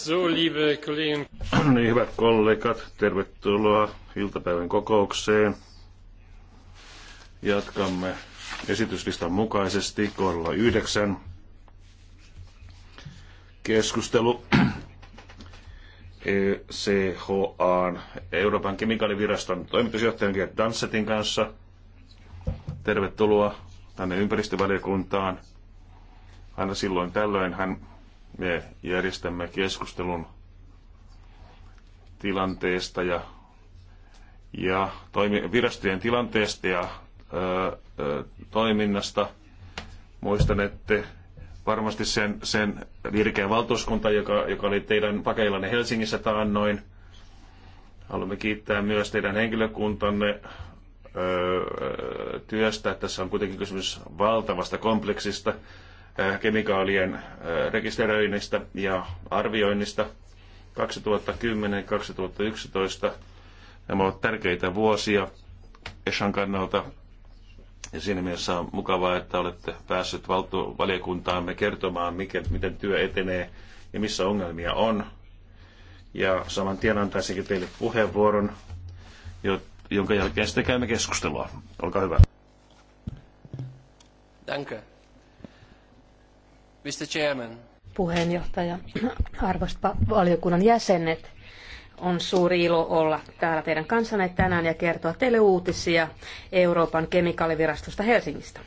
So, liebe Kollegen. No niin, hyvät kollegat, tervetuloa iltapäivän kokoukseen. Jatkamme esityslistan mukaisesti kohdalla yhdeksän. Keskustelu ECHA, Euroopan kemikaaliviraston toimitusjohtajan Gerd Dansetin kanssa. Tervetuloa tänne ympäristövaliokuntaan. Aina silloin tällöin hän me järjestämme keskustelun tilanteesta ja, ja toimi, virastojen tilanteesta ja ö, ö, toiminnasta. Muistan, että varmasti sen, sen virkeä valtuuskunta, joka, joka oli teidän pakeillanne Helsingissä taannoin. Haluamme kiittää myös teidän henkilökuntanne työstä, työstä. Tässä on kuitenkin kysymys valtavasta kompleksista Äh, kemikaalien äh, rekisteröinnistä ja arvioinnista 2010-2011. Nämä ovat tärkeitä vuosia Eshan kannalta. Ja siinä mielessä on mukavaa, että olette päässeet valtu- valiokuntaamme kertomaan, mikä, miten työ etenee ja missä ongelmia on. Ja saman tien antaisinkin teille puheenvuoron, jonka jälkeen sitten käymme keskustelua. Olkaa hyvä. Danke. Mr. Chairman. Puheenjohtaja, arvoisat valiokunnan jäsenet, on suuri ilo olla täällä teidän kanssanne tänään ja kertoa teille uutisia Euroopan kemikaalivirastosta Helsingistä.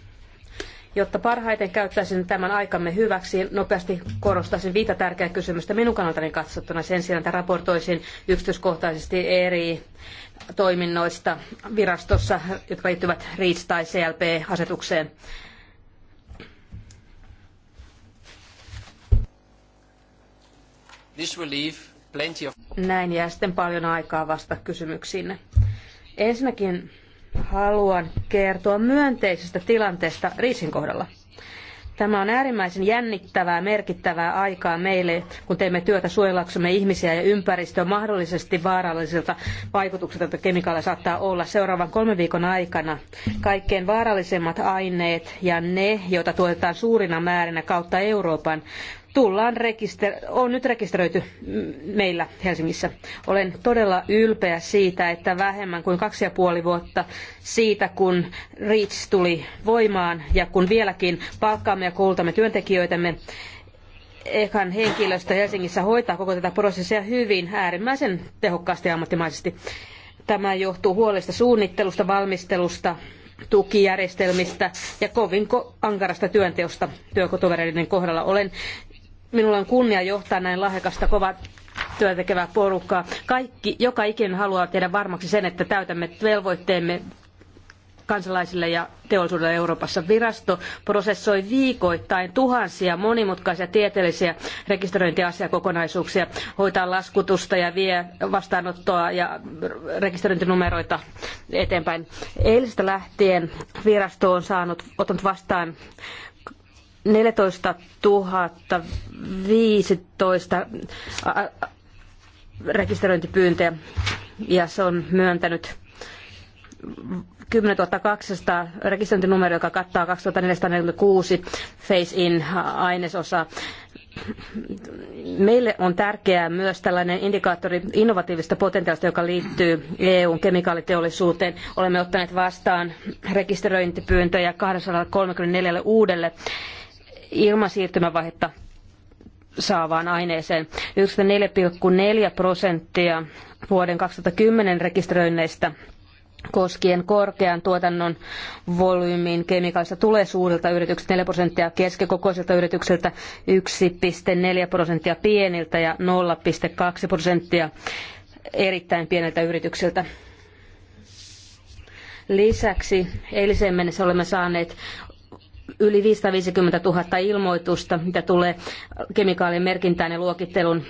Jotta parhaiten käyttäisin tämän aikamme hyväksi, nopeasti korostaisin viittä tärkeää kysymystä minun kannaltani katsottuna. Sen sijaan, että raportoisin yksityiskohtaisesti eri toiminnoista virastossa, jotka liittyvät REACH- tai CLP-asetukseen. Näin jää sitten paljon aikaa vasta kysymyksiinne. Ensinnäkin haluan kertoa myönteisestä tilanteesta Riisin kohdalla. Tämä on äärimmäisen jännittävää, merkittävää aikaa meille, kun teemme työtä suojellaksemme ihmisiä ja ympäristöä mahdollisesti vaarallisilta vaikutuksilta, joita kemikaaleja saattaa olla. Seuraavan kolmen viikon aikana kaikkein vaarallisemmat aineet ja ne, joita tuotetaan suurina määrinä kautta Euroopan, tullaan rekister- on nyt rekisteröity meillä Helsingissä. Olen todella ylpeä siitä, että vähemmän kuin kaksi ja puoli vuotta siitä, kun REACH tuli voimaan ja kun vieläkin palkkaamme ja koulutamme työntekijöitämme, Ekan henkilöstö Helsingissä hoitaa koko tätä prosessia hyvin äärimmäisen tehokkaasti ja ammattimaisesti. Tämä johtuu huolesta suunnittelusta, valmistelusta, tukijärjestelmistä ja kovin ankarasta työnteosta työkotovereiden kohdalla. Olen Minulla on kunnia johtaa näin lahjakasta kovat työtekevää porukkaa. Kaikki, joka ikinen haluaa tehdä varmaksi sen, että täytämme velvoitteemme kansalaisille ja teollisuudelle Euroopassa. Virasto prosessoi viikoittain tuhansia monimutkaisia tieteellisiä rekisteröintiasiakokonaisuuksia, hoitaa laskutusta ja vie vastaanottoa ja rekisteröintinumeroita eteenpäin. Eilistä lähtien virasto on saanut, ottanut vastaan 14 015 rekisteröintipyyntöä ja se on myöntänyt 10 200 rekisteröintinumero, joka kattaa 2446 face-in ainesosaa. Meille on tärkeää myös tällainen indikaattori innovatiivista potentiaalista, joka liittyy EUn kemikaaliteollisuuteen. Olemme ottaneet vastaan rekisteröintipyyntöjä 234 uudelle ilman siirtymävaihetta saavaan aineeseen. 94,4 prosenttia vuoden 2010 rekisteröinneistä koskien korkean tuotannon volyymin kemikaalista tulee suurilta yrityksiltä 4 prosenttia, keskikokoisilta yrityksiltä 1,4 prosenttia pieniltä ja 0,2 prosenttia erittäin pieniltä yrityksiltä. Lisäksi eiliseen mennessä olemme saaneet yli 550 000 ilmoitusta, mitä tulee kemikaalien merkintään ja luokittelun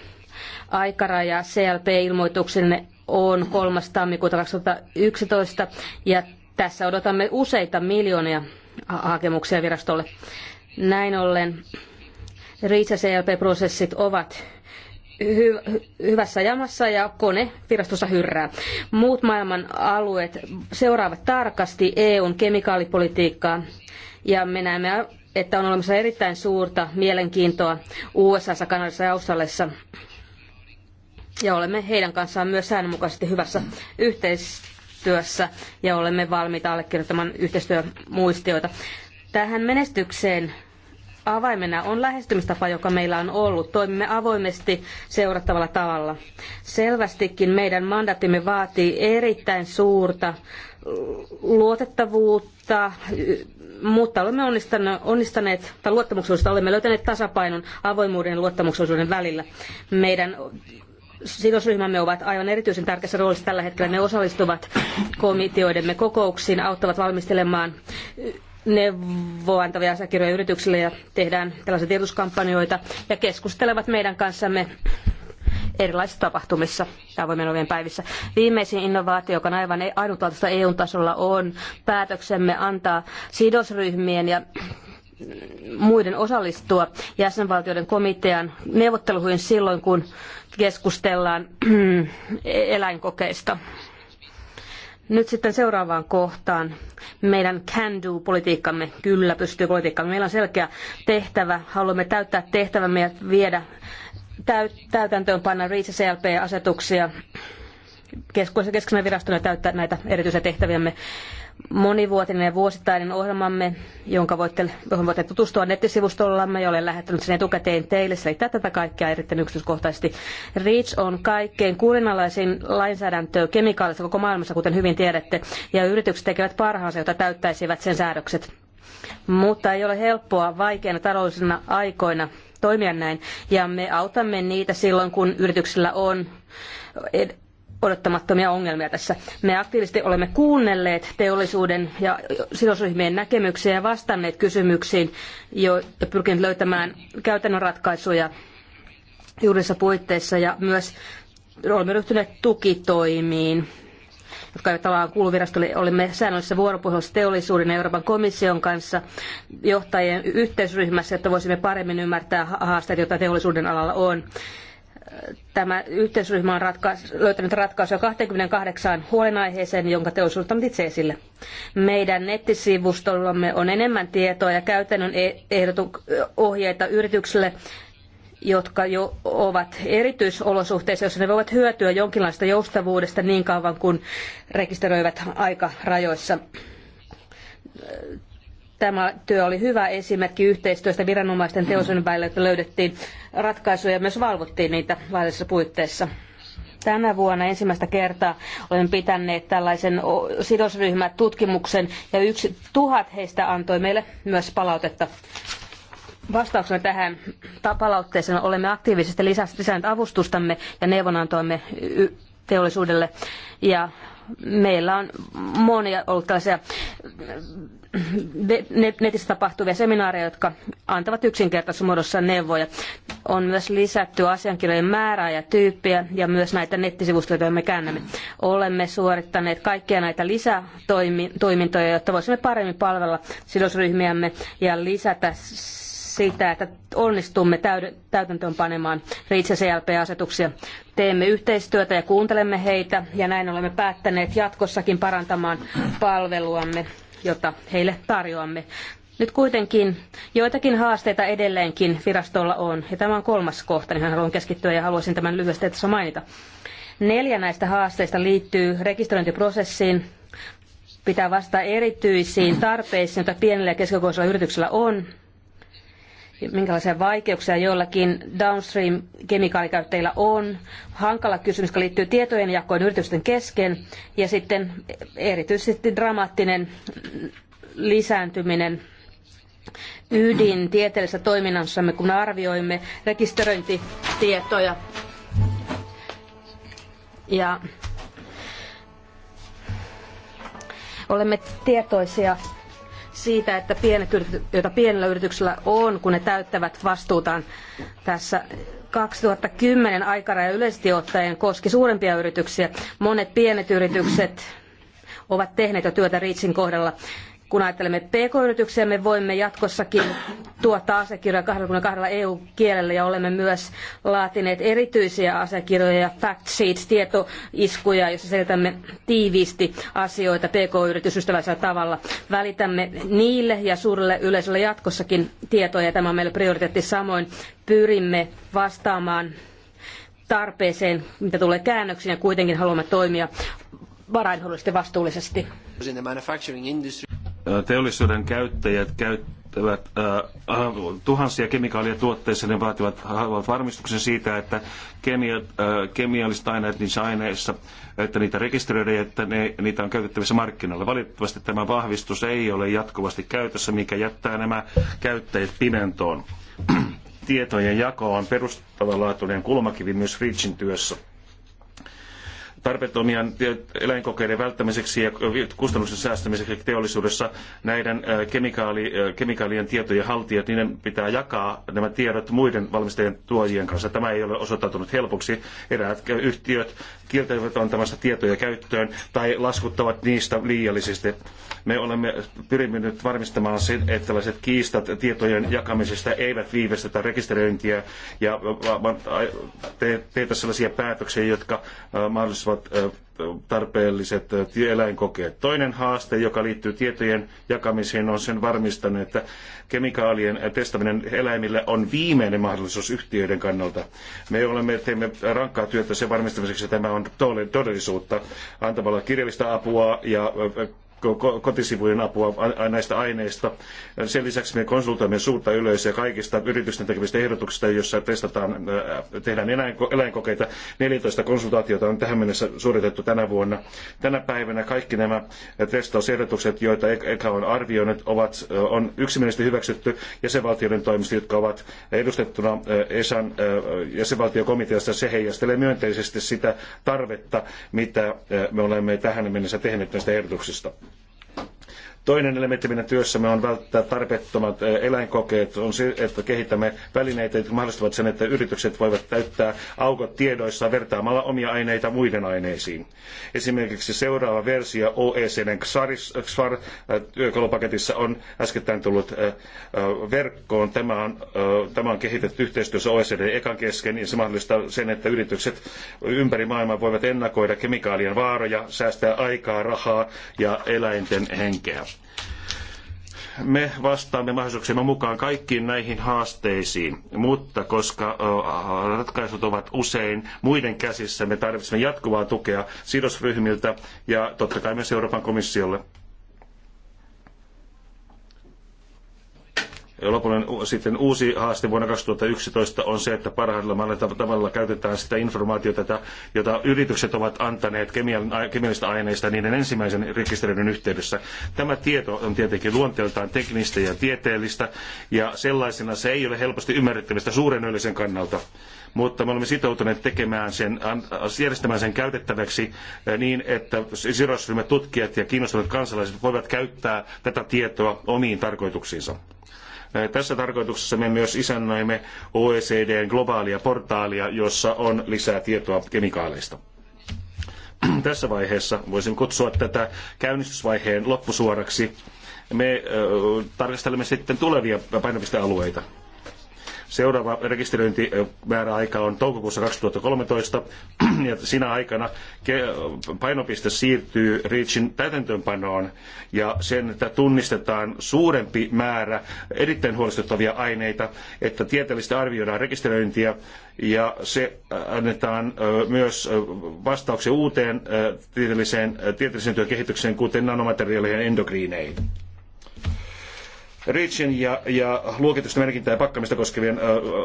aikaraja CLP-ilmoituksenne on 3. tammikuuta 2011 ja tässä odotamme useita miljoonia hakemuksia virastolle. Näin ollen RICS- CLP-prosessit ovat hy- hyvässä jamassa ja kone virastossa hyrrää. Muut maailman alueet seuraavat tarkasti EUn kemikaalipolitiikkaa ja me näemme, että on olemassa erittäin suurta mielenkiintoa USA, Kanadassa ja Australiassa. Ja olemme heidän kanssaan myös säännönmukaisesti hyvässä yhteistyössä ja olemme valmiita allekirjoittamaan yhteistyömuistioita. Tähän menestykseen avaimena on lähestymistapa, joka meillä on ollut. Toimimme avoimesti seurattavalla tavalla. Selvästikin meidän mandaattimme vaatii erittäin suurta luotettavuutta, mutta olemme onnistaneet, tai luottamuksellisuudesta olemme löytäneet tasapainon avoimuuden ja luottamuksellisuuden välillä. Meidän sidosryhmämme ovat aivan erityisen tärkeässä roolissa tällä hetkellä. Ne osallistuvat komiteoidemme kokouksiin, auttavat valmistelemaan neuvoa antavia asiakirjoja yrityksille ja tehdään tällaisia tiedotuskampanjoita ja keskustelevat meidän kanssamme erilaisissa tapahtumissa avoimen ovien päivissä. Viimeisin innovaatio, joka on aivan ainutlaatuista EU-tasolla, on päätöksemme antaa sidosryhmien ja muiden osallistua jäsenvaltioiden komitean neuvotteluihin silloin, kun keskustellaan eläinkokeista. Nyt sitten seuraavaan kohtaan. Meidän can do politiikkamme, kyllä pystyy politiikkamme. Meillä on selkeä tehtävä. Haluamme täyttää tehtävämme ja viedä täytäntöönpanna REACH-CLP-asetuksia keskusinen virastona täyttää näitä erityisiä tehtäviämme. Monivuotinen ja vuosittainen ohjelmamme, jonka voitte, johon voitte tutustua nettisivustollamme ja olen lähettänyt sen etukäteen teille, selittää tätä kaikkea erittäin yksityiskohtaisesti. REACH on kaikkein kurinalaisin lainsäädäntö kemikaalissa koko maailmassa, kuten hyvin tiedätte, ja yritykset tekevät parhaansa, jotta täyttäisivät sen säädökset. Mutta ei ole helppoa vaikeina taloudellisina aikoina toimia näin. Ja me autamme niitä silloin, kun yrityksillä on odottamattomia ongelmia tässä. Me aktiivisesti olemme kuunnelleet teollisuuden ja sidosryhmien näkemyksiä ja vastanneet kysymyksiin jo, ja pyrkineet löytämään käytännön ratkaisuja juurissa puitteissa ja myös olemme ryhtyneet tukitoimiin jotka eivät tavallaan kuulu virastolle. Olemme säännöllisessä vuoropuhelussa teollisuuden ja Euroopan komission kanssa johtajien yhteisryhmässä, jotta voisimme paremmin ymmärtää haasteet, joita teollisuuden alalla on tämä yhteisryhmä on ratkais, löytänyt ratkaisuja 28 huolenaiheeseen, jonka teollisuus on itse esille. Meidän nettisivustollamme on enemmän tietoa ja käytännön e-, ehdotu- ohjeita yrityksille jotka jo ovat erityisolosuhteissa, jos ne voivat hyötyä jonkinlaista joustavuudesta niin kauan kuin rekisteröivät aikarajoissa. Tämä työ oli hyvä esimerkki yhteistyöstä viranomaisten teollisuuden välillä, että löydettiin ratkaisuja ja myös valvottiin niitä laillisissa puitteissa tänä vuonna ensimmäistä kertaa olemme pitäneet tällaisen sidosryhmätutkimuksen ja yksi tuhat heistä antoi meille myös palautetta. Vastauksena tähän palautteeseen olemme aktiivisesti lisänneet avustustamme ja neuvonantoamme teollisuudelle. Ja meillä on monia ollut tällaisia netissä tapahtuvia seminaareja, jotka antavat yksinkertaisessa muodossa neuvoja. On myös lisätty asiankirjojen määrää ja tyyppiä ja myös näitä nettisivustoja, joita me käännämme. Olemme suorittaneet kaikkia näitä lisätoimintoja, jotta voisimme paremmin palvella sidosryhmiämme ja lisätä sitä, että onnistumme täytäntöön panemaan REACH-CLP-asetuksia. Teemme yhteistyötä ja kuuntelemme heitä ja näin olemme päättäneet jatkossakin parantamaan palveluamme, jota heille tarjoamme. Nyt kuitenkin joitakin haasteita edelleenkin virastolla on, ja tämä on kolmas kohta, niin haluan keskittyä ja haluaisin tämän lyhyesti tässä mainita. Neljä näistä haasteista liittyy rekisteröintiprosessiin, pitää vastata erityisiin tarpeisiin, joita pienillä ja keskikokoisilla yrityksillä on, minkälaisia vaikeuksia joillakin downstream-kemikaalikäyttäjillä on. Hankala kysymys, joka liittyy tietojen jakoon yritysten kesken ja sitten erityisesti dramaattinen lisääntyminen ydin tieteellisessä toiminnassamme, kun arvioimme rekisteröintitietoja ja olemme tietoisia siitä, että pienet, joita pienillä yrityksillä on, kun ne täyttävät vastuutaan tässä 2010 aikaraja yleisesti ottaen koski suurempia yrityksiä. Monet pienet yritykset ovat tehneet jo työtä Riitsin kohdalla. Kun ajattelemme pk-yrityksiä, me voimme jatkossakin tuottaa asiakirjoja 22 EU-kielellä ja olemme myös laatineet erityisiä asiakirjoja ja fact sheets, tietoiskuja, joissa selitämme tiiviisti asioita pk-yritysystävällisellä tavalla. Välitämme niille ja suurelle yleisölle jatkossakin tietoja ja tämä on meille prioriteetti samoin. Pyrimme vastaamaan tarpeeseen, mitä tulee käännöksiin ja kuitenkin haluamme toimia varainhoidollisesti vastuullisesti teollisuuden käyttäjät käyttävät äh, tuhansia kemikaaleja tuotteissa, ne vaativat varmistuksen siitä, että kemia, äh, kemialliset aineet niissä aineissa, että niitä rekisteröidään ja että ne, niitä on käytettävissä markkinoilla. Valitettavasti tämä vahvistus ei ole jatkuvasti käytössä, mikä jättää nämä käyttäjät pimentoon. Tietojen jako on perustavanlaatuinen kulmakivi myös Reachin työssä tarpeettomien eläinkokeiden välttämiseksi ja kustannusten säästämiseksi teollisuudessa näiden äh, kemikaali, äh, kemikaalien tietojen haltijat, niiden pitää jakaa nämä tiedot muiden valmistajien tuojien kanssa. Tämä ei ole osoittautunut helpoksi. Eräät yhtiöt kieltäytyvät antamasta tietoja käyttöön tai laskuttavat niistä liiallisesti. Me olemme pyrimme nyt varmistamaan sen, että tällaiset kiistat tietojen jakamisesta eivät viivästytä rekisteröintiä ja tehdä sellaisia päätöksiä, jotka äh, mahdollisesti tarkot tarpeelliset eläinkokeet. Toinen haaste, joka liittyy tietojen jakamiseen, on sen varmistanut, että kemikaalien testaminen eläimille on viimeinen mahdollisuus yhtiöiden kannalta. Me olemme, teemme rankkaa työtä sen varmistamiseksi, että tämä on todellisuutta antamalla kirjallista apua ja kotisivujen apua näistä aineista. Sen lisäksi me konsultoimme suurta yleisöä kaikista yritysten tekemistä ehdotuksista, joissa testataan, äh, tehdään eläinkokeita. 14 konsultaatiota on tähän mennessä suoritettu tänä vuonna. Tänä päivänä kaikki nämä testausehdotukset, joita EKA e on arvioinut, ovat, äh, on yksimielisesti hyväksytty jäsenvaltioiden toimista, jotka ovat edustettuna äh, ESAn jäsenvaltiokomiteassa. Se heijastelee myönteisesti sitä tarvetta, mitä me olemme tähän mennessä tehneet näistä ehdotuksista. Toinen elementti meidän työssämme on välttää tarpeettomat eläinkokeet, on se, että kehitämme välineitä, jotka mahdollistavat sen, että yritykset voivat täyttää aukot tiedoissa vertaamalla omia aineita muiden aineisiin. Esimerkiksi seuraava versio OECDn XFAR-työkalupaketissa on äskettäin tullut verkkoon. Tämä on, tämä on kehitetty yhteistyössä OECD ekan kesken ja se mahdollistaa sen, että yritykset ympäri maailmaa voivat ennakoida kemikaalien vaaroja, säästää aikaa, rahaa ja eläinten henkeä me vastaamme mahdollisuuksemme mukaan kaikkiin näihin haasteisiin, mutta koska ratkaisut ovat usein muiden käsissä, me tarvitsemme jatkuvaa tukea sidosryhmiltä ja totta kai myös Euroopan komissiolle. lopullinen sitten uusi haaste vuonna 2011 on se, että parhaimmalla tavalla käytetään sitä informaatiota, jota, yritykset ovat antaneet kemiallisista aineista niiden ensimmäisen rekisteröinnin yhteydessä. Tämä tieto on tietenkin luonteeltaan teknistä ja tieteellistä, ja sellaisena se ei ole helposti ymmärrettävistä suuren yleisen kannalta mutta me olemme sitoutuneet tekemään sen, järjestämään sen käytettäväksi eh, niin, että sidosryhmätutkijat tutkijat ja kiinnostuneet kansalaiset voivat käyttää tätä tietoa omiin tarkoituksiinsa. Tässä tarkoituksessa me myös isännöimme OECDn globaalia portaalia, jossa on lisää tietoa kemikaaleista tässä vaiheessa, voisin kutsua tätä käynnistysvaiheen loppusuoraksi, me tarkastelemme sitten tulevia painopistealueita. Seuraava rekisteröintimääräaika on toukokuussa 2013 ja sinä aikana painopiste siirtyy REACHin täytäntöönpanoon ja sen, että tunnistetaan suurempi määrä erittäin huolestuttavia aineita, että tieteellisesti arvioidaan rekisteröintiä ja se äh, annetaan äh, myös äh, vastauksen uuteen tieteelliseen, tieteellisen työn kehitykseen, kuten nanomateriaaleihin ja endokriineihin. Reachin ja, ja luokitusta merkintää ja pakkamista koskevien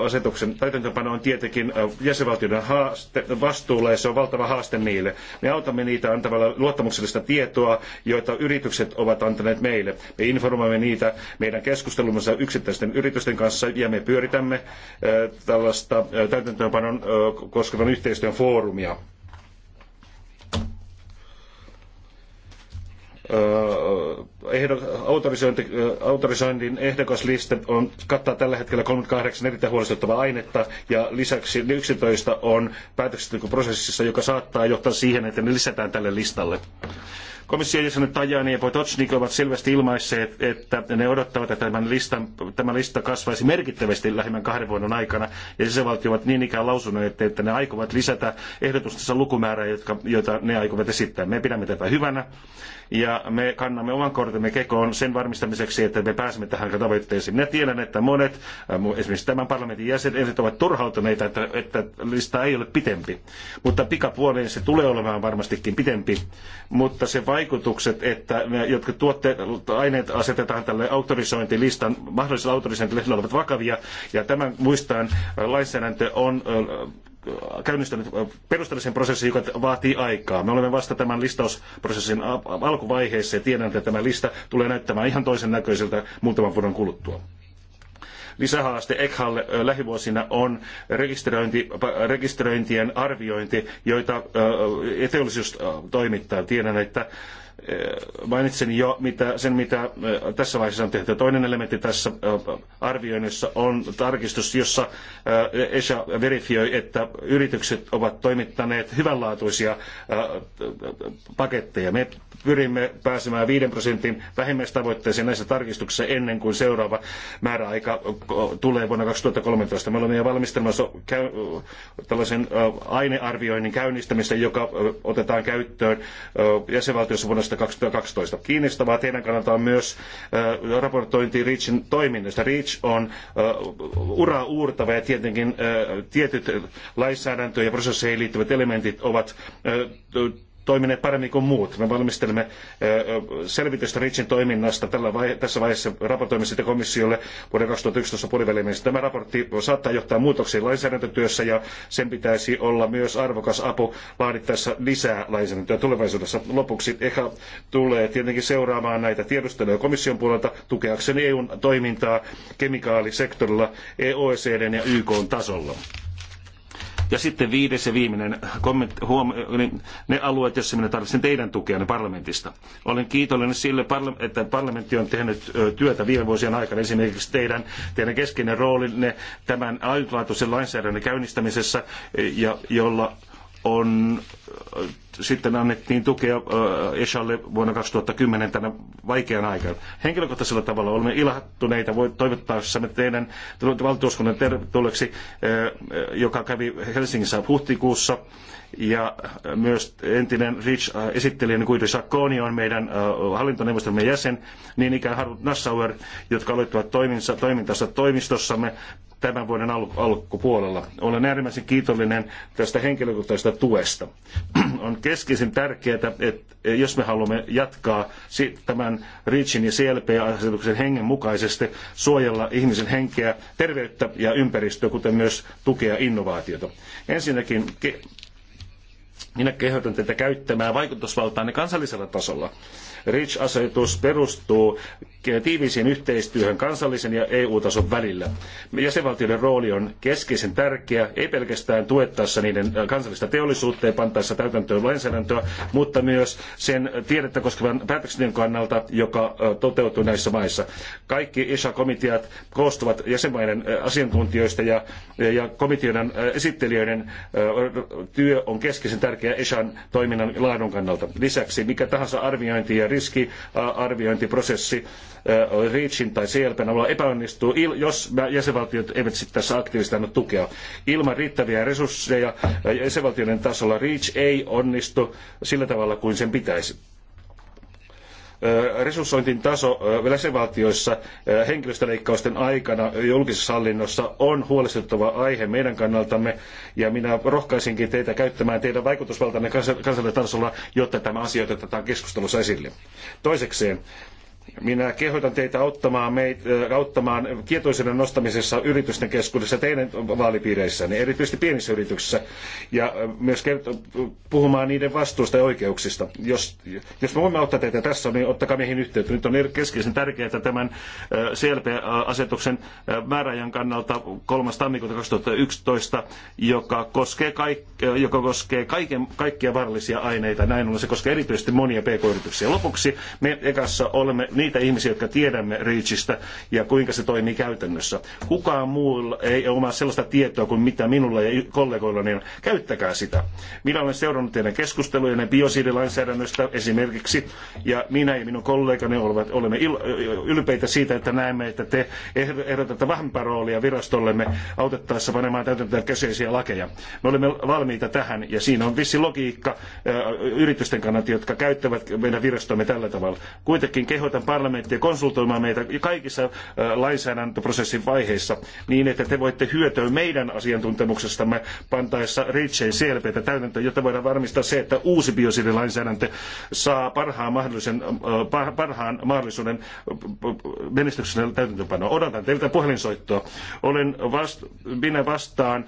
asetuksen täytäntöönpano on tietenkin jäsenvaltioiden haaste, vastuulla ja se on valtava haaste niille. Me autamme niitä antamalla luottamuksellista tietoa, joita yritykset ovat antaneet meille. Me informoimme niitä meidän keskustelumme yksittäisten yritysten kanssa ja me pyöritämme tällaista täytäntöönpanon koskevan yhteistyön foorumia. autorisointi, autorisoinnin ehdokaslista on, kattaa tällä hetkellä 38 erittäin huolestuttavaa ainetta ja lisäksi 11 on päätöksentekoprosessissa, joka saattaa johtaa siihen, että ne lisätään tälle listalle. Komission jäsenet Tajani ja Potocnik ovat selvästi ilmaisseet, että ne odottavat, että tämän listan, tämä lista kasvaisi merkittävästi lähimmän kahden vuoden aikana, ja sisävaltiot ovat niin ikään lausuneet, että ne aikovat lisätä ehdotustensa lukumäärää, jotka, joita ne aikovat esittää. Me pidämme tätä hyvänä, ja me kannamme oman kortemme kekoon sen varmistamiseksi, että me pääsemme tähän tavoitteeseen. Minä tiedän, että monet, äh, esimerkiksi tämän parlamentin jäsenet, ovat turhautuneita, että, että lista ei ole pitempi. Mutta pikapuoleen se tulee olemaan varmastikin pitempi, mutta se vaikutukset, että ne, jotka tuotte, aineet asetetaan tälle autorisointilistan, mahdolliselle autorisointilistalle ovat vakavia, ja tämän muistaan äh, lainsäädäntö on äh, käynnistänyt perustamisen prosessi, joka vaatii aikaa. Me olemme vasta tämän listausprosessin alkuvaiheessa ja tiedän, että tämä lista tulee näyttämään ihan toisen näköiseltä muutaman vuoden kuluttua. Lisähaaste ECHAlle lähivuosina on rekisteröinti, rekisteröintien arviointi, joita teollisuus toimittaa. Tiedän, että Eh, mainitsin jo mitä, sen, mitä eh, tässä vaiheessa on tehty. Toinen elementti tässä eh, arvioinnissa on tarkistus, jossa ESA verifioi, että yritykset ovat toimittaneet hyvänlaatuisia paketteja. Me pyrimme pääsemään 5 prosentin vähimmäistavoitteeseen näissä tarkistuksissa ennen kuin seuraava määräaika tulee vuonna 2013. Me olemme jo valmistelmassa tällaisen ainearvioinnin käynnistämistä, joka otetaan käyttöön jäsenvaltiossa vuonna 2012. Kiinnostavaa teidän kannaltaan myös äh, raportointi REACHin toiminnasta. REACH on äh, uraa uurtava ja tietenkin äh, tietyt lainsäädäntöön ja prosesseihin liittyvät elementit ovat toimineet paremmin kuin muut. Me valmistelemme selvitystä Ritsin toiminnasta tällä vaihe- tässä vaiheessa raportoimme sitä komissiolle vuoden 2011 puoliväliin. Tämä raportti saattaa johtaa muutoksiin lainsäädäntötyössä ja sen pitäisi olla myös arvokas apu laadittaessa lisää lainsäädäntöä tulevaisuudessa. Lopuksi EHA tulee tietenkin seuraamaan näitä tiedusteluja komission puolelta tukeakseen EUn toimintaa kemikaalisektorilla EOCDn ja YK:n tasolla. Ja sitten viides ja viimeinen kommentti, huom- ne alueet, joissa minä tarvitsen teidän tukeanne parlamentista. Olen kiitollinen sille, että parlamentti on tehnyt työtä viime vuosien aikana, esimerkiksi teidän, teidän keskeinen roolinne tämän ainutlaatuisen lainsäädännön käynnistämisessä, ja jolla on, sitten annettiin tukea Eshalle vuonna 2010 tänä vaikean aikana. Henkilökohtaisella tavalla olemme ilahtuneita voi toivottaessamme teidän valtuuskunnan tervetulleeksi, joka kävi Helsingissä huhtikuussa. Ja myös entinen rich esitteli niin kuin Sakoni on meidän hallintoneuvostomme jäsen, niin ikään Harvard Nassauer, jotka aloittavat toimintansa toimistossamme tämän vuoden alkupuolella. Olen äärimmäisen kiitollinen tästä henkilökohtaisesta tuesta. On keskeisen tärkeää, että e, jos me haluamme jatkaa tämän REACHin ja CLP-asetuksen hengen mukaisesti suojella ihmisen henkeä, terveyttä ja ympäristöä, kuten myös tukea innovaatiota. Ensinnäkin minä kehotan teitä käyttämään vaikutusvaltaanne kansallisella tasolla REACH-asetus perustuu tiiviisiin yhteistyöhön kansallisen ja EU-tason välillä. Jäsenvaltioiden rooli on keskeisen tärkeä, ei pelkästään tuettaessa niiden kansallista teollisuutta ja pantaessa täytäntöön lainsäädäntöä, mutta myös sen tiedettä koskevan päätöksenteon kannalta, joka toteutuu näissä maissa. Kaikki ISA-komiteat e koostuvat jäsenmaiden asiantuntijoista ja, ja komiteoiden esittelijöiden työ on keskeisen tärkeä ISAn e toiminnan laadun kannalta. Lisäksi mikä tahansa arviointi ja riskiarviointiprosessi REACHin tai CLPn avulla epäonnistuu, jos jäsenvaltiot eivät tässä aktiivisesti anna tukea. Ilman riittäviä resursseja jäsenvaltioiden tasolla REACH ei onnistu sillä tavalla kuin sen pitäisi resurssointin taso jäsenvaltioissa henkilöstöleikkausten aikana julkisessa hallinnossa on huolestuttava aihe meidän kannaltamme, ja minä rohkaisinkin teitä käyttämään teidän vaikutusvaltanne kansallisella tasolla, jotta tämä asia otetaan keskustelussa esille. Toisekseen, minä kehotan teitä auttamaan, meitä, äh, auttamaan tietoisuuden nostamisessa yritysten keskuudessa teidän vaalipiireissänne, erityisesti pienissä yrityksissä, ja äh, myös puhumaan niiden vastuusta ja oikeuksista. Jos, jos me voimme auttaa teitä tässä, niin ottakaa meihin yhteyttä. Nyt on keskeisen tärkeää että tämän äh, CLP-asetuksen määräajan kannalta 3. tammikuuta 2011, joka koskee, kaik, joka koskee kaiken, kaikkia vaarallisia aineita. Näin ollen se koskee erityisesti monia pk-yrityksiä. Lopuksi me ekassa olemme niitä ihmisiä, jotka tiedämme Reachistä ja kuinka se toimii käytännössä. Kukaan muu ei omaa sellaista tietoa kuin mitä minulla ja kollegoilla, niin käyttäkää sitä. Minä olen seurannut teidän keskustelujanne biosidilainsäädännöstä esimerkiksi, ja minä ja minun kollegani olemme ylpeitä siitä, että näemme, että te ehdotatte vahvempaa roolia virastollemme autettaessa panemaan täytäntöön kyseisiä lakeja. Me olemme valmiita tähän, ja siinä on vissi logiikka yritysten kannalta, jotka käyttävät meidän virastomme tällä tavalla. Kuitenkin kehotan parlamenttia konsultoimaan meitä kaikissa lainsäädäntöprosessin vaiheissa niin, että te voitte hyötyä meidän asiantuntemuksestamme pantaessa Ritchein CLPtä täytäntöön, jotta voidaan varmistaa se, että uusi biosidilainsäädäntö saa parhaan, mahdollisen, parhaan mahdollisuuden menestyksen täytäntöönpanoon. Odotan teiltä puhelinsoittoa. Olen vast, minä vastaan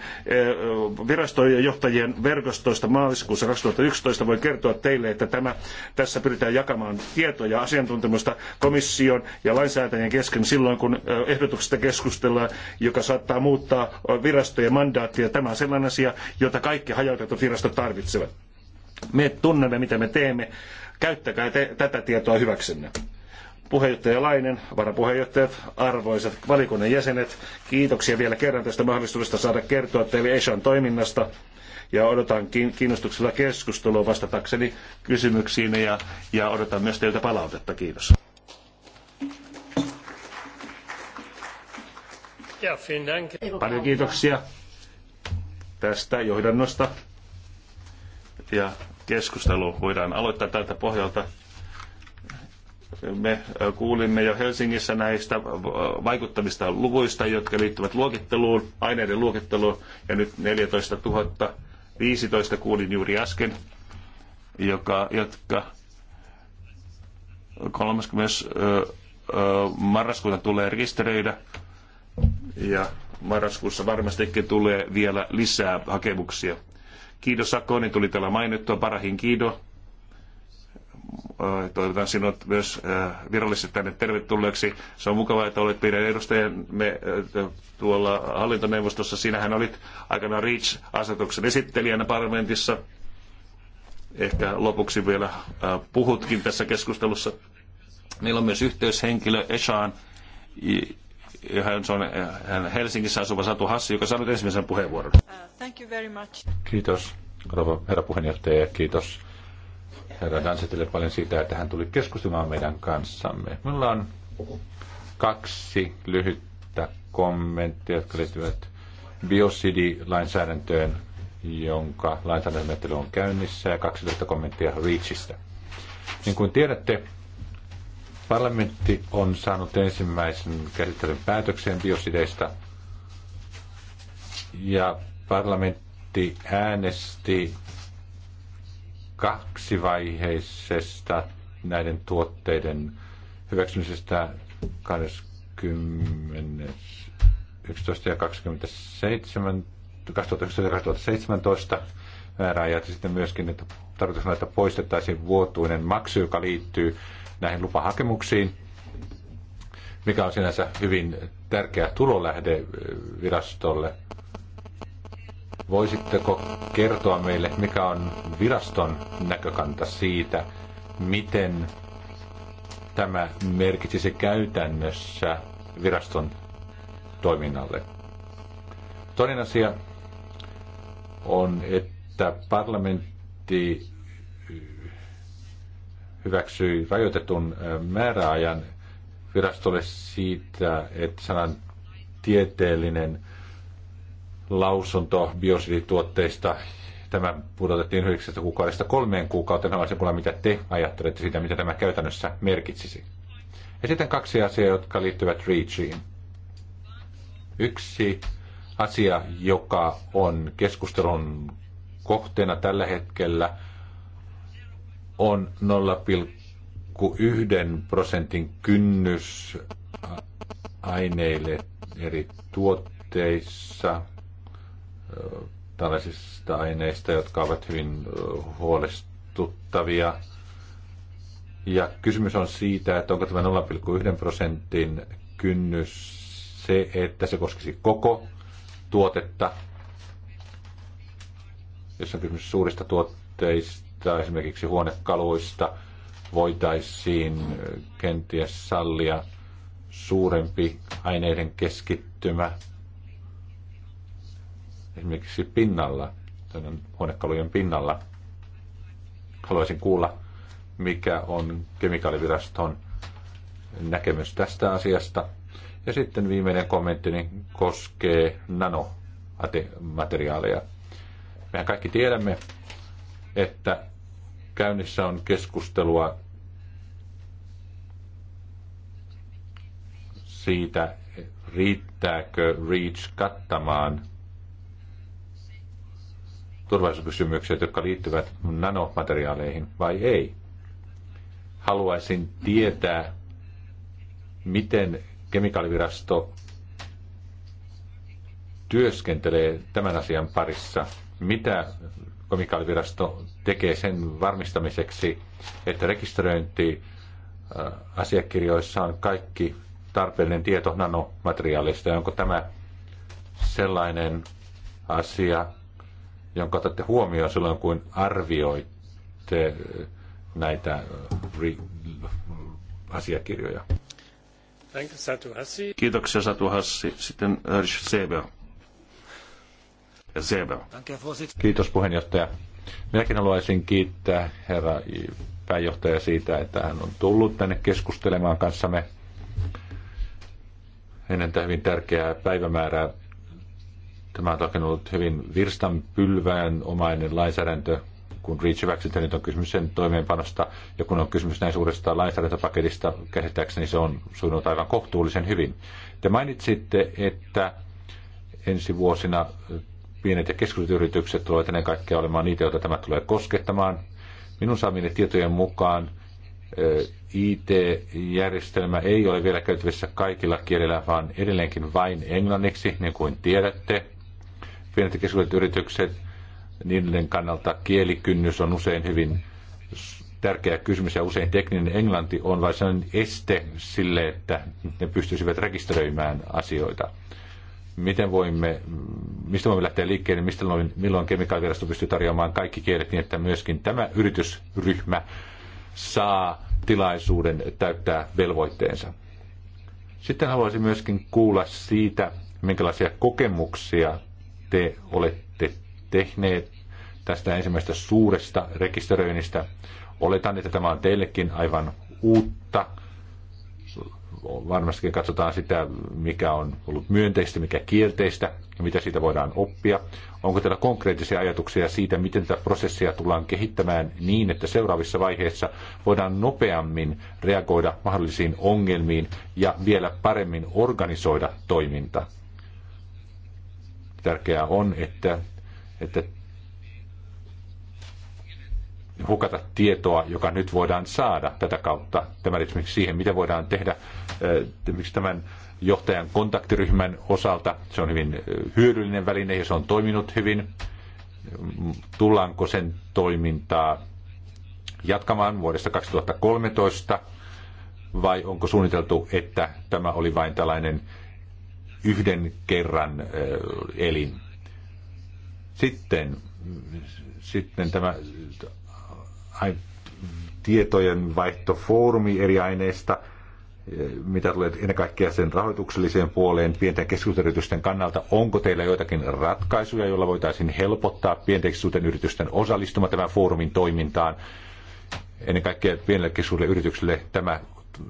virastojen johtajien verkostoista maaliskuussa 2011. Voin kertoa teille, että tämä, tässä pyritään jakamaan tietoja asiantuntemusta komission ja lainsäätäjien kesken silloin, kun ehdotuksesta keskustellaan, joka saattaa muuttaa virastojen mandaattia. Tämä on sellainen asia, jota kaikki hajautetut virastot tarvitsevat. Me tunnemme, mitä me teemme. Käyttäkää te tätä tietoa hyväksenne puheenjohtaja Lainen, varapuheenjohtajat, arvoisat valikunnan jäsenet, kiitoksia vielä kerran tästä mahdollisuudesta saada kertoa teille Eshan toiminnasta ja odotan kiinnostuksella keskustelua vastatakseni kysymyksiin ja, ja odotan myös teiltä palautetta. Kiitos. Paljon kiitoksia tästä johdannosta. Ja keskustelu voidaan aloittaa tältä pohjalta. Me kuulimme jo Helsingissä näistä vaikuttamista luvuista, jotka liittyvät luokitteluun, aineiden luokitteluun, ja nyt 14 000 15 kuulin juuri äsken, joka, jotka 30. marraskuuta tulee rekisteröidä ja marraskuussa varmastikin tulee vielä lisää hakemuksia. Kiitos, Sakoni niin tuli täällä mainittua, parahin Kiido. Toivotan sinut myös virallisesti tänne tervetulleeksi. Se on mukavaa, että olet meidän edustajamme tuolla hallintoneuvostossa. Sinähän olit aikanaan REACH-asetuksen esittelijänä parlamentissa. Ehkä lopuksi vielä puhutkin tässä keskustelussa. Meillä on myös yhteyshenkilö Eshaan, hän on äh, hän Helsingissä asuva Satu Hassi, joka saanut ensimmäisen puheenvuoron. Uh, thank you very much. Kiitos, rouva herra puheenjohtaja, ja kiitos herra Dansetille paljon siitä, että hän tuli keskustelemaan meidän kanssamme. Minulla on kaksi lyhyttä kommenttia, jotka liittyvät biosidilainsäädäntöön, jonka lainsäädäntömenettely on käynnissä, ja kaksi lyhyttä kommenttia REACHista. Niin kuin tiedätte, Parlamentti on saanut ensimmäisen käsittelyn päätökseen biosideista ja parlamentti äänesti kaksivaiheisesta näiden tuotteiden hyväksymisestä 20. 11 ja 27, 2017 määräajat ja sitten myöskin, että tarkoituksena, että poistettaisiin vuotuinen maksu, joka liittyy näihin lupahakemuksiin, mikä on sinänsä hyvin tärkeä tulolähde virastolle. Voisitteko kertoa meille, mikä on viraston näkökanta siitä, miten tämä merkitsisi käytännössä viraston toiminnalle? Toinen asia on, että parlamentti hyväksyi rajoitetun määräajan virastolle siitä, että sanan tieteellinen lausunto biosidituotteista tämä pudotettiin 9 kuukaudesta kolmeen kuukauteen. Haluaisin kuulla, mitä te ajattelette siitä, mitä tämä käytännössä merkitsisi. Ja sitten kaksi asiaa, jotka liittyvät REACHiin. Yksi asia, joka on keskustelun kohteena tällä hetkellä – on 0,1 prosentin kynnys aineille eri tuotteissa, tällaisista aineista, jotka ovat hyvin huolestuttavia. Ja kysymys on siitä, että onko tämä 0,1 prosentin kynnys se, että se koskisi koko tuotetta, jos on kysymys suurista tuotteista, että esimerkiksi huonekaluista voitaisiin kenties sallia suurempi aineiden keskittymä esimerkiksi pinnalla, huonekalujen pinnalla. Haluaisin kuulla, mikä on kemikaaliviraston näkemys tästä asiasta. Ja sitten viimeinen kommenttini niin koskee nanomateriaaleja. Mehän kaikki tiedämme, että käynnissä on keskustelua siitä, riittääkö REACH kattamaan turvallisuuskysymykset, jotka liittyvät nanomateriaaleihin vai ei. Haluaisin tietää, miten kemikaalivirasto työskentelee tämän asian parissa. Mitä kemikaalivirasto tekee sen varmistamiseksi, että rekisteröinti äh, asiakirjoissa on kaikki tarpeellinen tieto nanomateriaalista. Ja onko tämä sellainen asia, jonka otatte huomioon silloin, kun arvioitte näitä äh, asiakirjoja? Kiitoksia Satu Hassi. Sitten Erich Sebeo. Zebra. Kiitos puheenjohtaja. Minäkin haluaisin kiittää herra pääjohtaja siitä, että hän on tullut tänne keskustelemaan kanssamme ennen tätä hyvin tärkeää päivämäärää. Tämä on toki ollut hyvin virstanpylvään omainen lainsäädäntö, kun REACH hyväksytään, niin nyt on kysymys sen toimeenpanosta, ja kun on kysymys näin suuresta lainsäädäntöpaketista, käsittääkseni se on sujunut aivan kohtuullisen hyvin. Te mainitsitte, että ensi vuosina pienet ja keskityt yritykset tulevat ennen kaikkea olemaan niitä, joita tämä tulee koskettamaan. Minun saaminen tietojen mukaan IT-järjestelmä ei ole vielä käytävissä kaikilla kielillä, vaan edelleenkin vain englanniksi, niin kuin tiedätte. Pienet ja keskityt yritykset, niin niiden kannalta kielikynnys on usein hyvin tärkeä kysymys ja usein tekninen englanti on vain sellainen este sille, että ne pystyisivät rekisteröimään asioita miten voimme, mistä voimme lähteä liikkeelle, mistä noin, milloin kemikaalivirasto pystyy tarjoamaan kaikki kielet niin, että myöskin tämä yritysryhmä saa tilaisuuden täyttää velvoitteensa. Sitten haluaisin myöskin kuulla siitä, minkälaisia kokemuksia te olette tehneet tästä ensimmäisestä suuresta rekisteröinnistä. Oletan, että tämä on teillekin aivan uutta varmastikin katsotaan sitä, mikä on ollut myönteistä, mikä kielteistä ja mitä siitä voidaan oppia. Onko teillä konkreettisia ajatuksia siitä, miten tätä prosessia tullaan kehittämään niin, että seuraavissa vaiheissa voidaan nopeammin reagoida mahdollisiin ongelmiin ja vielä paremmin organisoida toiminta? Tärkeää on, että, että hukata tietoa, joka nyt voidaan saada tätä kautta. Tämä esimerkiksi siihen, mitä voidaan tehdä eh, esimerkiksi tämän johtajan kontaktiryhmän osalta. Se on hyvin eh, hyödyllinen väline ja se on toiminut hyvin. Tullaanko sen toimintaa jatkamaan vuodesta 2013 vai onko suunniteltu, että tämä oli vain tällainen yhden kerran eh, elin? Sitten, sitten tämä tietojen vaihtofoorumi eri aineista, e, mitä tulee ennen kaikkea sen rahoitukselliseen puoleen pienten keskusyritysten kannalta. Onko teillä joitakin ratkaisuja, joilla voitaisiin helpottaa pienten yritysten osallistuma tämän foorumin toimintaan? Ennen kaikkea pienelle keskuudelle yritykselle tämä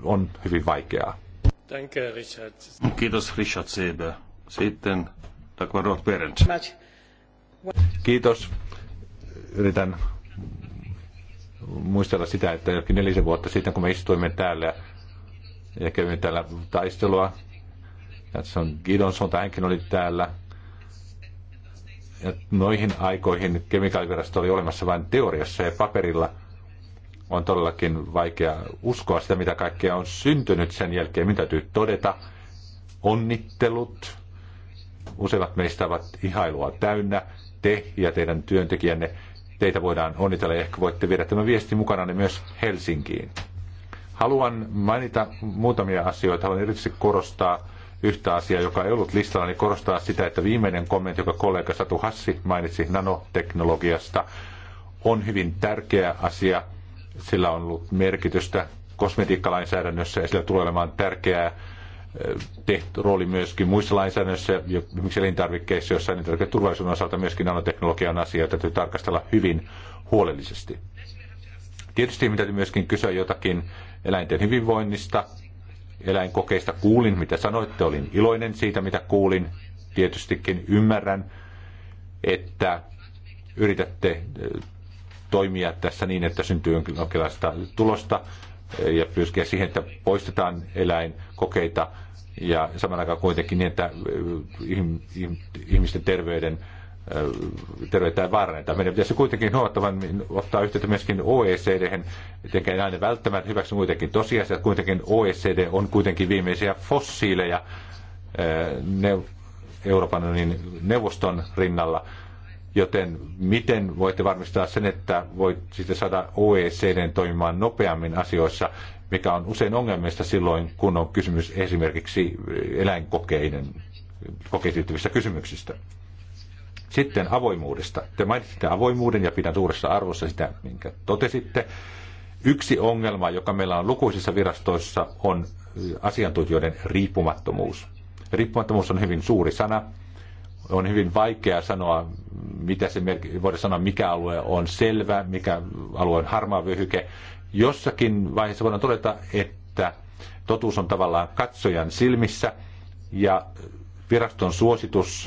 on hyvin vaikeaa. Danke, Richard. Kiitos Richard Seber. Sitten Dagmar Roth Kiitos. Yritän muistella sitä, että jokin nelisen vuotta sitten, kun me istuimme täällä ja kävimme täällä taistelua, on Gidonson, hänkin oli täällä, ja noihin aikoihin kemikaalivirasto oli olemassa vain teoriassa ja paperilla. On todellakin vaikea uskoa sitä, mitä kaikkea on syntynyt sen jälkeen. Mitä täytyy todeta? Onnittelut. Useimmat meistä ovat ihailua täynnä. Te ja teidän työntekijänne Teitä voidaan onnitella ja ehkä voitte viedä tämän viestin mukana niin myös Helsinkiin. Haluan mainita muutamia asioita. Haluan erityisesti korostaa yhtä asiaa, joka ei ollut listalla, niin korostaa sitä, että viimeinen kommentti, joka kollega Satu Hassi mainitsi nanoteknologiasta, on hyvin tärkeä asia. Sillä on ollut merkitystä kosmetiikkalainsäädännössä ja sillä tulee olemaan tärkeää tehty rooli myöskin muissa lainsäädännöissä, esimerkiksi elintarvikkeissa, joissa turvallisuuden osalta myöskin nanoteknologian asia täytyy tarkastella hyvin huolellisesti. Tietysti mitä täytyy myöskin kysyä jotakin eläinten hyvinvoinnista, eläinkokeista kuulin, mitä sanoitte, olin iloinen siitä, mitä kuulin. Tietystikin ymmärrän, että yritätte eh, toimia tässä niin, että syntyy jonkinlaista tulosta ja pyrkiä siihen, että poistetaan eläinkokeita ja samalla aikaan kuitenkin niin, että eh, ihmisten terveyden eh, terveyttä ei vaaranneta. Meidän pitäisi kuitenkin huomattavan ottaa yhteyttä myöskin oecd etenkä aina välttämättä hyväksy kuitenkin että kuitenkin OECD on kuitenkin viimeisiä fossiileja eh, ne Euroopan niin, neuvoston rinnalla. Joten miten voitte varmistaa sen, että voit sitten saada OECDn toimimaan nopeammin asioissa, mikä on usein ongelmista silloin, kun on kysymys esimerkiksi eläinkokeiden kokeisiin kysymyksistä. Sitten avoimuudesta. Te mainitsitte avoimuuden ja pidän suuressa arvossa sitä, minkä totesitte. Yksi ongelma, joka meillä on lukuisissa virastoissa, on asiantuntijoiden riippumattomuus. Riippumattomuus on hyvin suuri sana on hyvin vaikea sanoa, mitä se merk- voidaan sanoa, mikä alue on selvä, mikä alue on harmaa vyöhyke. Jossakin vaiheessa voidaan todeta, että totuus on tavallaan katsojan silmissä ja viraston suositus,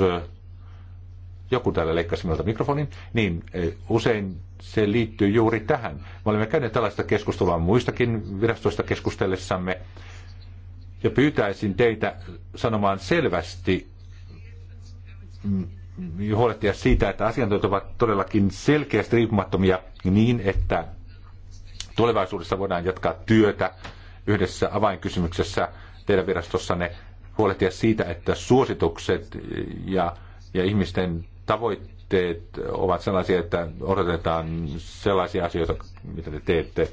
joku täällä leikkasi minulta mikrofonin, niin eh, usein se liittyy juuri tähän. Me olemme käyneet tällaista keskustelua muistakin virastoista keskustellessamme ja pyytäisin teitä sanomaan selvästi, Mm, mm, huolehtia siitä, että asiantuntijat ovat todellakin selkeästi riippumattomia niin, että tulevaisuudessa voidaan jatkaa työtä yhdessä avainkysymyksessä teidän virastossanne huolehtia siitä, että suositukset ja, ja ihmisten tavoitteet ovat sellaisia, että odotetaan sellaisia asioita, mitä te teette.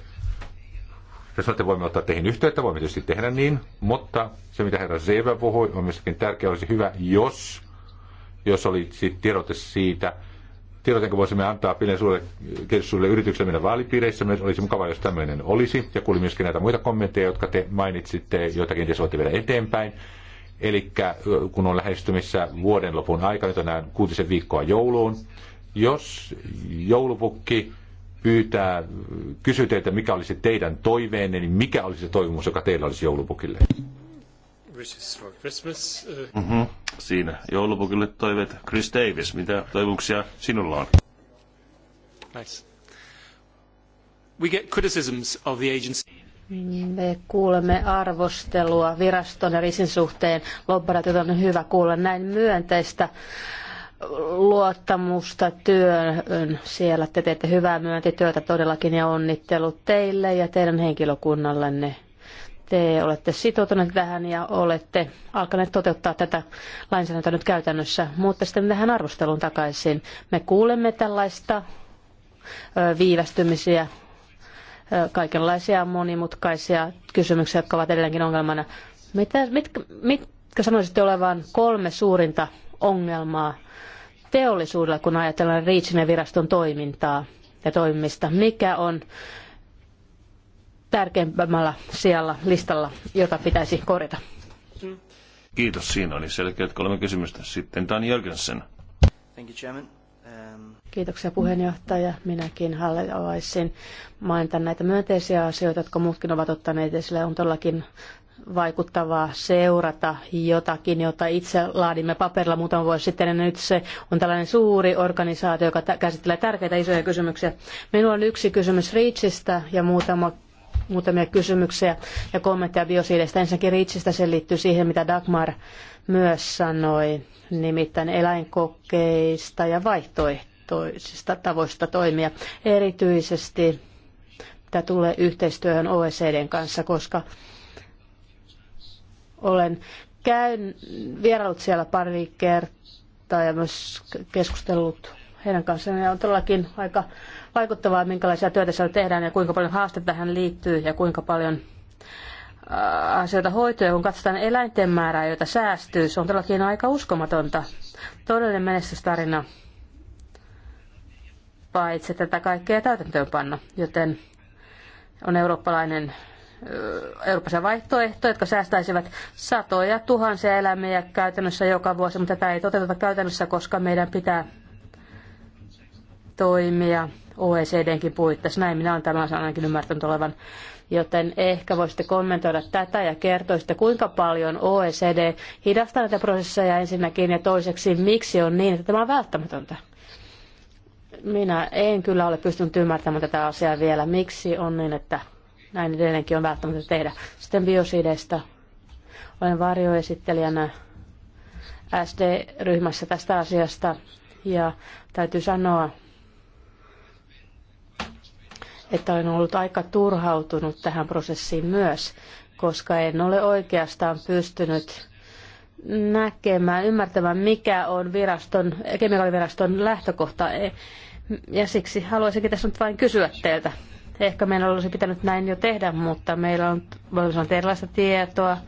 Jos olette, voimme ottaa teihin yhteyttä, voimme tietysti tehdä niin, mutta se, mitä herra Zeeva puhui, on myöskin tärkeää, olisi hyvä, jos jos olisi tiedote siitä, kun voisimme antaa pienen suurelle kirjallisuudelle yritykselle meidän vaalipiireissä. Myös olisi mukavaa, jos tämmöinen olisi. Ja kuulin myöskin näitä muita kommentteja, jotka te mainitsitte, joitakin te voitte vielä eteenpäin. Eli kun on lähestymissä vuoden lopun aika, nyt on näin kuutisen viikkoa jouluun. Jos joulupukki pyytää, kysyy teiltä, mikä olisi teidän toiveenne, niin mikä olisi se toivomus, joka teillä olisi joulupukille? wishes for Christmas. Uh, mm-hmm. Siinä joulupukille toiveet. Chris Davis, mitä toivuksia sinulla on? Nice. We get criticisms of the agency. Me kuulemme arvostelua viraston ja risin suhteen. Lobbarit on hyvä kuulla näin myönteistä luottamusta työhön. Siellä te teette hyvää myöntityötä todellakin ja onnittelut teille ja teidän henkilökunnallenne. Te olette sitoutuneet tähän ja olette alkaneet toteuttaa tätä lainsäädäntöä nyt käytännössä. Mutta sitten tähän arvosteluun takaisin. Me kuulemme tällaista viivästymisiä, kaikenlaisia monimutkaisia kysymyksiä, jotka ovat edelleenkin ongelmana. Mitä, mitkä, mitkä sanoisitte olevan kolme suurinta ongelmaa teollisuudella, kun ajatellaan Riitsinen viraston toimintaa ja toimimista? Mikä on tärkeimmällä siellä listalla, jota pitäisi korjata. Kiitos, siinä oli selkeät kolme kysymystä. Sitten Dan Jörgensen. Thank you, Chairman. Um, Kiitoksia puheenjohtaja. Minäkin haluaisin mainita näitä myönteisiä asioita, jotka muutkin ovat ottaneet esille. On todellakin vaikuttavaa seurata jotakin, jota itse laadimme paperilla muutama vuosi sitten. Ja nyt se on tällainen suuri organisaatio, joka käsittelee tärkeitä isoja kysymyksiä. Minulla on yksi kysymys Reachista ja muutama muutamia kysymyksiä ja kommentteja biosiileistä. Ensinnäkin Ritsistä se liittyy siihen, mitä Dagmar myös sanoi, nimittäin eläinkokeista ja vaihtoehtoisista tavoista toimia. Erityisesti tämä tulee yhteistyöhön OECDn kanssa, koska olen käyn vierailut siellä pari kertaa ja myös keskustellut heidän kanssaan. Ja on todellakin aika vaikuttavaa, minkälaisia työtä siellä tehdään ja kuinka paljon haaste tähän liittyy ja kuinka paljon äh, asioita hoitoa. Kun katsotaan eläinten määrää, joita säästyy, se on todellakin aika uskomatonta. Todellinen menestystarina paitsi tätä kaikkea täytäntöönpanna, joten on eurooppalainen äh, Euroopassa vaihtoehto, jotka säästäisivät satoja tuhansia eläimiä käytännössä joka vuosi, mutta tätä ei toteuteta käytännössä, koska meidän pitää toimia OECDnkin puitteissa. Näin minä olen tämän ainakin ymmärtänyt olevan. Joten ehkä voisitte kommentoida tätä ja kertoisitte, kuinka paljon OECD hidastaa näitä prosesseja ensinnäkin ja toiseksi, miksi on niin, että tämä on välttämätöntä. Minä en kyllä ole pystynyt ymmärtämään tätä asiaa vielä. Miksi on niin, että näin edelleenkin on välttämätöntä tehdä. Sitten biosideista. Olen varjoesittelijänä SD-ryhmässä tästä asiasta ja täytyy sanoa, että olen ollut aika turhautunut tähän prosessiin myös, koska en ole oikeastaan pystynyt näkemään, ymmärtämään, mikä on viraston, kemikaaliviraston lähtökohta. Ja siksi haluaisinkin tässä nyt vain kysyä teiltä. Ehkä meillä olisi pitänyt näin jo tehdä, mutta meillä on, sanoa, erilaista tietoa.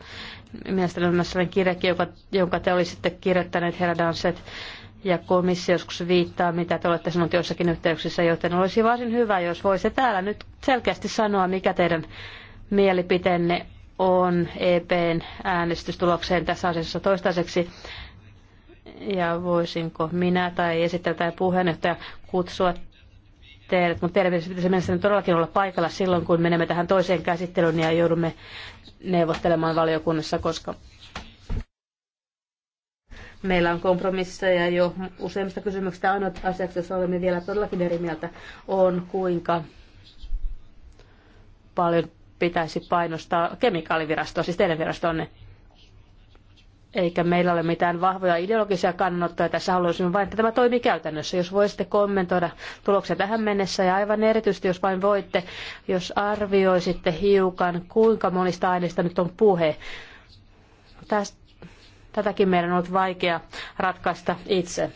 Mielestäni on myös sellainen kirjakin, jonka, jonka te olisitte kirjoittaneet, herra Danset, ja komissio joskus viittaa, mitä te olette sanoneet joissakin yhteyksissä, joten olisi varsin hyvä, jos voisi täällä nyt selkeästi sanoa, mikä teidän mielipiteenne on EPn äänestystulokseen tässä asiassa toistaiseksi. Ja voisinko minä tai esittelijä tai puheenjohtaja kutsua teidät, mutta teidän pitäisi mielestäni todellakin olla paikalla silloin, kun menemme tähän toiseen käsittelyyn ja joudumme neuvottelemaan valiokunnassa, koska Meillä on kompromisseja jo useimmista kysymyksistä. Ainoat asiaksi, jossa olemme vielä todellakin eri mieltä, on kuinka paljon pitäisi painostaa kemikaalivirastoa, siis teidän virastonne. Eikä meillä ole mitään vahvoja ideologisia kannanottoja. Tässä haluaisimme vain, että tämä toimii käytännössä. Jos voisitte kommentoida tuloksia tähän mennessä ja aivan erityisesti, jos vain voitte, jos arvioisitte hiukan, kuinka monista aineista nyt on puhe. Tästä Tätäkin meidän on ollut vaikea ratkaista itse.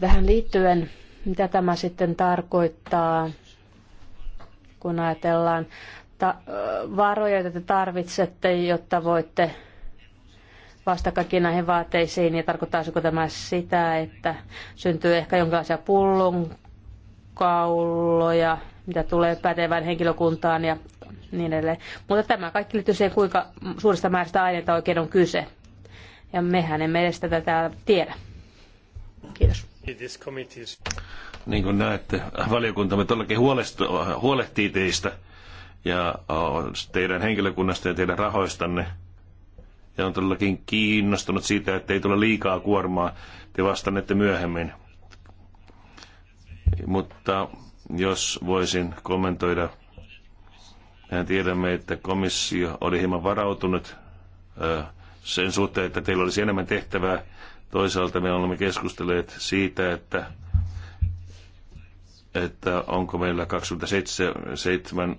Tähän liittyen, mitä tämä sitten tarkoittaa, kun ajatellaan ta- varoja, joita te tarvitsette, jotta voitte vasta kaikkiin näihin vaateisiin, ja niin tarkoittaisiko tämä sitä, että syntyy ehkä jonkinlaisia pullonkauloja, mitä tulee pätevään henkilökuntaan ja niin edelleen. Mutta tämä kaikki liittyy siihen, kuinka suurista määrästä aineita oikein on kyse. Ja mehän emme edes tätä täällä tiedä. Kiitos. Niin kuin näette, valiokuntamme todellakin huolehtii teistä ja teidän henkilökunnasta ja teidän rahoistanne. Ja on todellakin kiinnostunut siitä, että ei tule liikaa kuormaa. Te vastannette myöhemmin. Mutta jos voisin kommentoida Tiedämme, että komissio oli hieman varautunut sen suhteen, että teillä olisi enemmän tehtävää. Toisaalta me olemme keskustelleet siitä, että, että onko meillä 27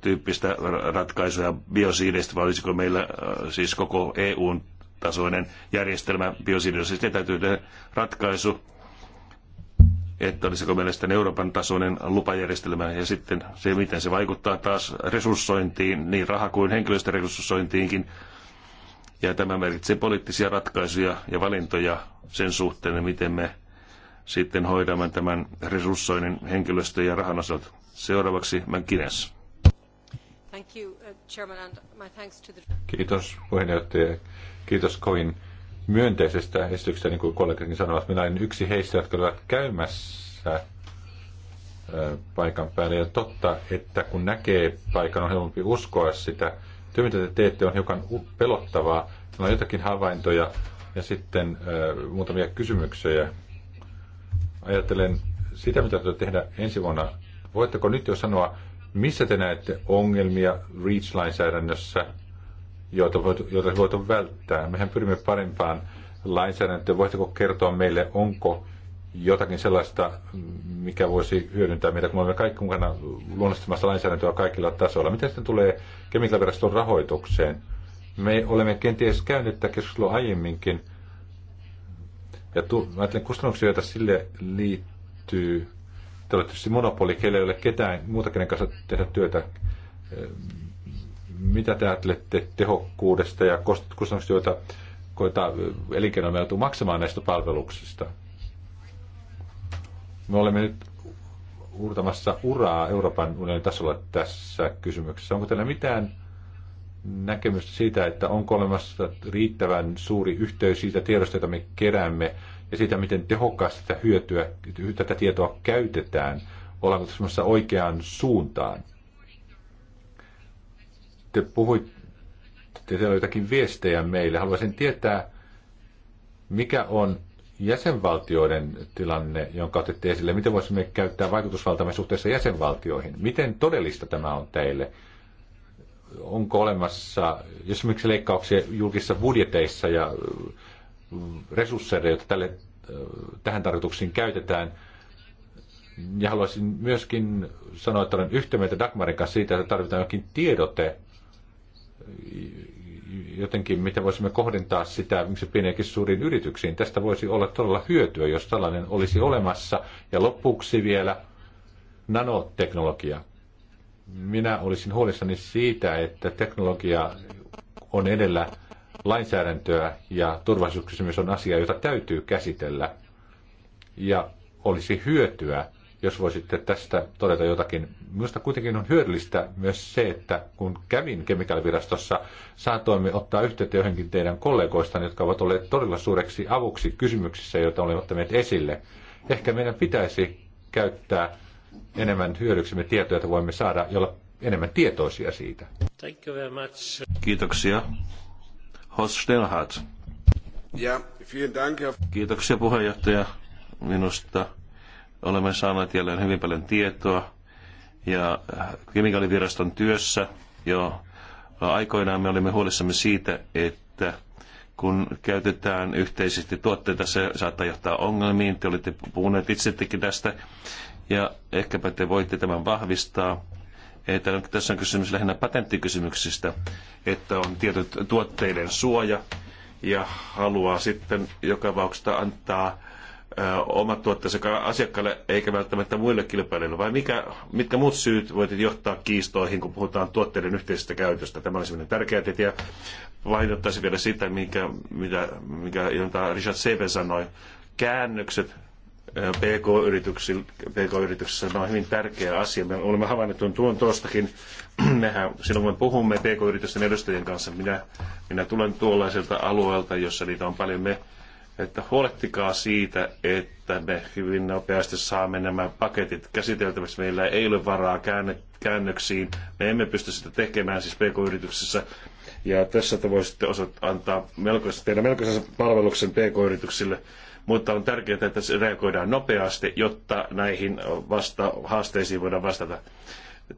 tyyppistä ratkaisuja biosiideistä, vai olisiko meillä siis koko EUn tasoinen järjestelmä biosiideista. Sitten siis täytyy tehdä ratkaisu että olisiko mielestäni Euroopan tasoinen lupajärjestelmä ja sitten se, miten se vaikuttaa taas resurssointiin, niin raha- kuin henkilöstöresurssointiinkin. Ja tämä merkitsee poliittisia ratkaisuja ja valintoja sen suhteen, miten me sitten hoidamme tämän resurssoinnin henkilöstö- ja rahan osalta. Seuraavaksi McGuinness. Uh, Kiitos puheenjohtaja. Kiitos kovin myönteisestä esityksestä, niin kuin kollegatkin sanovat. Minä olin yksi heistä, jotka olivat käymässä paikan päälle. Ja totta, että kun näkee paikan, on helpompi uskoa sitä. Työ, mitä te teette, on hiukan pelottavaa. Meillä on jotakin havaintoja ja sitten äh, muutamia kysymyksiä. Ajattelen sitä, mitä te tehdä ensi vuonna. Voitteko nyt jo sanoa, missä te näette ongelmia REACH-lainsäädännössä – joita, voit, joita voit voitu välttää. Mehän pyrimme parempaan lainsäädäntöön. Voitteko kertoa meille, onko jotakin sellaista, mikä voisi hyödyntää meitä, kun me olemme kaikki mukana luonnostamassa lainsäädäntöä kaikilla tasoilla. Mitä sitten tulee kemikaaliviraston rahoitukseen? Me olemme kenties käyneet tätä keskustelua aiemminkin, ja tu, mä ajattelen kustannuksia, joita sille liittyy. Te olette tietysti monopoli, keillä ei ole ketään muuta, kenen kanssa tehdä työtä mitä te ajattelette tehokkuudesta ja kustannuksista, joita, joita elinkeinoelämä joutuu maksamaan näistä palveluksista? Me olemme nyt uurtamassa uraa Euroopan unionin tasolla tässä kysymyksessä. Onko teillä mitään näkemystä siitä, että onko olemassa riittävän suuri yhteys siitä tiedosta, jota me keräämme, ja siitä, miten tehokkaasti tätä hyötyä, tätä tietoa käytetään? Ollaanko tässä oikeaan suuntaan? te puhuitte, teillä jotakin viestejä meille. Haluaisin tietää, mikä on jäsenvaltioiden tilanne, jonka otette esille. Miten voisimme käyttää vaikutusvaltamme suhteessa jäsenvaltioihin? Miten todellista tämä on teille? Onko olemassa esimerkiksi leikkauksia julkisissa budjeteissa ja mm, resursseja, joita tälle, tähän tarkoituksiin käytetään? Ja haluaisin myöskin sanoa, että olen yhtä mieltä Dagmarin kanssa siitä, että tarvitaan jokin tiedote jotenkin, mitä voisimme kohdentaa sitä miksi pieniäkin suuriin yrityksiin. Tästä voisi olla todella hyötyä, jos tällainen olisi olemassa. Ja lopuksi vielä nanoteknologia. Minä olisin huolissani siitä, että teknologia on edellä lainsäädäntöä ja turvallisuuskysymys on asia, jota täytyy käsitellä. Ja olisi hyötyä jos voisitte tästä todeta jotakin. Minusta kuitenkin on hyödyllistä myös se, että kun kävin kemikaalivirastossa, saatoimme ottaa yhteyttä johonkin teidän kollegoistanne, jotka ovat olleet todella suureksi avuksi kysymyksissä, joita olemme ottaneet esille. Ehkä meidän pitäisi käyttää enemmän hyödyksemme tietoja, että voimme saada, jolla enemmän tietoisia siitä. Thank you very much. Kiitoksia. Horst Schnellhardt. Ja, vielen Dank. Kiitoksia puheenjohtaja. Minusta Olemme saaneet jälleen hyvin paljon tietoa ja äh, kemikaaliviraston työssä jo aikoinaan me olimme huolissamme siitä, että kun käytetään yhteisesti tuotteita, se saattaa johtaa ongelmiin. Te olitte puhuneet itsettekin tästä ja ehkäpä te voitte tämän vahvistaa. Että tässä on kysymys lähinnä patenttikysymyksistä, että on tietyt tuotteiden suoja ja haluaa sitten joka vauksesta antaa omat tuotteensa asiakkaille eikä välttämättä muille kilpailijoille, vai mikä, mitkä muut syyt voivat johtaa kiistoihin, kun puhutaan tuotteiden yhteisestä käytöstä? Tämä on sellainen tärkeä ja Painottaisin vielä sitä, mikä, mitä, mikä, jota Richard Seve sanoi, käännökset PK-yrityksissä, PK-yrityksissä on hyvin tärkeä asia. Me olemme havainneet tuon tuostakin. Mehän, silloin kun me puhumme PK-yritysten edustajien kanssa, minä, minä tulen tuollaiselta alueelta, jossa niitä on paljon. Me että huolehtikaa siitä, että me hyvin nopeasti saamme nämä paketit käsiteltäväksi. Meillä ei ole varaa käänne, käännöksiin. Me emme pysty sitä tekemään siis PK-yrityksessä. Ja tässä te voisitte antaa melkoisen, tehdä melkoisen palveluksen PK-yrityksille. Mutta on tärkeää, että se reagoidaan nopeasti, jotta näihin vasta- haasteisiin voidaan vastata.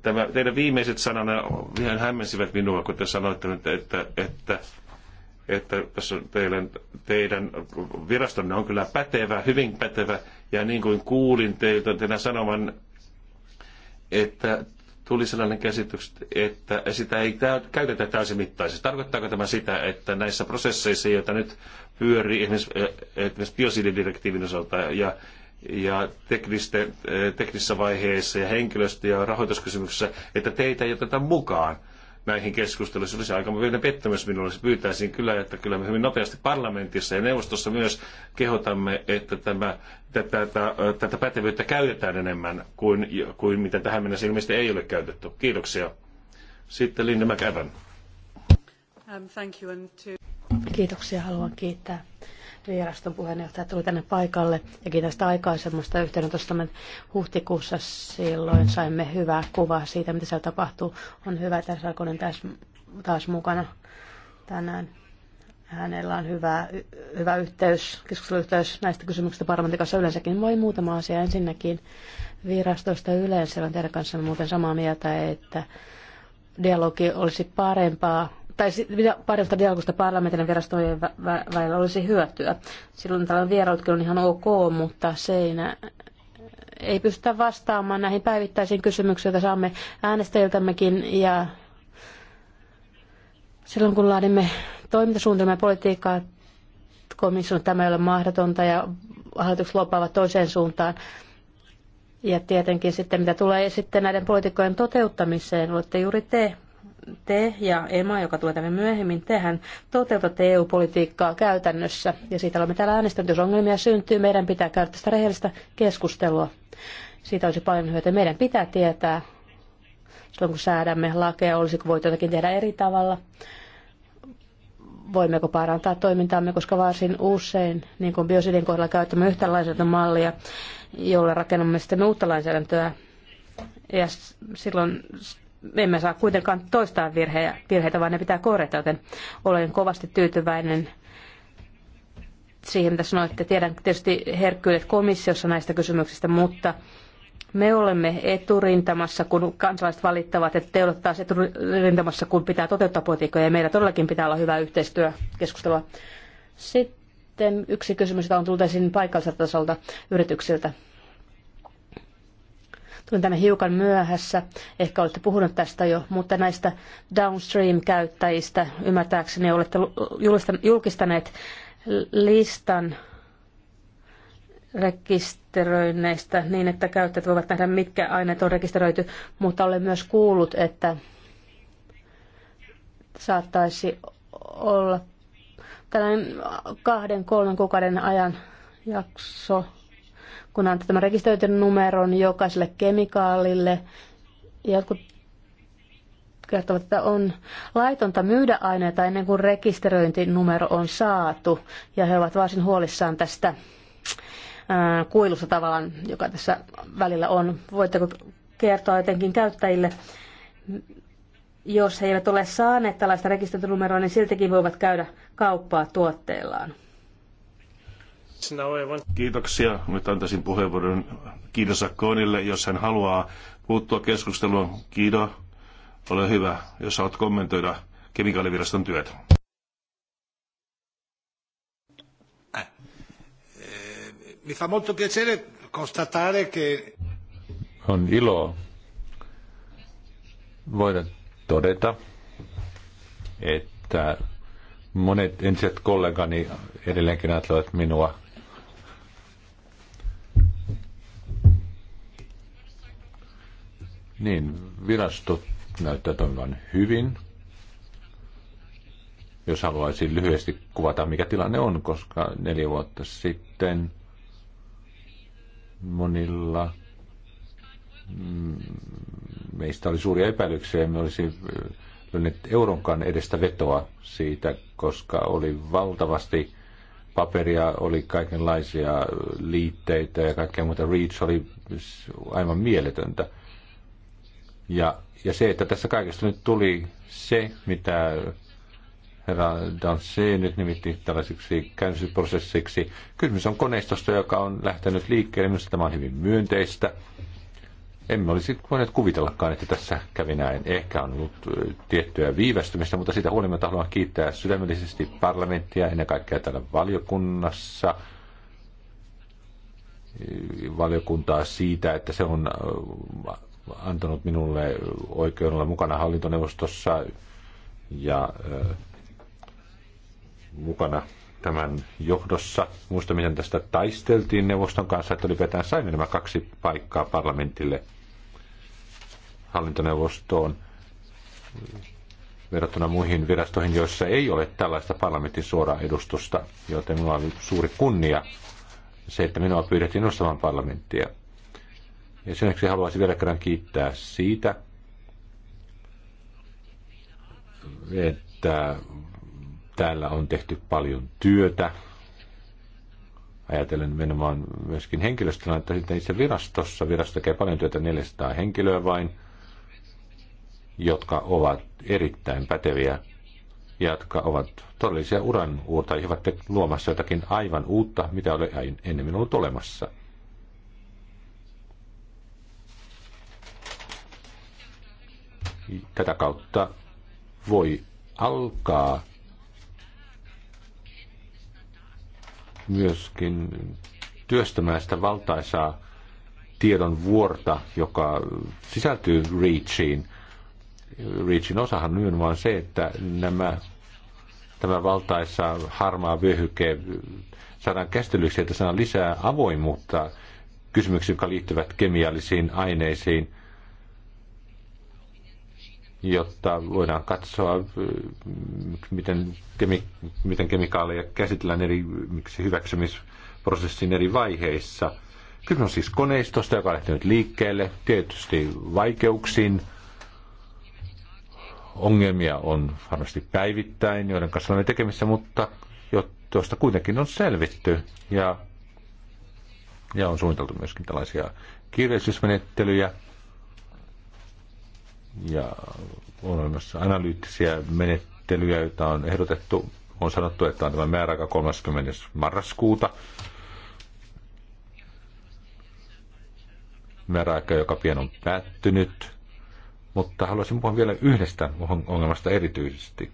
Tämä, teidän viimeiset sanana vielä hämmensivät minua, kun te sanoitte, että, että, että että teidän, teidän virastonne on kyllä pätevä, hyvin pätevä, ja niin kuin kuulin teiltä tänä sanovan, että tuli sellainen käsitys, että sitä ei käytetä täysimittaisesti. Tarkoittaako tämä sitä, että näissä prosesseissa, joita nyt pyörii esimerkiksi, esimerkiksi biosiilidirektiivin osalta ja, ja tekniste, teknisessä vaiheessa ja henkilöstö- ja rahoituskysymyksissä, että teitä ei oteta mukaan? näihin keskusteluihin. Se olisi aikamoinen pettämys minulle. Pyytäisin kyllä, että kyllä me hyvin nopeasti parlamentissa ja neuvostossa myös kehotamme, että tämä, tätä, tätä, tätä pätevyyttä käytetään enemmän kuin, kuin mitä tähän mennessä ilmeisesti ei ole käytetty. Kiitoksia. Sitten Linda McAvan. Um, thank you and to... Kiitoksia. Haluan kiittää viraston puheenjohtaja tuli tänne paikalle ja kiitos aikaisemmasta yhteydenotosta. huhtikuussa silloin saimme hyvää kuvaa siitä, mitä siellä tapahtuu. On hyvä, että Sarkonen taas, taas mukana tänään. Hänellä on hyvä, hyvä yhteys, keskusteluyhteys näistä kysymyksistä parlamentin kanssa yleensäkin. Voi muutama asia ensinnäkin virastoista yleensä. Olen teidän kanssa muuten samaa mieltä, että dialogi olisi parempaa tai paremmasta dialogista parlamentin ja virastojen välillä olisi hyötyä. Silloin tällainen vierailukin on ihan ok, mutta seinä ei pystytä vastaamaan näihin päivittäisiin kysymyksiin, joita saamme äänestäjiltämmekin ja silloin kun laadimme toimintasuunnitelmia ja politiikkaa komission, tämä ei ole mahdotonta ja hallitukset lopaavat toiseen suuntaan. Ja tietenkin sitten mitä tulee sitten näiden poliitikkojen toteuttamiseen, olette juuri te te ja Emma, joka tulee tänne myöhemmin, tehän toteutatte EU-politiikkaa käytännössä. Ja siitä olemme täällä äänestäneet, jos ongelmia syntyy, meidän pitää käydä tästä rehellistä keskustelua. Siitä olisi paljon hyötyä. Meidän pitää tietää, silloin kun säädämme lakeja, olisiko voitu jotakin tehdä eri tavalla voimmeko parantaa toimintaamme, koska varsin usein, niin kuin biosidin kohdalla käytämme yhtä mallia, jolla rakennamme sitten uutta lainsäädäntöä. Ja silloin emme saa kuitenkaan toistaa virheitä, virheitä, vaan ne pitää korjata, joten olen kovasti tyytyväinen siihen, mitä sanoitte. Tiedän tietysti herkkyydet komissiossa näistä kysymyksistä, mutta me olemme eturintamassa, kun kansalaiset valittavat, että te olette taas eturintamassa, kun pitää toteuttaa politiikkoja, ja meillä todellakin pitää olla yhteistyö yhteistyökeskustelua. Sitten yksi kysymys, jota on tullut esiin paikalliselta tasolta yrityksiltä. Tulin tänne hiukan myöhässä, ehkä olette puhunut tästä jo, mutta näistä downstream-käyttäjistä ymmärtääkseni olette julkistaneet listan rekisteröinneistä niin, että käyttäjät voivat nähdä, mitkä aineet on rekisteröity, mutta olen myös kuullut, että saattaisi olla tällainen kahden, kolmen kuukauden ajan jakso kun antaa tämän rekisteröityn numeron jokaiselle kemikaalille. Jotkut kertovat, että on laitonta myydä aineita ennen kuin rekisteröintinumero on saatu. Ja he ovat varsin huolissaan tästä kuilusta tavallaan, joka tässä välillä on. Voitteko kertoa jotenkin käyttäjille, jos he eivät ole saaneet tällaista rekisteröintinumeroa, niin siltikin voivat käydä kauppaa tuotteillaan. Kiitoksia. Nyt antaisin puheenvuoron Kiido Sakkoonille, jos hän haluaa puuttua keskusteluun. Kiido, ole hyvä, jos saat kommentoida kemikaaliviraston työtä. Eh, mi fa molto piacere constatare che... On ilo voida todeta, että monet entiset kollegani edelleenkin ajattelevat minua Niin, virastot näyttää toimivan hyvin. Jos haluaisin lyhyesti kuvata, mikä tilanne on, koska neljä vuotta sitten monilla mm, meistä oli suuria epäilyksiä. Me olisi eh, löynyt euronkaan edestä vetoa siitä, koska oli valtavasti paperia, oli kaikenlaisia liitteitä ja kaikkea muuta. Reach oli aivan mieletöntä. Ja, ja se, että tässä kaikesta nyt tuli se, mitä herra Danse nyt nimitti tällaiseksi käynnistysprosessiksi. Kysymys on koneistosta, joka on lähtenyt liikkeelle. Minusta tämä on hyvin myönteistä. Emme olisi voineet kuvitellakaan, että tässä kävi näin. Ehkä on ollut tiettyä viivästymistä, mutta sitä huolimatta haluan kiittää sydämellisesti parlamenttia, ennen kaikkea täällä valiokunnassa, valiokuntaa siitä, että se on antanut minulle oikeuden olla mukana hallintoneuvostossa ja ö, mukana tämän johdossa. Muista, miten tästä taisteltiin neuvoston kanssa, että ylipäätään saimme nämä kaksi paikkaa parlamentille hallintoneuvostoon verrattuna muihin virastoihin, joissa ei ole tällaista parlamentin suoraa edustusta, joten minulla oli suuri kunnia se, että minua pyydettiin nostamaan parlamenttia. Ja sen haluaisin vielä kerran kiittää siitä, että täällä on tehty paljon työtä. Ajatellen menemään myöskin että sitten itse virastossa. Virasto tekee paljon työtä 400 henkilöä vain, jotka ovat erittäin päteviä ja jotka ovat todellisia uran ja ovat luomassa jotakin aivan uutta, mitä ei ole ennen ollut olemassa – tätä kautta voi alkaa myöskin työstämään sitä valtaisaa tiedon vuorta, joka sisältyy REACHiin. REACHin osahan on vain se, että nämä, tämä valtaisa harmaa vyöhyke saadaan käsittelyksi, että saadaan lisää avoimuutta kysymyksiin, jotka liittyvät kemiallisiin aineisiin jotta voidaan katsoa, miten, kemi, miten kemikaaleja käsitellään eri miksi hyväksymisprosessin eri vaiheissa. Kyllä on siis koneistosta, joka on lähtenyt liikkeelle, tietysti vaikeuksiin. Ongelmia on varmasti päivittäin, joiden kanssa olemme tekemissä, mutta jo tuosta kuitenkin on selvitty ja, ja on suunniteltu myöskin tällaisia kirjallisuusmenettelyjä – ja on olemassa analyyttisiä menettelyjä, joita on ehdotettu. On sanottu, että on tämä määräaika 30. marraskuuta. Määräaika, joka pian on päättynyt. Mutta haluaisin puhua vielä yhdestä ongelmasta erityisesti.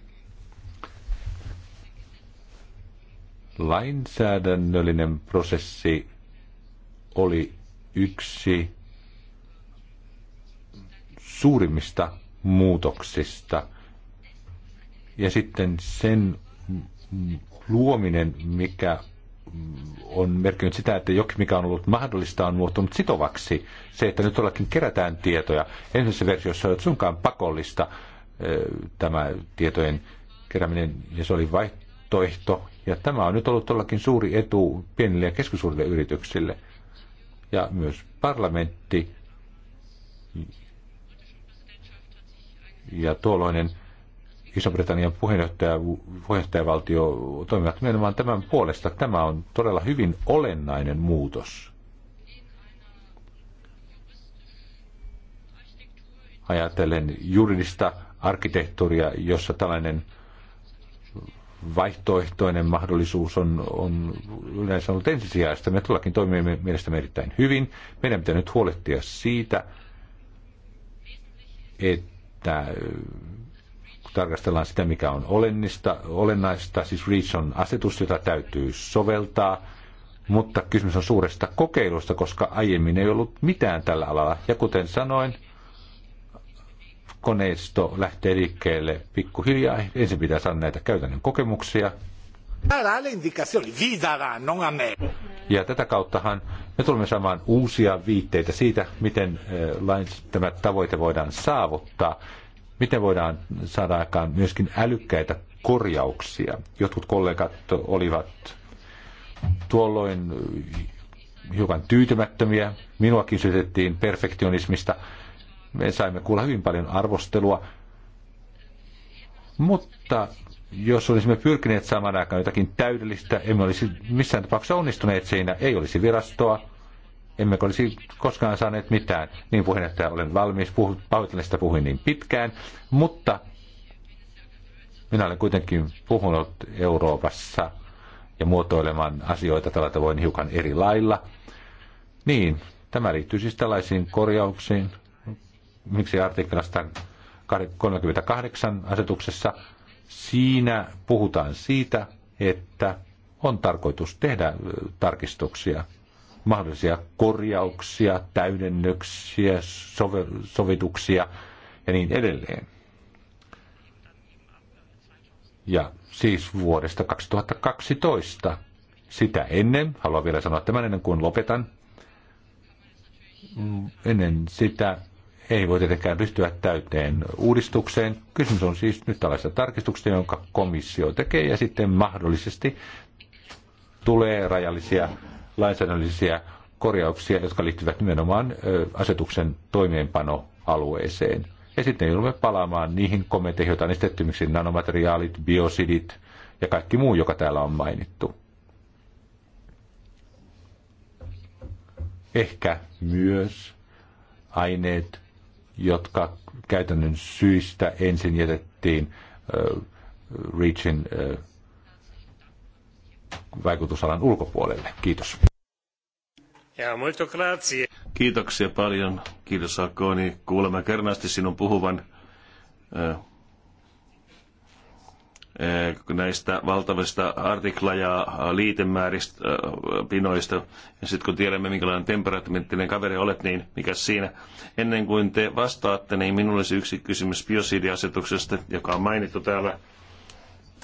Lainsäädännöllinen prosessi oli yksi suurimmista muutoksista. Ja sitten sen luominen, mikä on merkinnyt sitä, että jokin, mikä on ollut mahdollista, on muuttunut sitovaksi. Se, että nyt todellakin kerätään tietoja. Ensimmäisessä versiossa ei sunkaan pakollista tämä tietojen kerääminen, ja se oli vaihtoehto. Ja tämä on nyt ollut todellakin suuri etu pienille ja keskisuurille yrityksille. Ja myös parlamentti ja tuolloinen Iso-Britannian puheenjohtaja, puheenjohtajavaltio toimivat nimenomaan tämän puolesta. Tämä on todella hyvin olennainen muutos. Ajatellen juridista arkkitehtuuria, jossa tällainen vaihtoehtoinen mahdollisuus on, on yleensä ollut ensisijaista. Me tullakin toimimme mielestämme erittäin hyvin. Meidän pitää nyt huolehtia siitä, että että äh, tarkastellaan sitä, mikä on olennista, olennaista. Siis REACH on asetus, jota täytyy soveltaa, mutta kysymys on suuresta kokeilusta, koska aiemmin ei ollut mitään tällä alalla. Ja kuten sanoin, koneisto lähtee liikkeelle pikkuhiljaa. Ensin pitää saada näitä käytännön kokemuksia, ja tätä kauttahan me tulemme saamaan uusia viitteitä siitä, miten eh, tämä tavoite voidaan saavuttaa, miten voidaan saada aikaan myöskin älykkäitä korjauksia. Jotkut kollegat olivat tuolloin hiukan tyytymättömiä. Minuakin syytettiin perfektionismista. Me saimme kuulla hyvin paljon arvostelua. Mutta jos olisimme pyrkineet saamaan aikaan jotakin täydellistä, emme olisi missään tapauksessa onnistuneet siinä, ei olisi virastoa, emme olisi koskaan saaneet mitään. Niin että olen valmis, pahoitan sitä puhuin niin pitkään, mutta minä olen kuitenkin puhunut Euroopassa ja muotoilemaan asioita tällä tavoin hiukan eri lailla. Niin, tämä liittyy siis tällaisiin korjauksiin, miksi artiklasta 38 asetuksessa Siinä puhutaan siitä, että on tarkoitus tehdä tarkistuksia, mahdollisia korjauksia, täydennyksiä, sove- sovituksia ja niin edelleen. Ja siis vuodesta 2012. Sitä ennen, haluan vielä sanoa tämän ennen kuin lopetan, mm, ennen sitä ei voi tietenkään ryhtyä täyteen uudistukseen. Kysymys on siis nyt tällaista tarkistuksesta, jonka komissio tekee ja sitten mahdollisesti tulee rajallisia lainsäädännöllisiä korjauksia, jotka liittyvät nimenomaan asetuksen toimeenpanoalueeseen. Ja sitten joudumme palaamaan niihin kommentteihin, joita on estetty, miksi nanomateriaalit, biosidit ja kaikki muu, joka täällä on mainittu. Ehkä myös aineet, jotka käytännön syistä ensin jätettiin REACHin vaikutusalan ulkopuolelle. Kiitos. Ja molto grazie. Kiitoksia paljon. Kiitos Akoni. Kuulemme kernaasti sinun puhuvan. Eh, näistä valtavista artikla- ja liitemääristä eh, pinoista. Ja sitten kun tiedämme, minkälainen temperamenttinen kaveri olet, niin mikä siinä? Ennen kuin te vastaatte, niin minulla olisi yksi kysymys biosidiasetuksesta, joka on mainittu täällä.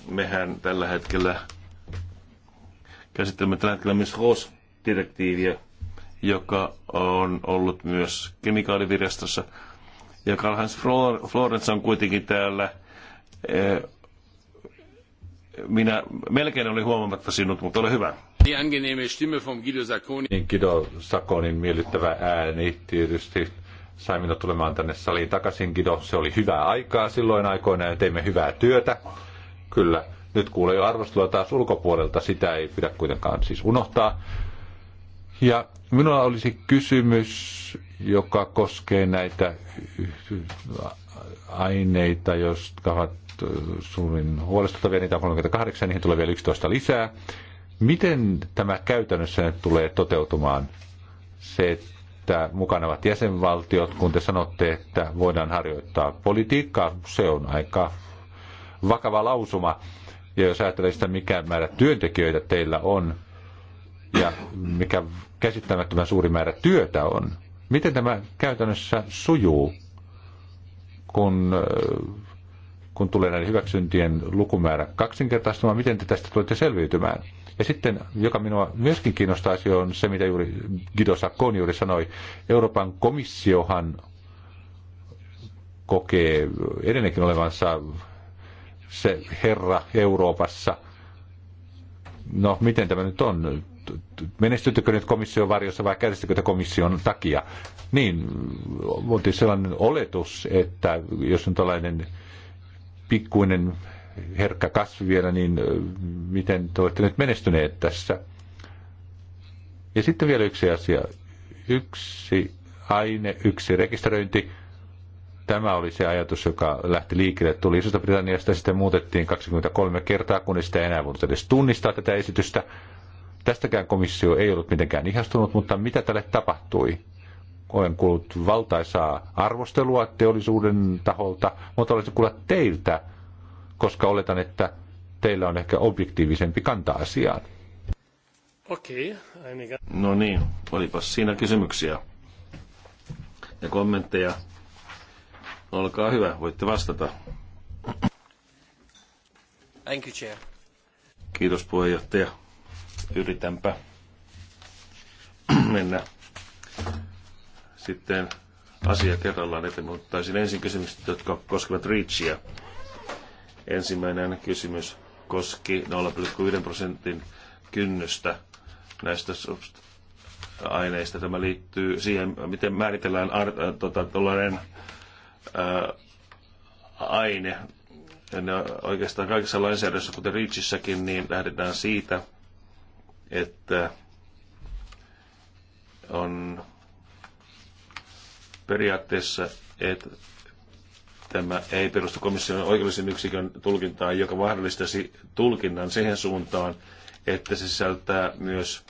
Mehän tällä hetkellä käsittelemme tällä hetkellä myös hos direktiiviä joka on ollut myös kemikaalivirastossa. Ja Karl-Heinz Florence on kuitenkin täällä eh, minä melkein olin huomaamatta sinut, mutta ole hyvä. Die angenehme Stimme von Guido Sacconi. Niin, Guido Sacconin miellyttävä ääni tietysti sai minut tulemaan tänne saliin takaisin. Guido, se oli hyvää aikaa silloin aikoina ja teimme hyvää työtä. Kyllä, nyt kuulee jo arvostelua taas ulkopuolelta, sitä ei pidä kuitenkaan siis unohtaa. Ja minulla olisi kysymys, joka koskee näitä aineita, jotka ovat suurin huolestuttavia, niitä on 38, niihin tulee vielä 11 lisää. Miten tämä käytännössä nyt tulee toteutumaan? Se, että mukana ovat jäsenvaltiot, kun te sanotte, että voidaan harjoittaa politiikkaa, se on aika vakava lausuma. Ja jos ajattelee sitä, mikä määrä työntekijöitä teillä on ja mikä käsittämättömän suuri määrä työtä on, miten tämä käytännössä sujuu, kun kun tulee näiden hyväksyntien lukumäärä kaksinkertaistumaan, miten te tästä tulette selviytymään? Ja sitten, joka minua myöskin kiinnostaisi, on se, mitä juuri Guido Sacconi juuri sanoi. Euroopan komissiohan kokee edelleenkin olevansa se herra Euroopassa. No, miten tämä nyt on? Menestyttekö nyt komission varjossa vai kärsittekö te komission takia? Niin, oltiin sellainen oletus, että jos on tällainen pikkuinen herkkä kasvi vielä, niin miten te olette nyt menestyneet tässä? Ja sitten vielä yksi asia. Yksi aine, yksi rekisteröinti. Tämä oli se ajatus, joka lähti liikkeelle. Tuli Isosta Britanniasta ja sitten muutettiin 23 kertaa, kun sitä ei enää voinut edes tunnistaa tätä esitystä. Tästäkään komissio ei ollut mitenkään ihastunut, mutta mitä tälle tapahtui? olen kuullut valtaisaa arvostelua teollisuuden taholta, mutta olisin kuulla teiltä, koska oletan, että teillä on ehkä objektiivisempi kanta asiaan. Okei. Okay. No niin, olipas siinä kysymyksiä ja kommentteja. Olkaa hyvä, voitte vastata. Thank you, Chair. Kiitos puheenjohtaja. Yritänpä mennä sitten asia kerrallaan eteen. Ottaisin ensin kysymykset, jotka koskevat REACHia. Ensimmäinen kysymys koski 0,1 prosentin kynnystä näistä aineista. Tämä liittyy siihen, miten määritellään ar- äh, tota, tuollainen äh, aine. ja oikeastaan kaikissa lainsäädännössä, kuten REACHissäkin, niin lähdetään siitä, että on periaatteessa, että tämä ei perustu komission oikeudellisen yksikön tulkintaan, joka mahdollistaisi tulkinnan siihen suuntaan, että se sisältää myös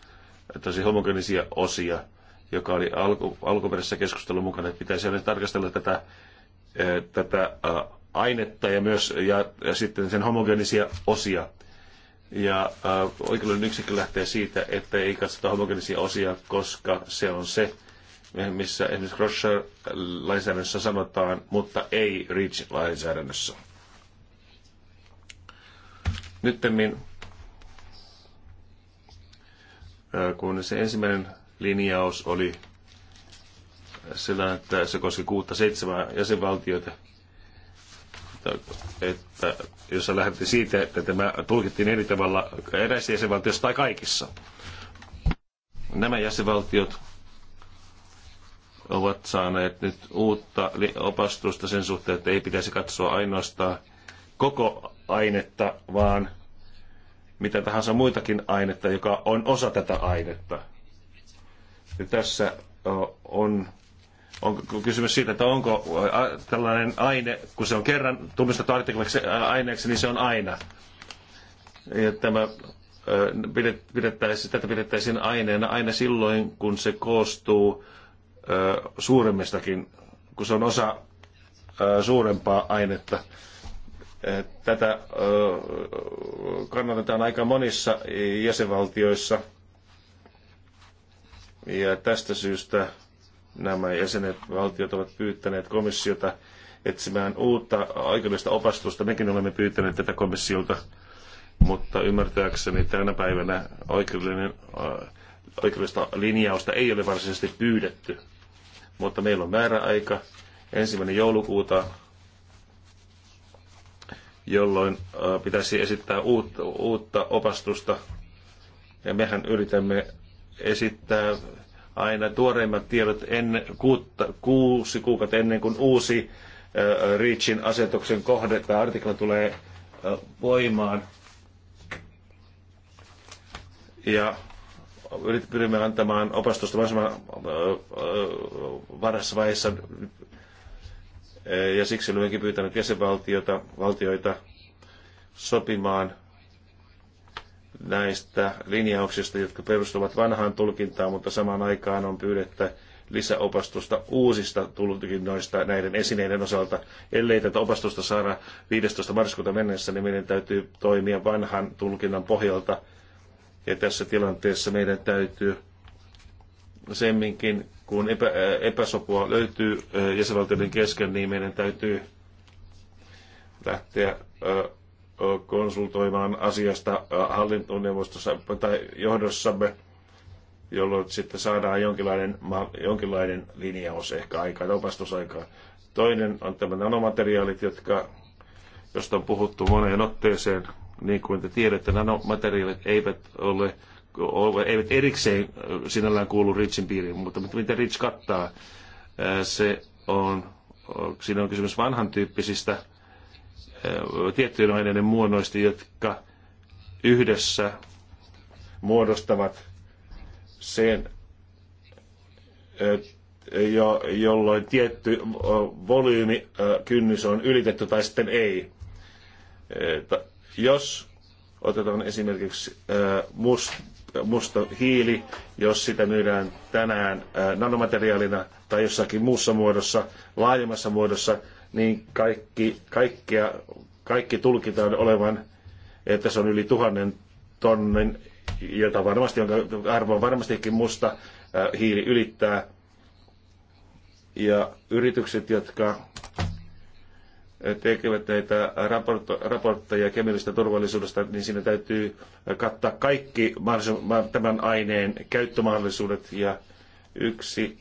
tosi homogenisia osia, joka oli alku, alkuperäisessä keskustelun mukana, että pitäisi aina tarkastella tätä, eh, tätä ainetta ja myös ja, ja sitten sen homogenisia osia. Ja äh, oikeudellinen yksikkö lähtee siitä, että ei katsota homogenisia osia, koska se on se, missä esimerkiksi Crosser-lainsäädännössä sanotaan, mutta ei REACH-lainsäädännössä. Nyttemmin, kun se ensimmäinen linjaus oli sellainen, että se koski kuutta seitsemää jäsenvaltioita, että jos lähdettiin siitä, että tämä tulkittiin eri tavalla eräissä jäsenvaltioissa tai kaikissa. Nämä jäsenvaltiot ovat saaneet nyt uutta opastusta sen suhteen, että ei pitäisi katsoa ainoastaan koko ainetta, vaan mitä tahansa muitakin ainetta, joka on osa tätä ainetta. Ja tässä on, on kysymys siitä, että onko tällainen aine, kun se on kerran tunnistettu artikliksi aineeksi, niin se on aina. Ja tämä pidettäisiin, tätä pidettäisiin aineena aina silloin, kun se koostuu suuremmistakin, kun se on osa suurempaa ainetta. Tätä kannatetaan aika monissa jäsenvaltioissa. Ja tästä syystä nämä jäsenet, valtiot ovat pyytäneet komissiota etsimään uutta oikeudellista opastusta. Mekin olemme pyytäneet tätä komissiolta, mutta ymmärtääkseni tänä päivänä oikeudellinen oikeudellista linjausta ei ole varsinaisesti pyydetty, mutta meillä on määräaika ensimmäinen joulukuuta, jolloin pitäisi esittää uutta, uutta opastusta. Ja mehän yritämme esittää aina tuoreimmat tiedot ennen, kuutta, kuusi kuukautta ennen kuin uusi uh, REACHin asetuksen kohde tai artikla tulee uh, voimaan. Ja pyrimme antamaan opastusta mahdollisimman varhaisessa vaiheessa ja siksi olemmekin pyytänyt jäsenvaltioita valtioita sopimaan näistä linjauksista, jotka perustuvat vanhaan tulkintaan, mutta samaan aikaan on pyydettä lisäopastusta uusista tulkinnoista näiden esineiden osalta. Ellei tätä opastusta saada 15. marraskuuta mennessä, niin meidän täytyy toimia vanhan tulkinnan pohjalta – ja tässä tilanteessa meidän täytyy semminkin, kun epä, epäsopua löytyy jäsenvaltioiden kesken, niin meidän täytyy lähteä konsultoimaan asiasta hallintoneuvostossa tai johdossamme, jolloin sitten saadaan jonkinlainen, jonkinlainen linjaus ehkä aikaan, opastusaikaa. Toinen on tämä nanomateriaalit, jotka, josta on puhuttu moneen otteeseen – niin kuin te tiedätte, nanomateriaalit eivät ole eivät erikseen sinällään kuulu Richin piiriin, mutta mitä Rich kattaa, se on, siinä on kysymys vanhan tyyppisistä tiettyjen aineiden muodoista, jotka yhdessä muodostavat sen, jo, jolloin tietty kynnys on ylitetty tai sitten ei. Jos otetaan esimerkiksi must, musta hiili, jos sitä myydään tänään nanomateriaalina tai jossakin muussa muodossa, laajemmassa muodossa, niin kaikki, kaikkia, kaikki tulkitaan olevan, että se on yli tuhannen tonnin, jota varmasti, jonka arvo varmastikin musta hiili ylittää. Ja yritykset, jotka tekevät näitä raportteja kemiallisesta turvallisuudesta, niin siinä täytyy kattaa kaikki tämän aineen käyttömahdollisuudet ja yksi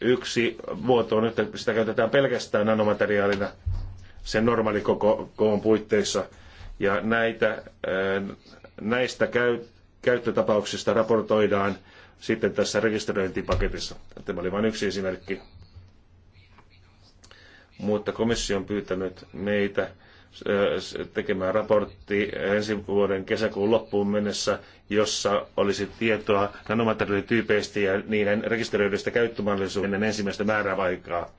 yksi muoto on, että sitä käytetään pelkästään nanomateriaalina sen normaalikoon puitteissa. Ja näitä, äh, näistä käy, käyttötapauksista raportoidaan sitten tässä rekisteröintipaketissa. Tämä oli vain yksi esimerkki mutta komissio on pyytänyt meitä äh, tekemään raportti ensi vuoden kesäkuun loppuun mennessä, jossa olisi tietoa nanomateriaalityypeistä ja niiden rekisteröidystä käyttömahdollisuudesta ennen ensimmäistä määräaikaa,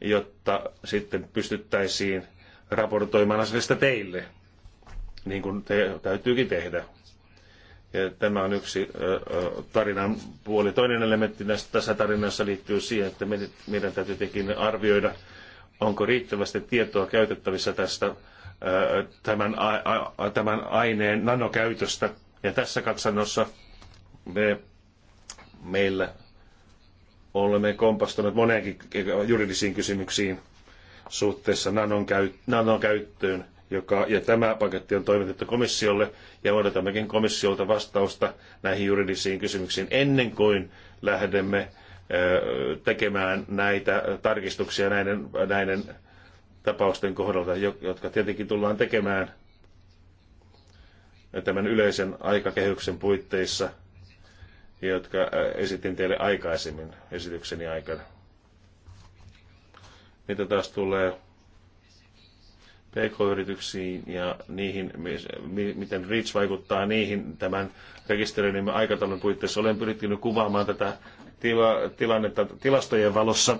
jotta sitten pystyttäisiin raportoimaan asiasta teille, niin kuin te, täytyykin tehdä. Ja tämä on yksi tarinan puoli. Toinen elementti tässä tarinassa liittyy siihen, että meidän täytyy tietenkin arvioida onko riittävästi tietoa käytettävissä tästä tämän, tämän aineen nanokäytöstä. Ja tässä katsannossa me, meillä olemme kompastuneet moneenkin juridisiin kysymyksiin suhteessa nanon, käyttöön. Joka, ja tämä paketti on toimitettu komissiolle ja odotammekin komissiolta vastausta näihin juridisiin kysymyksiin ennen kuin lähdemme tekemään näitä tarkistuksia näiden, näiden tapausten kohdalta, jotka tietenkin tullaan tekemään tämän yleisen aikakehyksen puitteissa, jotka esitin teille aikaisemmin esitykseni aikana. Mitä taas tulee PK-yrityksiin ja niihin, miten REACH vaikuttaa niihin tämän rekisteröinnin aikataulun puitteissa. Olen pyrittynyt kuvaamaan tätä tila, tilannetta tilastojen valossa,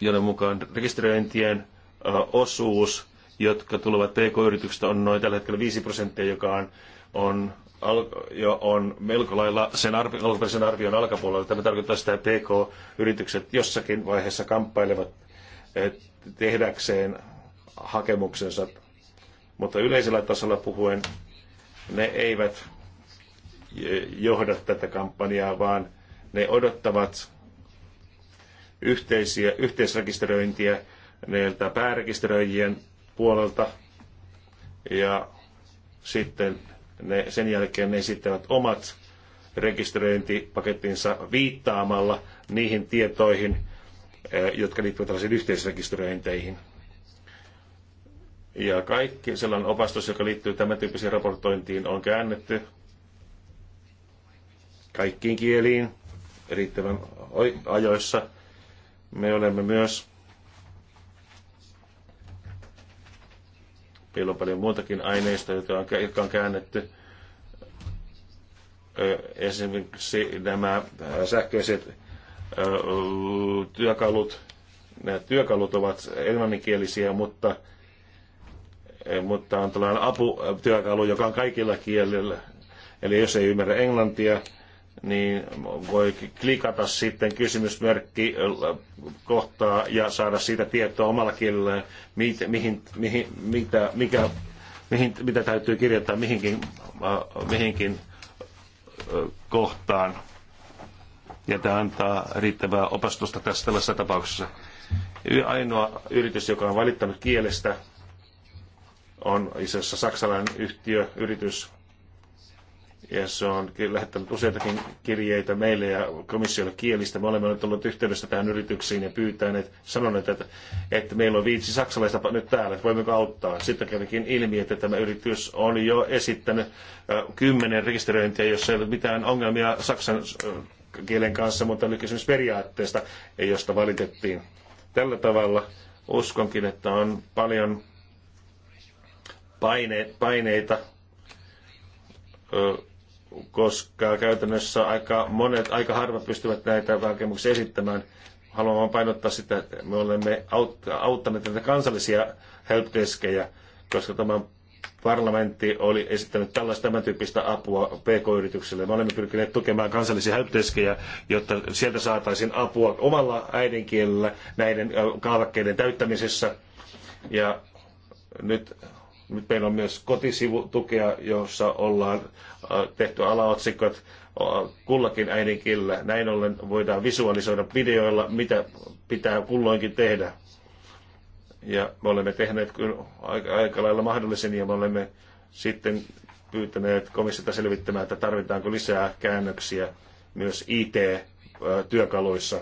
joiden mukaan rekisteröintien osuus, jotka tulevat PK-yrityksistä, on noin tällä hetkellä 5 prosenttia, joka on, on jo on melko lailla sen arvi, alkuperäisen arvion alkapuolella. Tämä tarkoittaa sitä, että PK-yritykset jossakin vaiheessa kamppailevat tehdäkseen hakemuksensa. Mutta yleisellä tasolla puhuen ne eivät johda tätä kampanjaa, vaan ne odottavat yhteisiä, yhteisrekisteröintiä näiltä päärekisteröijien puolelta ja sitten ne, sen jälkeen ne esittävät omat rekisteröintipakettinsa viittaamalla niihin tietoihin, Eh, jotka liittyvät tällaisiin yhteisrekisteröinteihin. Ja kaikki sellainen opastus, joka liittyy tämän tyyppiseen raportointiin, on käännetty kaikkiin kieliin riittävän ajoissa. Me olemme myös, meillä on paljon muutakin aineistoa, jotka on käännetty. Eh, esimerkiksi nämä sähköiset työkalut. Nämä työkalut ovat englanninkielisiä, mutta, e, mutta on tällainen aputyökalu, joka on kaikilla kielillä. Eli jos ei ymmärrä englantia, niin voi klikata sitten kysymysmerkki kohtaa ja saada siitä tietoa omalla kielellään, mihin, mihin, mitä, mikä, mihin, mitä täytyy kirjoittaa mihinkin, mihinkin kohtaan ja tämä antaa riittävää opastusta tässä tällaisessa tapauksessa. Ainoa yritys, joka on valittanut kielestä, on itse asiassa saksalainen yhtiö, yritys, ja se on lähettänyt useitakin kirjeitä meille ja komissiolle kielistä. Me olemme nyt olleet yhteydessä tähän yrityksiin ja pyytäneet, sanoneet, että, että meillä on viisi saksalaista nyt täällä, että voimmeko auttaa. Sitten kävikin ilmi, että tämä yritys on jo esittänyt kymmenen rekisteröintiä, jossa ei ole mitään ongelmia Saksan kielen kanssa, mutta oli kysymys periaatteesta, josta valitettiin. Tällä tavalla uskonkin, että on paljon paine, paineita, koska käytännössä aika, monet, aika harva pystyvät näitä hakemuksia esittämään. Haluan vain painottaa sitä, että me olemme auttaneet näitä kansallisia helpdeskejä, koska tämä on parlamentti oli esittänyt tällaista tämän tyyppistä apua PK-yrityksille. Me olemme pyrkineet tukemaan kansallisia helpdeskejä, jotta sieltä saataisiin apua omalla äidinkielellä näiden kaavakkeiden täyttämisessä. Ja nyt, nyt meillä on myös kotisivutukea, jossa ollaan tehty alaotsikot kullakin äidinkielellä. Näin ollen voidaan visualisoida videoilla, mitä pitää kulloinkin tehdä ja me olemme tehneet kyllä aika, aika lailla mahdollisen ja me olemme sitten pyytäneet komissiota selvittämään, että tarvitaanko lisää käännöksiä myös IT-työkaluissa.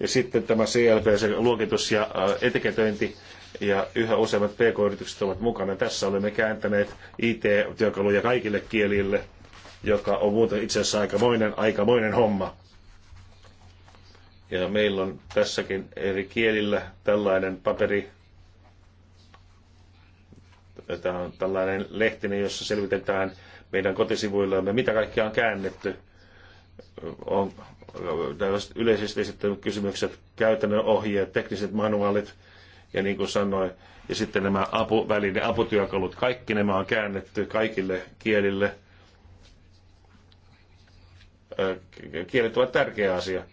Ja sitten tämä CLP, se luokitus ja etiketöinti, ja yhä useammat PK-yritykset ovat mukana. Tässä olemme kääntäneet IT-työkaluja kaikille kielille, joka on muuten itse asiassa aikamoinen, aikamoinen homma. Ja meillä on tässäkin eri kielillä tällainen paperi, tämä on tällainen lehtinen, jossa selvitetään meidän kotisivuillamme, mitä kaikkea on käännetty. On yleisesti esittänyt kysymykset, käytännön ohjeet, tekniset manuaalit ja niin kuin sanoin, ja sitten nämä apuväline, aputyökalut, kaikki nämä on käännetty kaikille kielille. Kielet ovat tärkeä asia.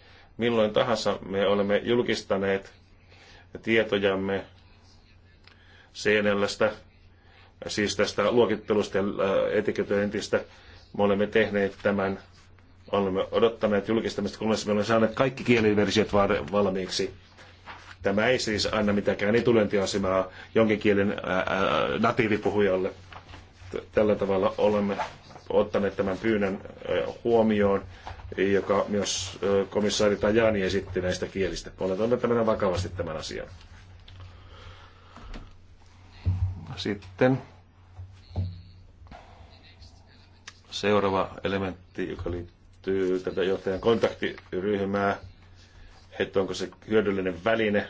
Milloin tahansa me olemme julkistaneet tietojamme CNLstä, siis tästä luokittelusta ja etiketöintistä. Me olemme tehneet tämän, olemme odottaneet julkistamista, kunnes me olemme saaneet kaikki kieliversiot valmiiksi. Tämä ei siis anna mitenkään etulentiasemaa jonkin kielen natiivipuhujalle. Tällä tavalla olemme ottaneet tämän pyynnön huomioon, joka myös komissaari Tajani esitti näistä kielistä. Oletamme tämän vakavasti tämän asian. Sitten seuraava elementti, joka liittyy tätä johtajan kontaktiryhmää, että onko se hyödyllinen väline,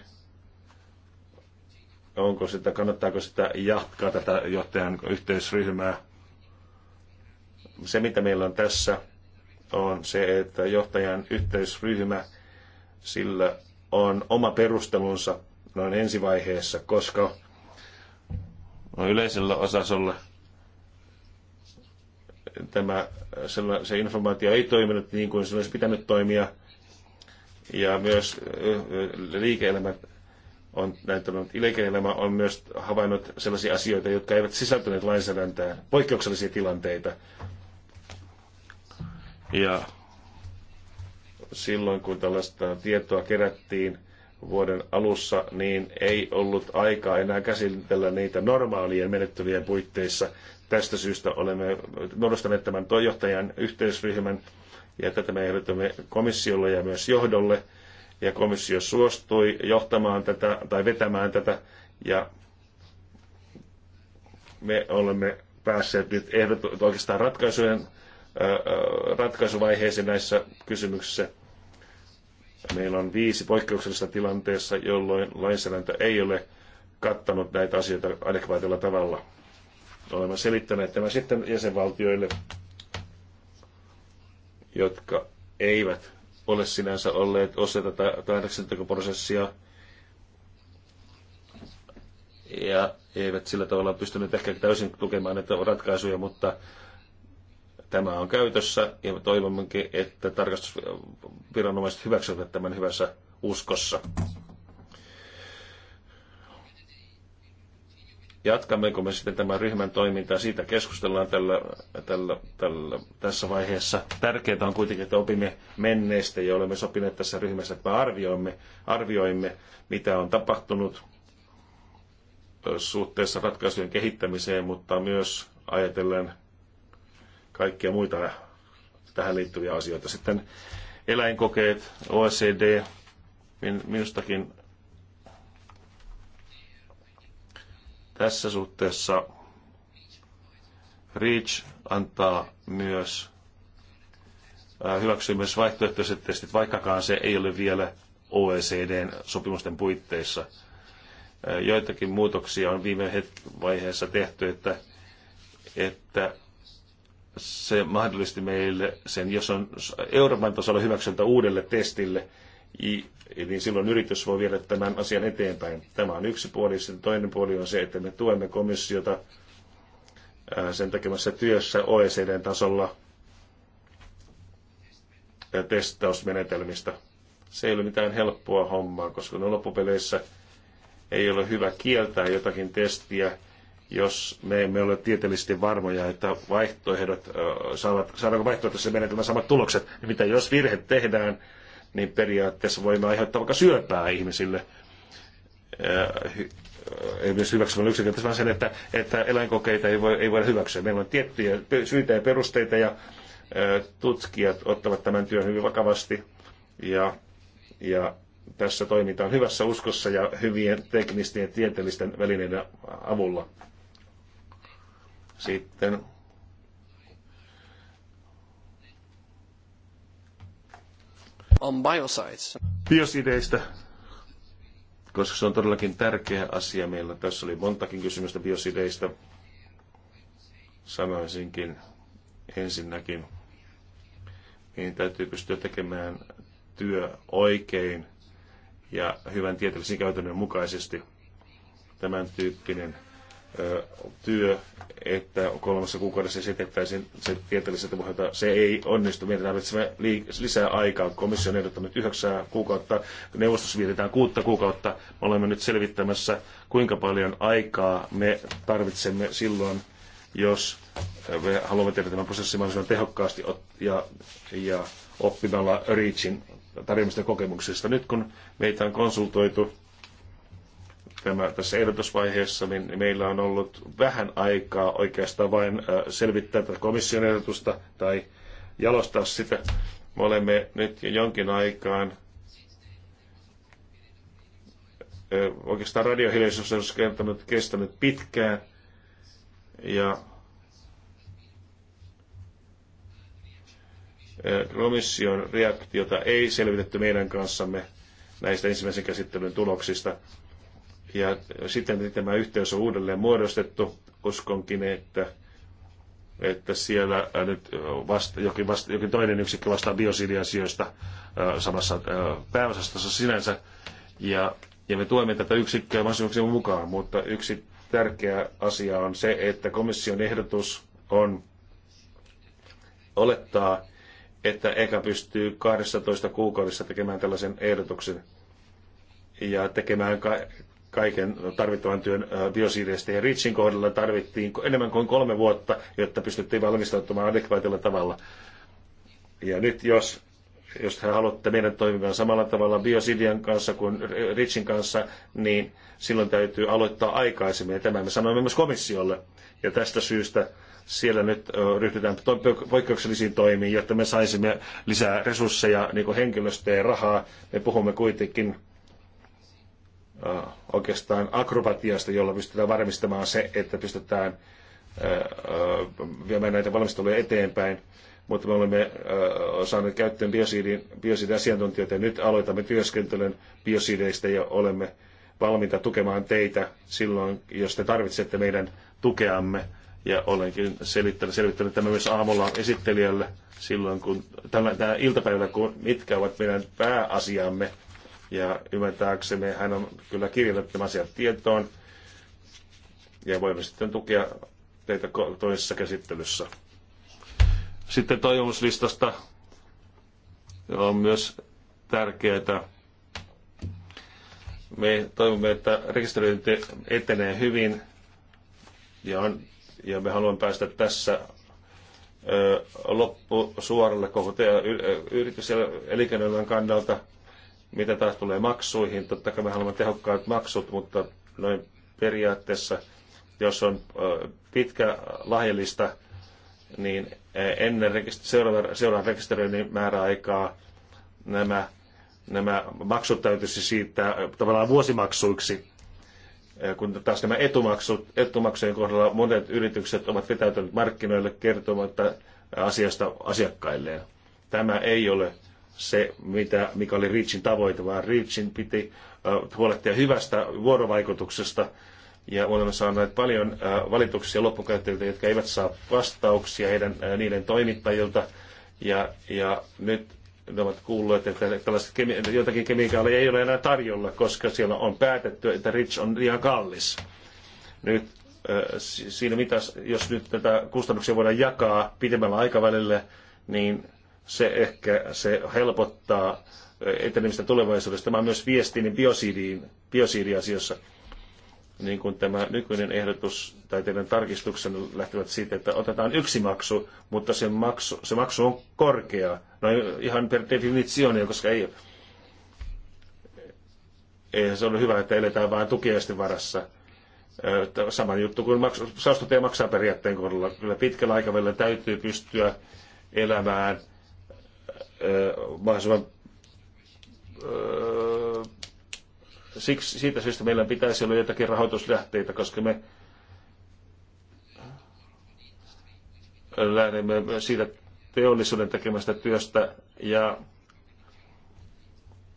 onko sitä, kannattaako sitä jatkaa tätä johtajan yhteisryhmää se, mitä meillä on tässä, on se, että johtajan yhteisryhmä, sillä on oma perustelunsa noin ensivaiheessa, koska on yleisellä osasolla tämä, se informaatio ei toiminut niin kuin se olisi pitänyt toimia. Ja myös liike-elämä on näyttänyt, liike-elämä on myös havainnut sellaisia asioita, jotka eivät sisältyneet lainsäädäntöön, poikkeuksellisia tilanteita. Ja silloin, kun tällaista tietoa kerättiin vuoden alussa, niin ei ollut aikaa enää käsitellä niitä normaalien menettelyjen puitteissa. Tästä syystä olemme muodostaneet tämän johtajan yhteisryhmän, ja tätä me ehdotamme komissiolle ja myös johdolle. Ja komissio suostui johtamaan tätä tai vetämään tätä, ja me olemme päässeet nyt ehdot, oikeastaan ratkaisujen ratkaisuvaiheeseen näissä kysymyksissä. Meillä on viisi poikkeuksellista tilanteessa, jolloin lainsäädäntö ei ole kattanut näitä asioita adekvaatilla tavalla. Olemme selittäneet tämä sitten jäsenvaltioille, jotka eivät ole sinänsä olleet osa tätä päätöksentekoprosessia ja eivät sillä tavalla pystyneet ehkä täysin tukemaan näitä ratkaisuja, mutta Tämä on käytössä ja toivommekin, että tarkastusviranomaiset hyväksyvät tämän hyvässä uskossa. jatkammeko me sitten tämän ryhmän toimintaa, siitä keskustellaan tällä, tällä, tällä, tässä vaiheessa. Tärkeintä on kuitenkin, että opimme menneistä ja olemme sopineet tässä ryhmässä, että me arvioimme, arvioimme mitä on tapahtunut suhteessa ratkaisujen kehittämiseen, mutta myös ajatellen kaikkia muita tähän liittyviä asioita. Sitten eläinkokeet, OECD, minustakin tässä suhteessa REACH antaa myös, äh, hyväksyä myös vaihtoehtoiset testit, vaikkakaan se ei ole vielä OECDn sopimusten puitteissa. Äh, joitakin muutoksia on viime vaiheessa tehty, että, että se mahdollisti meille sen, jos on Euroopan tasolla hyväksyntä uudelle testille, niin silloin yritys voi viedä tämän asian eteenpäin. Tämä on yksi puoli. Sitten toinen puoli on se, että me tuemme komissiota sen tekemässä työssä OECDn tasolla testausmenetelmistä. Se ei ole mitään helppoa hommaa, koska no loppupeleissä ei ole hyvä kieltää jotakin testiä, jos me emme ole tieteellisesti varmoja, että vaihtoehdot, saavat, saadaanko vaihtoehtoisessa menetelmä samat tulokset, niin mitä jos virhe tehdään, niin periaatteessa voimme aiheuttaa vaikka syöpää ihmisille. ei myös hyväksymällä yksinkertaisesti sen, että, että eläinkokeita ei, voi, ei voida hyväksyä. Meillä on tiettyjä syitä ja perusteita ja tutkijat ottavat tämän työn hyvin vakavasti ja, ja tässä toimitaan hyvässä uskossa ja hyvien teknisten ja tieteellisten välineiden avulla. Sitten on biocides. Biosideistä, koska se on todellakin tärkeä asia meillä. Tässä oli montakin kysymystä biosideistä. Sanoisinkin ensinnäkin, niin täytyy pystyä tekemään työ oikein ja hyvän tieteellisen käytännön mukaisesti. Tämän tyyppinen työ, että kolmessa kuukaudessa esitettäisiin se tieteelliseltä pohjalta. Se ei onnistu. Meidän tarvitsemme lisää aikaa. Komissio on ehdottanut yhdeksää kuukautta. Neuvostossa vietetään kuutta kuukautta. Me olemme nyt selvittämässä, kuinka paljon aikaa me tarvitsemme silloin, jos me haluamme tehdä tämän prosessin mahdollisimman tehokkaasti ja, ja oppimalla REACHin tarjoamista kokemuksista. Nyt kun meitä on konsultoitu tämä, tässä ehdotusvaiheessa, niin meillä on ollut vähän aikaa oikeastaan vain äh, selvittää tätä komission ehdotusta tai jalostaa sitä. Me olemme nyt jonkin aikaan äh, oikeastaan radiohiljaisuus on kestänyt, kestänyt pitkään ja äh, komission reaktiota ei selvitetty meidän kanssamme näistä ensimmäisen käsittelyn tuloksista. Ja sitten, miten tämä yhteys on uudelleen muodostettu, uskonkin, että, että siellä äh, nyt äh, vasta, jokin, vasta, jokin toinen yksikkö vastaa biosidiasioista äh, samassa pääosastossa sinänsä. Ja, ja me tuemme tätä yksikköä mahdollisuuksien mukaan, mutta yksi tärkeä asia on se, että komission ehdotus on olettaa, että EKA pystyy 12 kuukaudessa tekemään tällaisen ehdotuksen ja tekemään kaiken tarvittavan työn biosiideistä. Ja Ritsin kohdalla tarvittiin enemmän kuin kolme vuotta, jotta pystyttiin valmistautumaan adekvaatilla tavalla. Ja nyt jos, jos te haluatte meidän toimivan samalla tavalla biosidian kanssa kuin Ritsin kanssa, niin silloin täytyy aloittaa aikaisemmin. Ja tämä me sanoimme myös komissiolle. Ja tästä syystä siellä nyt ryhdytään poikkeuksellisiin toimiin, jotta me saisimme lisää resursseja, niin kuin henkilöstöä ja rahaa. Me puhumme kuitenkin oikeastaan akrobatiasta, jolla pystytään varmistamaan se, että pystytään viemään näitä valmisteluja eteenpäin. Mutta me olemme saaneet käyttöön biosiidin, asiantuntijoita ja nyt aloitamme työskentelyn biosiideistä ja olemme valmiita tukemaan teitä silloin, jos te tarvitsette meidän tukeamme. Ja olenkin selittänyt, selvittänyt tämän myös aamulla esittelijälle silloin, kun tällä, tällä iltapäivällä, kun mitkä ovat meidän pääasiamme ja ymmärtääksemme hän on kyllä kirjannut tämän asian tietoon ja voimme sitten tukea teitä toisessa käsittelyssä. Sitten toivomuslistasta on myös tärkeää. Me toivomme, että rekisteröinti etenee hyvin ja, on, ja me haluamme päästä tässä loppusuoralle koko yritys- ja elinkeinoelämän kannalta – mitä taas tulee maksuihin, totta kai me haluamme tehokkaat maksut, mutta noin periaatteessa, jos on pitkä lahjelista, niin ennen seuraavan, seuraavan rekisteröinnin määräaikaa nämä, nämä maksut täytyisi siirtää tavallaan vuosimaksuiksi, kun taas nämä etumaksut, etumaksujen kohdalla monet yritykset ovat vetäytyneet markkinoille kertomatta asiasta asiakkailleen. Tämä ei ole se, mitä, mikä oli Reachin tavoite, vaan Reachin piti huolehtia hyvästä vuorovaikutuksesta. Ja olemme saaneet paljon valituksia loppukäyttäjiltä, jotka eivät saa vastauksia heidän, niiden toimittajilta. Ja, ja nyt ne ovat kuulleet, että tällaiset kemi- jotakin kemikaaleja ei ole enää tarjolla, koska siellä on päätetty, että Rich on liian kallis. Nyt siinä mitä, jos nyt tätä kustannuksia voidaan jakaa pidemmällä aikavälillä, niin se ehkä se helpottaa eh, etenemistä tulevaisuudessa. Tämä on myös viestini biosiidiin, biosiidiasiossa. Niin kuin tämä nykyinen ehdotus tai teidän tarkistuksenne lähtevät siitä, että otetaan yksi maksu, mutta se maksu, se maksu on korkea. No ihan per definitione, koska ei Eihän se ole hyvä, että eletään vain tukiaisten varassa. Eh, sama juttu kuin maksu, saastuttaja maksaa periaatteen kohdalla. Kyllä pitkällä aikavälillä täytyy pystyä elämään – mahdollisimman siksi, siitä syystä meillä pitäisi olla jotakin rahoituslähteitä, koska me lähdemme siitä teollisuuden tekemästä työstä ja,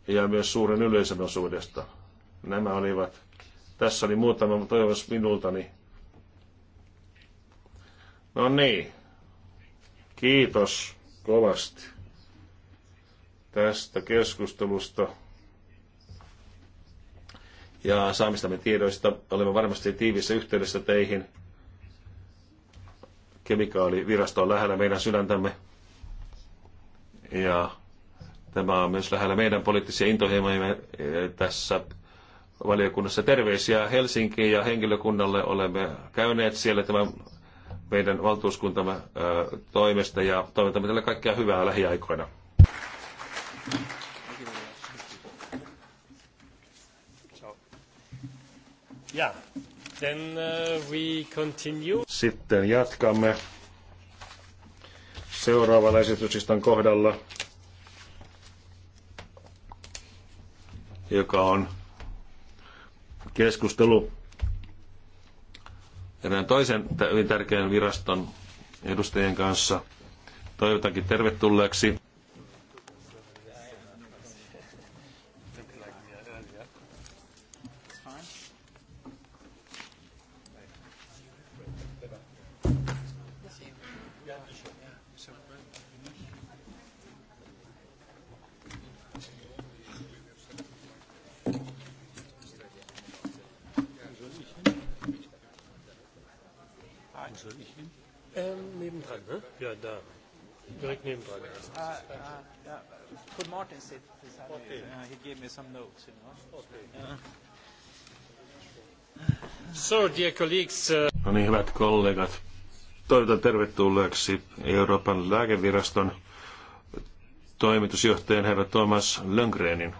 ja myös suuren yleisön osuudesta. Nämä olivat. Tässä oli muutama toivon minultani. No niin. Kiitos kovasti tästä keskustelusta ja saamistamme tiedoista. Olemme varmasti tiivissä yhteydessä teihin. Kemikaalivirasto on lähellä meidän sydäntämme. Ja tämä on myös lähellä meidän poliittisia intohimoja eh, tässä valiokunnassa. Terveisiä Helsinkiin ja henkilökunnalle olemme käyneet siellä tämän meidän valtuuskuntamme eh, toimesta ja toivotamme teille kaikkea hyvää lähiaikoina. Uh, Sitten jatkamme seuraavalla esityslistan kohdalla, joka on keskustelu erään toisen hyvin tärkeän viraston edustajien kanssa. Toivotankin tervetulleeksi can sit beside okay. me. Uh, he gave me some notes, you know. Okay. Uh. So, dear colleagues, uh... No niin, hyvät kollegat. Toivotan tervetulleeksi Euroopan lääkeviraston toimitusjohtajan herra Thomas Löngrenin.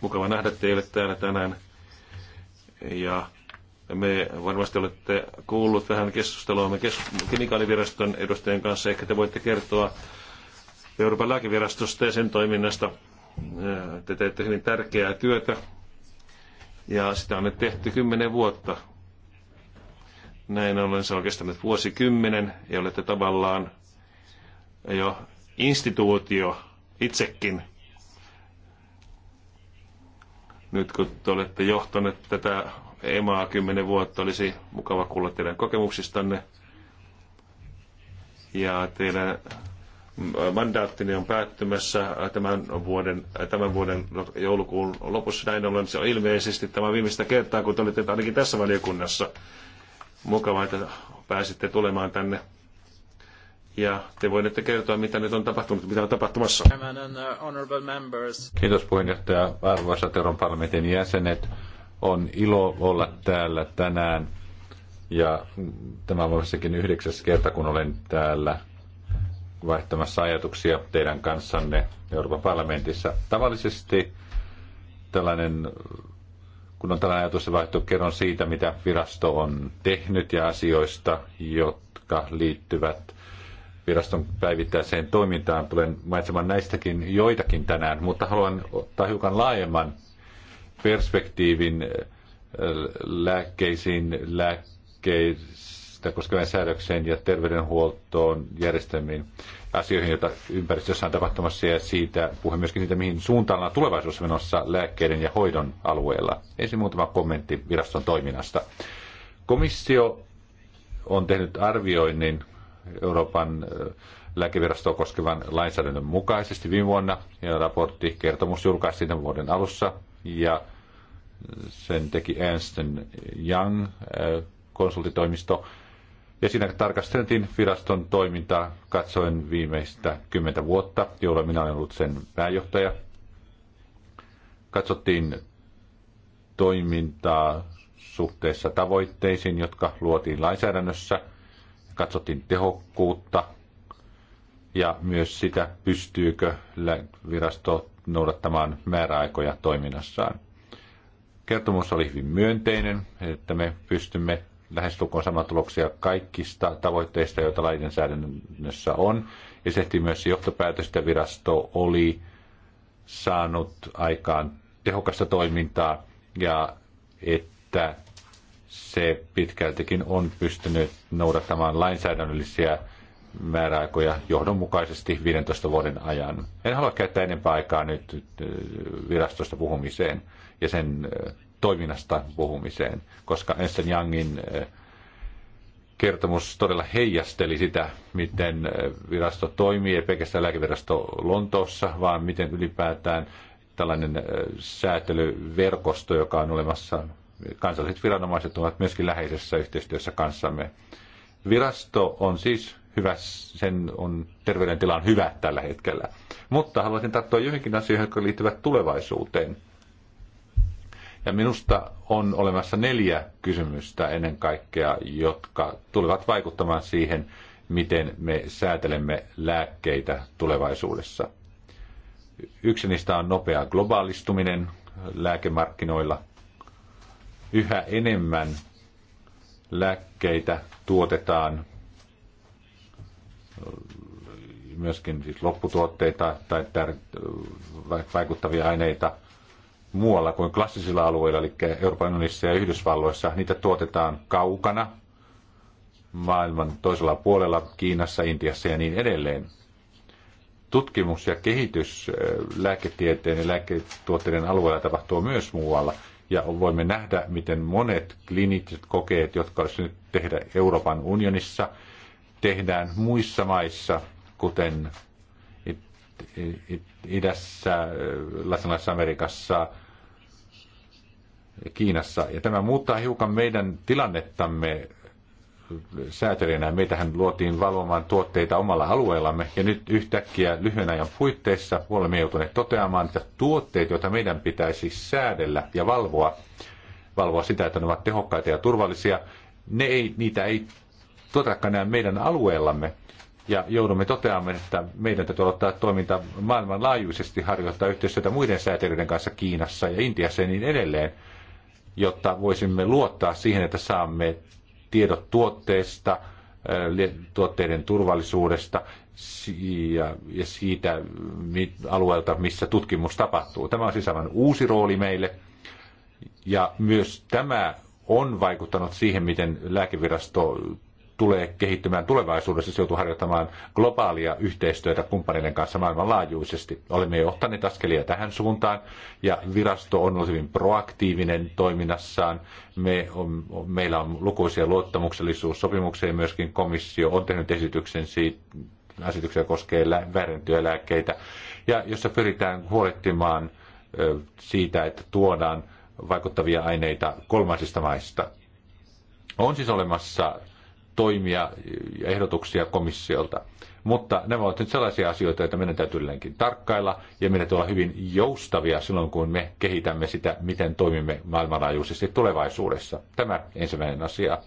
Mukava nähdä teille täällä tänään. Ja me varmasti olette kuullut vähän keskustelua me kes- kemikaaliviraston edustajien kanssa. Ehkä te voitte kertoa Euroopan lääkevirastosta ja sen toiminnasta. Te teette hyvin tärkeää työtä ja sitä on nyt tehty kymmenen vuotta. Näin ollen se on kestänyt vuosikymmenen ja olette tavallaan jo instituutio itsekin. Nyt kun te olette johtaneet tätä emaa kymmenen vuotta, olisi mukava kuulla teidän kokemuksistanne ja teidän mandaattini on päättymässä tämän vuoden, tämän vuoden joulukuun lopussa. Näin ollen se on ilmeisesti tämä viimeistä kertaa, kun te olitte ainakin tässä valiokunnassa. Mukavaa, että pääsitte tulemaan tänne. Ja te voitte kertoa, mitä nyt on tapahtunut, mitä on tapahtumassa. Uh, Kiitos puheenjohtaja, arvoisat Euroopan parlamentin jäsenet. On ilo olla täällä tänään. Ja tämä on varsinkin yhdeksäs kerta, kun olen täällä vaihtamassa ajatuksia teidän kanssanne Euroopan parlamentissa. Tavallisesti tällainen, kun on tällainen ajatus vaihto, kerron siitä, mitä virasto on tehnyt ja asioista, jotka liittyvät viraston päivittäiseen toimintaan. Tulen mainitsemaan näistäkin joitakin tänään, mutta haluan ottaa hiukan laajemman perspektiivin äh, lääkkeisiin, lääkkeisiin sitä koskevien säädökseen ja terveydenhuoltoon, järjestelmiin, asioihin, joita ympäristössä on tapahtumassa ja siitä puhe myöskin siitä, mihin suuntaan on tulevaisuus menossa lääkkeiden ja hoidon alueella. Ensin muutama kommentti viraston toiminnasta. Komissio on tehnyt arvioinnin Euroopan lääkevirastoa koskevan lainsäädännön mukaisesti viime vuonna ja raportti kertomus julkaistiin vuoden alussa ja sen teki Ernst Young konsultitoimisto ja siinä tarkasteltiin viraston toimintaa katsoen viimeistä kymmentä vuotta, jolloin minä olen ollut sen pääjohtaja. Katsottiin toimintaa suhteessa tavoitteisiin, jotka luotiin lainsäädännössä. Katsottiin tehokkuutta ja myös sitä, pystyykö virasto noudattamaan määräaikoja toiminnassaan. Kertomus oli hyvin myönteinen, että me pystymme lähestulkoon samat tuloksia kaikista tavoitteista, joita lainsäädännössä on. Ja se myös johtopäätös, että virasto oli saanut aikaan tehokasta toimintaa ja että se pitkältikin on pystynyt noudattamaan lainsäädännöllisiä määräaikoja johdonmukaisesti 15 vuoden ajan. En halua käyttää enempää aikaa nyt äh, virastosta puhumiseen ja sen äh, toiminnasta puhumiseen, koska Ensen Yangin eh, kertomus todella heijasteli sitä, miten eh, virasto toimii, ei pelkästään lääkevirasto Lontoossa, vaan miten ylipäätään tällainen eh, säätelyverkosto, joka on olemassa, kansalliset viranomaiset ovat myöskin läheisessä yhteistyössä kanssamme. Virasto on siis hyvä, sen on terveydentila on hyvä tällä hetkellä. Mutta haluaisin tarttua johonkin asioihin, jotka liittyvät tulevaisuuteen – ja minusta on olemassa neljä kysymystä ennen kaikkea, jotka tulevat vaikuttamaan siihen, miten me säätelemme lääkkeitä tulevaisuudessa. Yksi niistä on nopea globaalistuminen lääkemarkkinoilla. Yhä enemmän lääkkeitä tuotetaan myöskin siis lopputuotteita tai vaikuttavia aineita – muualla kuin klassisilla alueilla, eli Euroopan unionissa ja Yhdysvalloissa. Niitä tuotetaan kaukana maailman toisella puolella, Kiinassa, Intiassa ja niin edelleen. Tutkimus ja kehitys lääketieteen ja lääketuotteiden alueella tapahtuu myös muualla. Ja voimme nähdä, miten monet kliniset kokeet, jotka olisi nyt tehdä Euroopan unionissa, tehdään muissa maissa, kuten idässä, Latinalaisessa Amerikassa, Kiinassa. Ja tämä muuttaa hiukan meidän tilannettamme säätelijänä. Meitähän luotiin valvomaan tuotteita omalla alueellamme ja nyt yhtäkkiä lyhyen ajan puitteissa olemme joutuneet toteamaan, että tuotteet, joita meidän pitäisi säädellä ja valvoa, valvoa sitä, että ne ovat tehokkaita ja turvallisia, ne ei, niitä ei tuotakaan näe meidän alueellamme. Ja joudumme toteamaan, että meidän täytyy ottaa toiminta maailmanlaajuisesti, harjoittaa yhteistyötä muiden säätelijöiden kanssa Kiinassa ja Intiassa ja niin edelleen jotta voisimme luottaa siihen, että saamme tiedot tuotteesta, tuotteiden turvallisuudesta ja siitä alueelta, missä tutkimus tapahtuu. Tämä on siis aivan uusi rooli meille. Ja myös tämä on vaikuttanut siihen, miten lääkevirasto tulee kehittymään tulevaisuudessa, se joutuu harjoittamaan globaalia yhteistyötä kumppaneiden kanssa maailmanlaajuisesti. Olemme jo ottaneet askelia tähän suuntaan ja virasto on ollut hyvin proaktiivinen toiminnassaan. Me on, meillä on lukuisia luottamuksellisuussopimuksia ja myöskin komissio on tehnyt esityksen siitä, asetuksia koskee lä- väärentyä lääkkeitä, ja jossa pyritään huolehtimaan siitä, että tuodaan vaikuttavia aineita kolmansista maista. On siis olemassa toimia ja ehdotuksia komissiolta. Mutta nämä ovat nyt sellaisia asioita, joita meidän täytyy edelleenkin tarkkailla ja meidän täytyy olla hyvin joustavia silloin, kun me kehitämme sitä, miten toimimme maailmanlaajuisesti tulevaisuudessa. Tämä ensimmäinen asia,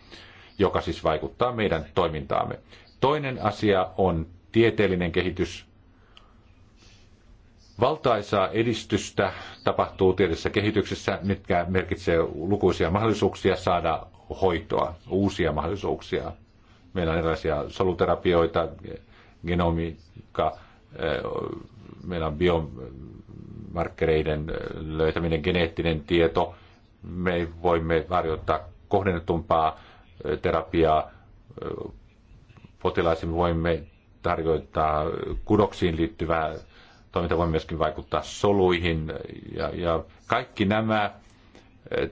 joka siis vaikuttaa meidän toimintaamme. Toinen asia on tieteellinen kehitys. Valtaisaa edistystä tapahtuu tieteellisessä kehityksessä, mitkä merkitsee lukuisia mahdollisuuksia saada hoitoa, uusia mahdollisuuksia. Meillä on erilaisia soluterapioita, genomiikka, eh, meillä on biomarkkereiden eh, löytäminen, geneettinen tieto. Me voimme harjoittaa kohdennetumpaa eh, terapiaa potilaisiin. Me voimme tarjoittaa kudoksiin liittyvää toiminta voi myöskin vaikuttaa soluihin ja, ja kaikki nämä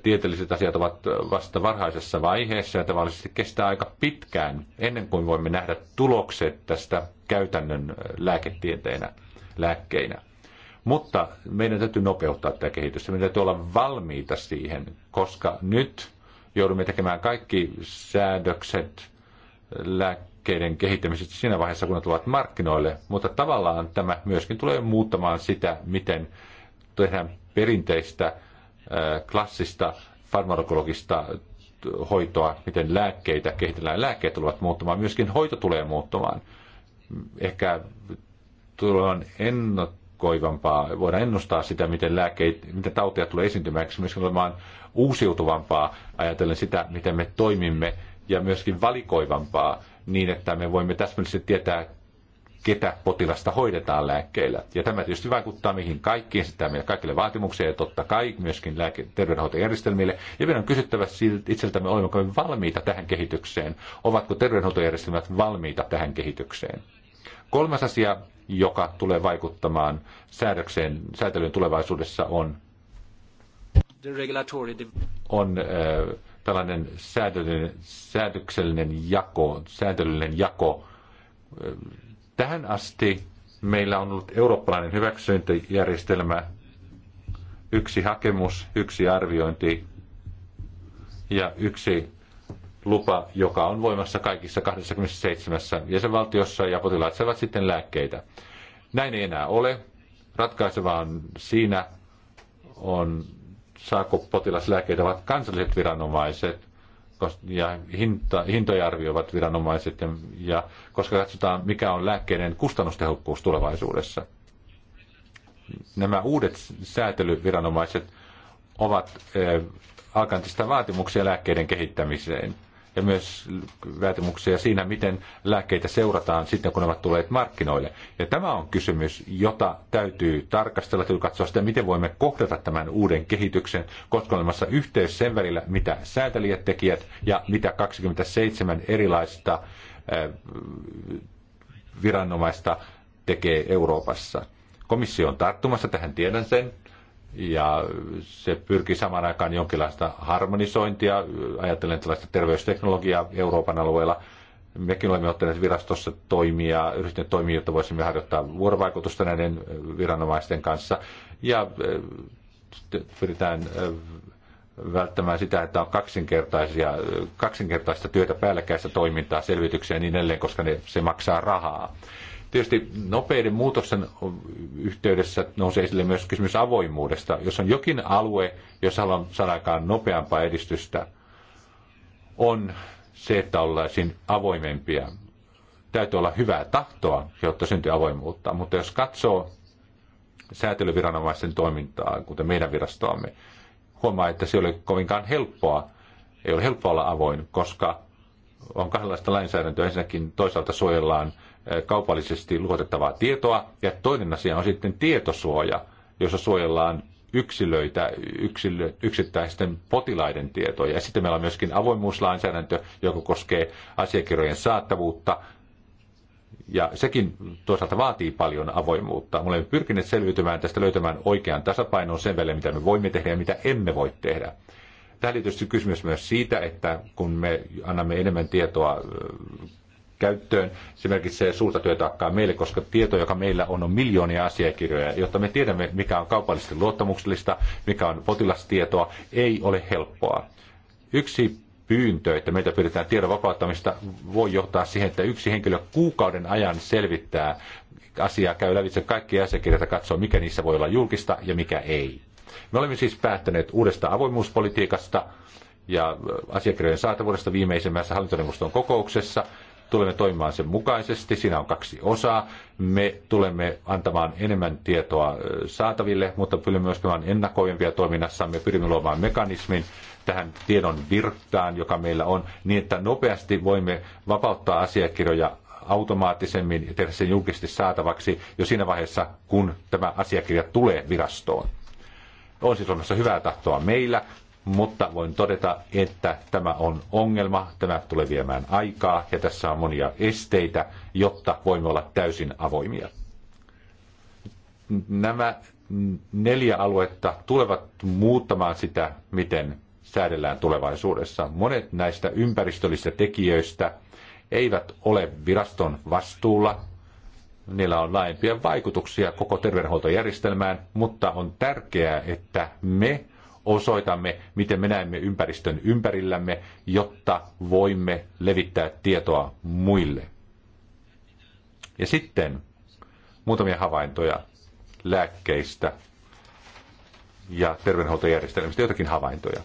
tieteelliset asiat ovat vasta varhaisessa vaiheessa ja tavallisesti kestää aika pitkään ennen kuin voimme nähdä tulokset tästä käytännön lääketieteenä lääkkeinä. Mutta meidän täytyy nopeuttaa tätä kehitystä. Meidän täytyy olla valmiita siihen, koska nyt joudumme tekemään kaikki säädökset lääkkeiden kehittämisestä siinä vaiheessa, kun ne tulevat markkinoille. Mutta tavallaan tämä myöskin tulee muuttamaan sitä, miten tehdään perinteistä Äh, klassista farmakologista hoitoa, miten lääkkeitä kehitellään. Lääkkeet tulevat muuttumaan, myöskin hoito tulee muuttumaan. Ehkä tullaan ennakoivampaa, voidaan ennustaa sitä, miten, lääkkeitä, miten tautia tulee esiintymään, myöskin olemaan uusiutuvampaa, ajatellen sitä, miten me toimimme, ja myöskin valikoivampaa, niin että me voimme täsmällisesti tietää, ketä potilasta hoidetaan lääkkeillä. Ja tämä tietysti vaikuttaa mihin kaikkiin, sitä meidän kaikille vaatimuksia ja totta kai myöskin lääke- terveydenhoitojärjestelmille. Ja meidän on kysyttävä itseltämme, olemmeko me valmiita tähän kehitykseen, ovatko terveydenhoitojärjestelmät valmiita tähän kehitykseen. Kolmas asia, joka tulee vaikuttamaan säädökseen, säätelyyn tulevaisuudessa on, on äh, tällainen säädöllinen, säädöksellinen jako, säätelyllinen jako äh, Tähän asti meillä on ollut eurooppalainen hyväksyntäjärjestelmä, yksi hakemus, yksi arviointi ja yksi lupa, joka on voimassa kaikissa 27 jäsenvaltiossa ja potilaat saavat sitten lääkkeitä. Näin ei enää ole. Ratkaisevaa on siinä, on, saako potilaslääkkeitä, ovat kansalliset viranomaiset, ja hinta, hintoja arvioivat viranomaiset ja, ja koska katsotaan, mikä on lääkkeiden kustannustehokkuus tulevaisuudessa. Nämä uudet säätelyviranomaiset ovat äh, eh, alkantista vaatimuksia lääkkeiden kehittämiseen – ja myös vaatimuksia siinä, miten lääkkeitä seurataan sitten, kun ne ovat tulleet markkinoille. Ja tämä on kysymys, jota täytyy tarkastella, täytyy katsoa sitä, miten voimme kohdata tämän uuden kehityksen, koska olemassa yhteys sen välillä, mitä säätelijät tekijät ja mitä 27 erilaista äh, viranomaista tekee Euroopassa. Komissio on tarttumassa tähän, tiedän sen, ja se pyrkii samaan aikaan jonkinlaista harmonisointia, ajatellen tällaista terveysteknologiaa Euroopan alueella. Mekin olemme ottaneet virastossa toimia, yrittäneet toimia, jotta voisimme harjoittaa vuorovaikutusta näiden viranomaisten kanssa. Ja pyritään välttämään sitä, että on kaksinkertaisia, kaksinkertaista työtä päällekkäistä toimintaa, selvityksiä ja niin edelleen, koska ne, se maksaa rahaa. Tietysti nopeiden muutoksen yhteydessä nousee esille myös kysymys avoimuudesta. Jos on jokin alue, jossa haluan saada aikaan nopeampaa edistystä, on se, että ollaan avoimempia. Täytyy olla hyvää tahtoa, jotta syntyy avoimuutta. Mutta jos katsoo säätelyviranomaisten toimintaa, kuten meidän virastoamme, huomaa, että se ei ole kovinkaan helppoa. Ei ole helppoa olla avoin, koska on kahdenlaista lainsäädäntöä. Ensinnäkin toisaalta suojellaan kaupallisesti luotettavaa tietoa. Ja toinen asia on sitten tietosuoja, jossa suojellaan yksilöitä, yksilö, yksittäisten potilaiden tietoja. Ja sitten meillä on myöskin avoimuuslainsäädäntö, joka koskee asiakirjojen saattavuutta. Ja sekin toisaalta vaatii paljon avoimuutta. Me olemme pyrkineet selviytymään tästä löytämään oikean tasapainon sen välillä, mitä me voimme tehdä ja mitä emme voi tehdä. Tähän liittyy kysymys myös siitä, että kun me annamme enemmän tietoa käyttöön. Se merkitsee suurta työtaakkaa meille, koska tieto, joka meillä on, on miljoonia asiakirjoja, jotta me tiedämme, mikä on kaupallisesti luottamuksellista, mikä on potilastietoa, ei ole helppoa. Yksi pyyntö, että meiltä pyydetään tiedon vapauttamista, voi johtaa siihen, että yksi henkilö kuukauden ajan selvittää asiaa, käy lävitse kaikki asiakirjat ja katsoo, mikä niissä voi olla julkista ja mikä ei. Me olemme siis päättäneet uudesta avoimuuspolitiikasta ja asiakirjojen saatavuudesta viimeisimmässä hallintoneuvoston kokouksessa tulemme toimimaan sen mukaisesti. Siinä on kaksi osaa. Me tulemme antamaan enemmän tietoa saataville, mutta pyrimme myös olemaan toiminnassa. Me Pyrimme luomaan mekanismin tähän tiedon virtaan, joka meillä on, niin että nopeasti voimme vapauttaa asiakirjoja automaattisemmin ja tehdä sen julkisesti saatavaksi jo siinä vaiheessa, kun tämä asiakirja tulee virastoon. On siis olemassa hyvää tahtoa meillä, mutta voin todeta, että tämä on ongelma, tämä tulee viemään aikaa ja tässä on monia esteitä, jotta voimme olla täysin avoimia. Nämä neljä aluetta tulevat muuttamaan sitä, miten säädellään tulevaisuudessa. Monet näistä ympäristöllisistä tekijöistä eivät ole viraston vastuulla. Niillä on laajempia vaikutuksia koko terveydenhuoltojärjestelmään, mutta on tärkeää, että me osoitamme, miten me näemme ympäristön ympärillämme, jotta voimme levittää tietoa muille. Ja sitten muutamia havaintoja lääkkeistä ja terveydenhuoltojärjestelmistä, jotakin havaintoja.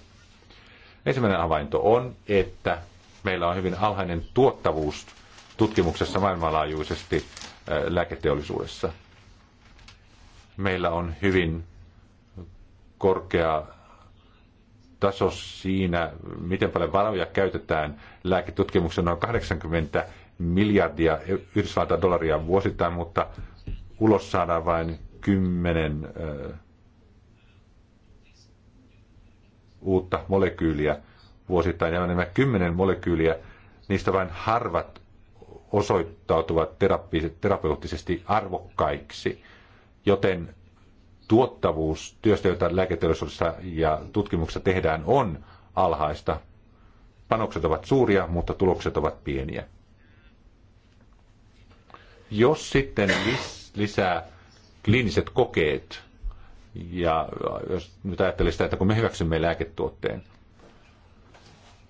Ensimmäinen havainto on, että meillä on hyvin alhainen tuottavuus tutkimuksessa maailmanlaajuisesti äh, lääketeollisuudessa. Meillä on hyvin korkea taso siinä, miten paljon varoja käytetään lääketutkimuksen noin 80 miljardia Yhdysvaltain dollaria vuosittain, mutta ulos saadaan vain 10 uutta molekyyliä vuosittain. Ja nämä 10 molekyyliä, niistä vain harvat osoittautuvat terapeuttisesti arvokkaiksi. Joten tuottavuus työstä, jota lääketeollisuudessa ja tutkimuksessa tehdään, on alhaista. Panokset ovat suuria, mutta tulokset ovat pieniä. Jos sitten lisää kliiniset kokeet, ja jos nyt ajattelee sitä, että kun me hyväksymme lääketuotteen,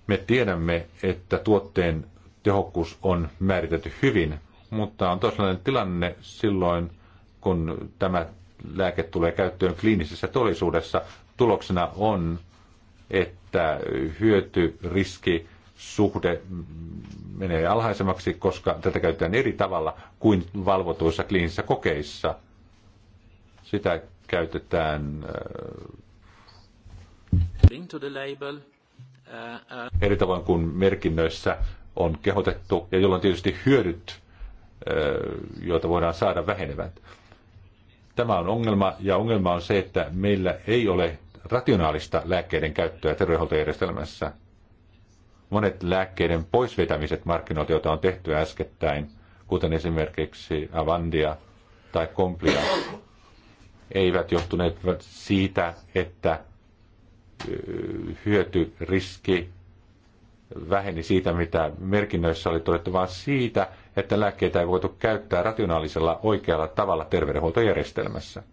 me tiedämme, että tuotteen tehokkuus on määritetty hyvin, mutta on tosiaan tilanne silloin, kun tämä lääke tulee käyttöön kliinisessä todellisuudessa, tuloksena on, että hyöty-riski suhde menee alhaisemmaksi, koska tätä käytetään eri tavalla kuin valvotuissa kliinisissä kokeissa. Sitä käytetään äh, äh, äh. eri tavoin kuin merkinnöissä on kehotettu, ja jolloin tietysti hyödyt, joita voidaan saada, vähenevät. Tämä on ongelma, ja ongelma on se, että meillä ei ole rationaalista lääkkeiden käyttöä terveydenhuoltojärjestelmässä. Monet lääkkeiden poisvetämiset markkinoilta, joita on tehty äskettäin, kuten esimerkiksi Avandia tai Complia, eivät johtuneet siitä, että hyötyriski väheni siitä, mitä merkinnöissä oli todettu, vaan siitä, että lääkkeitä ei voitu käyttää rationaalisella oikealla tavalla terveydenhuoltojärjestelmässä.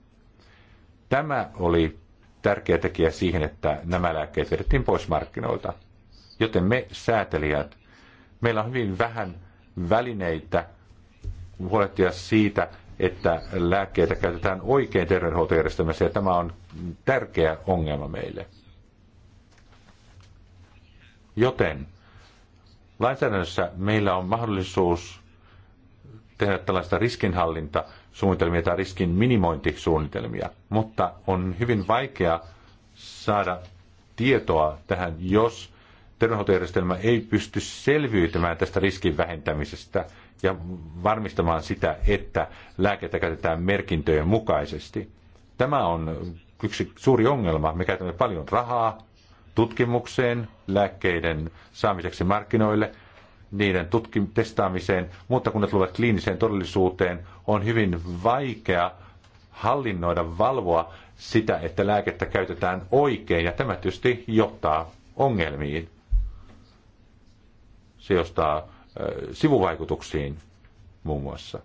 Tämä oli tärkeä tekijä siihen, että nämä lääkkeet vedettiin pois markkinoilta. Joten me säätelijät, meillä on hyvin vähän välineitä huolehtia siitä, että lääkkeitä käytetään oikein terveydenhuoltojärjestelmässä, ja tämä on tärkeä ongelma meille. Joten lainsäädännössä meillä on mahdollisuus tehdä tällaista riskinhallintasuunnitelmia tai riskin minimointisuunnitelmia, mutta on hyvin vaikea saada tietoa tähän, jos terveydenhuoltojärjestelmä ei pysty selviytymään tästä riskin vähentämisestä ja varmistamaan sitä, että lääkettä käytetään merkintöjen mukaisesti. Tämä on yksi suuri ongelma. Me käytämme paljon rahaa tutkimukseen lääkkeiden saamiseksi markkinoille – niiden tutkim- testaamiseen, mutta kun ne tulevat kliiniseen todellisuuteen, on hyvin vaikea hallinnoida, valvoa sitä, että lääkettä käytetään oikein, ja tämä tietysti johtaa ongelmiin. Se johtaa sivuvaikutuksiin muun muassa.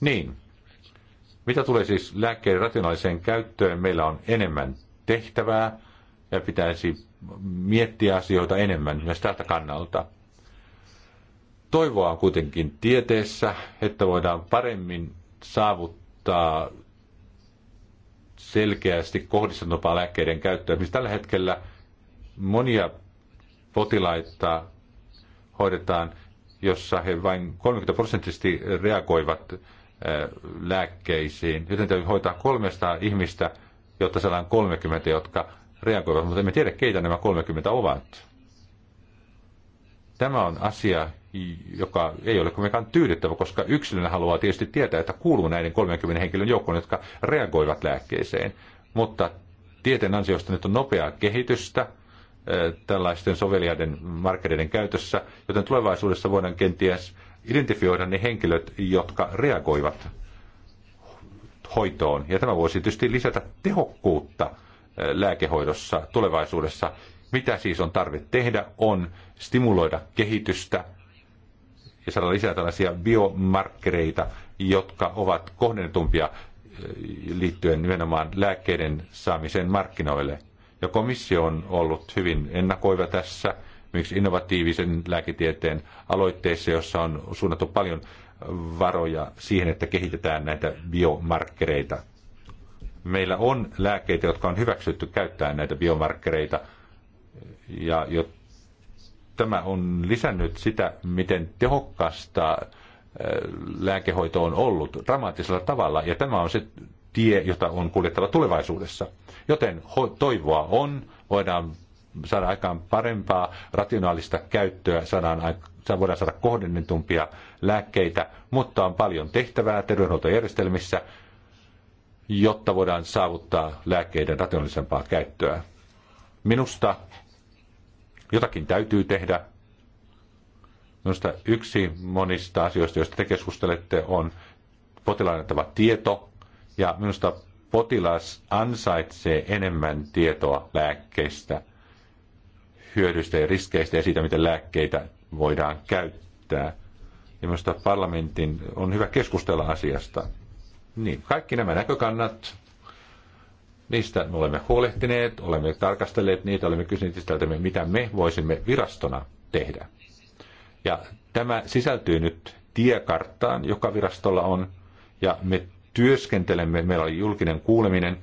Niin. Mitä tulee siis lääkkeiden rationaaliseen käyttöön, meillä on enemmän tehtävää ja pitäisi miettiä asioita enemmän myös tältä kannalta. Toivoa kuitenkin tieteessä, että voidaan paremmin saavuttaa selkeästi kohdistetumpaa lääkkeiden käyttöä. Esimerkiksi tällä hetkellä monia potilaita hoidetaan, jossa he vain 30 prosenttisesti reagoivat lääkkeisiin. Joten täytyy hoitaa 300 ihmistä, jotta saadaan 30, jotka reagoivat, mutta emme tiedä, keitä nämä 30 ovat. Tämä on asia, joka ei ole kuitenkaan tyydyttävä, koska yksilönä haluaa tietysti tietää, että kuuluu näiden 30 henkilön joukkoon, jotka reagoivat lääkkeeseen. Mutta tieteen ansiosta nyt on nopeaa kehitystä eh, tällaisten soveliaiden markkinoiden käytössä, joten tulevaisuudessa voidaan kenties identifioida ne henkilöt, jotka reagoivat hoitoon. Ja tämä voisi tietysti lisätä tehokkuutta eh, lääkehoidossa tulevaisuudessa. Mitä siis on tarve tehdä, on stimuloida kehitystä ja saada lisää tällaisia biomarkkereita, jotka ovat kohdennetumpia äh, liittyen nimenomaan lääkkeiden saamiseen markkinoille. Ja komissio on ollut hyvin ennakoiva tässä, myös innovatiivisen lääketieteen aloitteissa, jossa on suunnattu paljon varoja siihen, että kehitetään näitä biomarkkereita. Meillä on lääkkeitä, jotka on hyväksytty käyttää näitä biomarkkereita, ja tämä on lisännyt sitä, miten tehokkaasta äh, lääkehoito on ollut dramaattisella tavalla, ja tämä on se tie, jota on kuljettava tulevaisuudessa. Joten toivoa on, voidaan saada aikaan parempaa rationaalista käyttöä, saadaan, voidaan saada kohdennetumpia lääkkeitä, mutta on paljon tehtävää terveydenhuoltojärjestelmissä, jotta voidaan saavuttaa lääkkeiden rationaalisempaa käyttöä. Minusta Jotakin täytyy tehdä. Minusta yksi monista asioista, joista te keskustelette, on potilaan antava tieto. Ja minusta potilas ansaitsee enemmän tietoa lääkkeistä, hyödyistä ja riskeistä ja siitä, miten lääkkeitä voidaan käyttää. Ja minusta parlamentin on hyvä keskustella asiasta. Niin, kaikki nämä näkökannat Niistä me olemme huolehtineet, olemme tarkastelleet niitä, olemme kysyneet itseltämme, mitä me voisimme virastona tehdä. Ja tämä sisältyy nyt tiekarttaan, joka virastolla on, ja me työskentelemme, meillä oli julkinen kuuleminen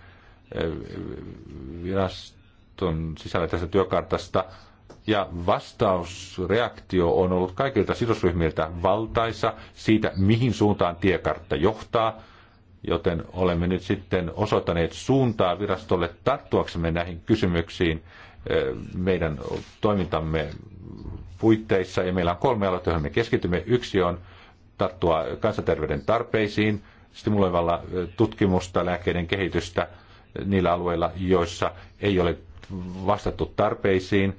viraston sisällä tästä työkartasta, ja vastausreaktio on ollut kaikilta sidosryhmiltä valtaisa siitä, mihin suuntaan tiekartta johtaa – joten olemme nyt sitten osoittaneet suuntaa virastolle tarttuaksemme näihin kysymyksiin eh, meidän toimintamme puitteissa. Ja meillä on kolme aloitetta, joihin me keskitymme. Yksi on tarttua kansanterveyden tarpeisiin stimuloivalla eh, tutkimusta, lääkkeiden kehitystä eh, niillä alueilla, joissa ei ole vastattu tarpeisiin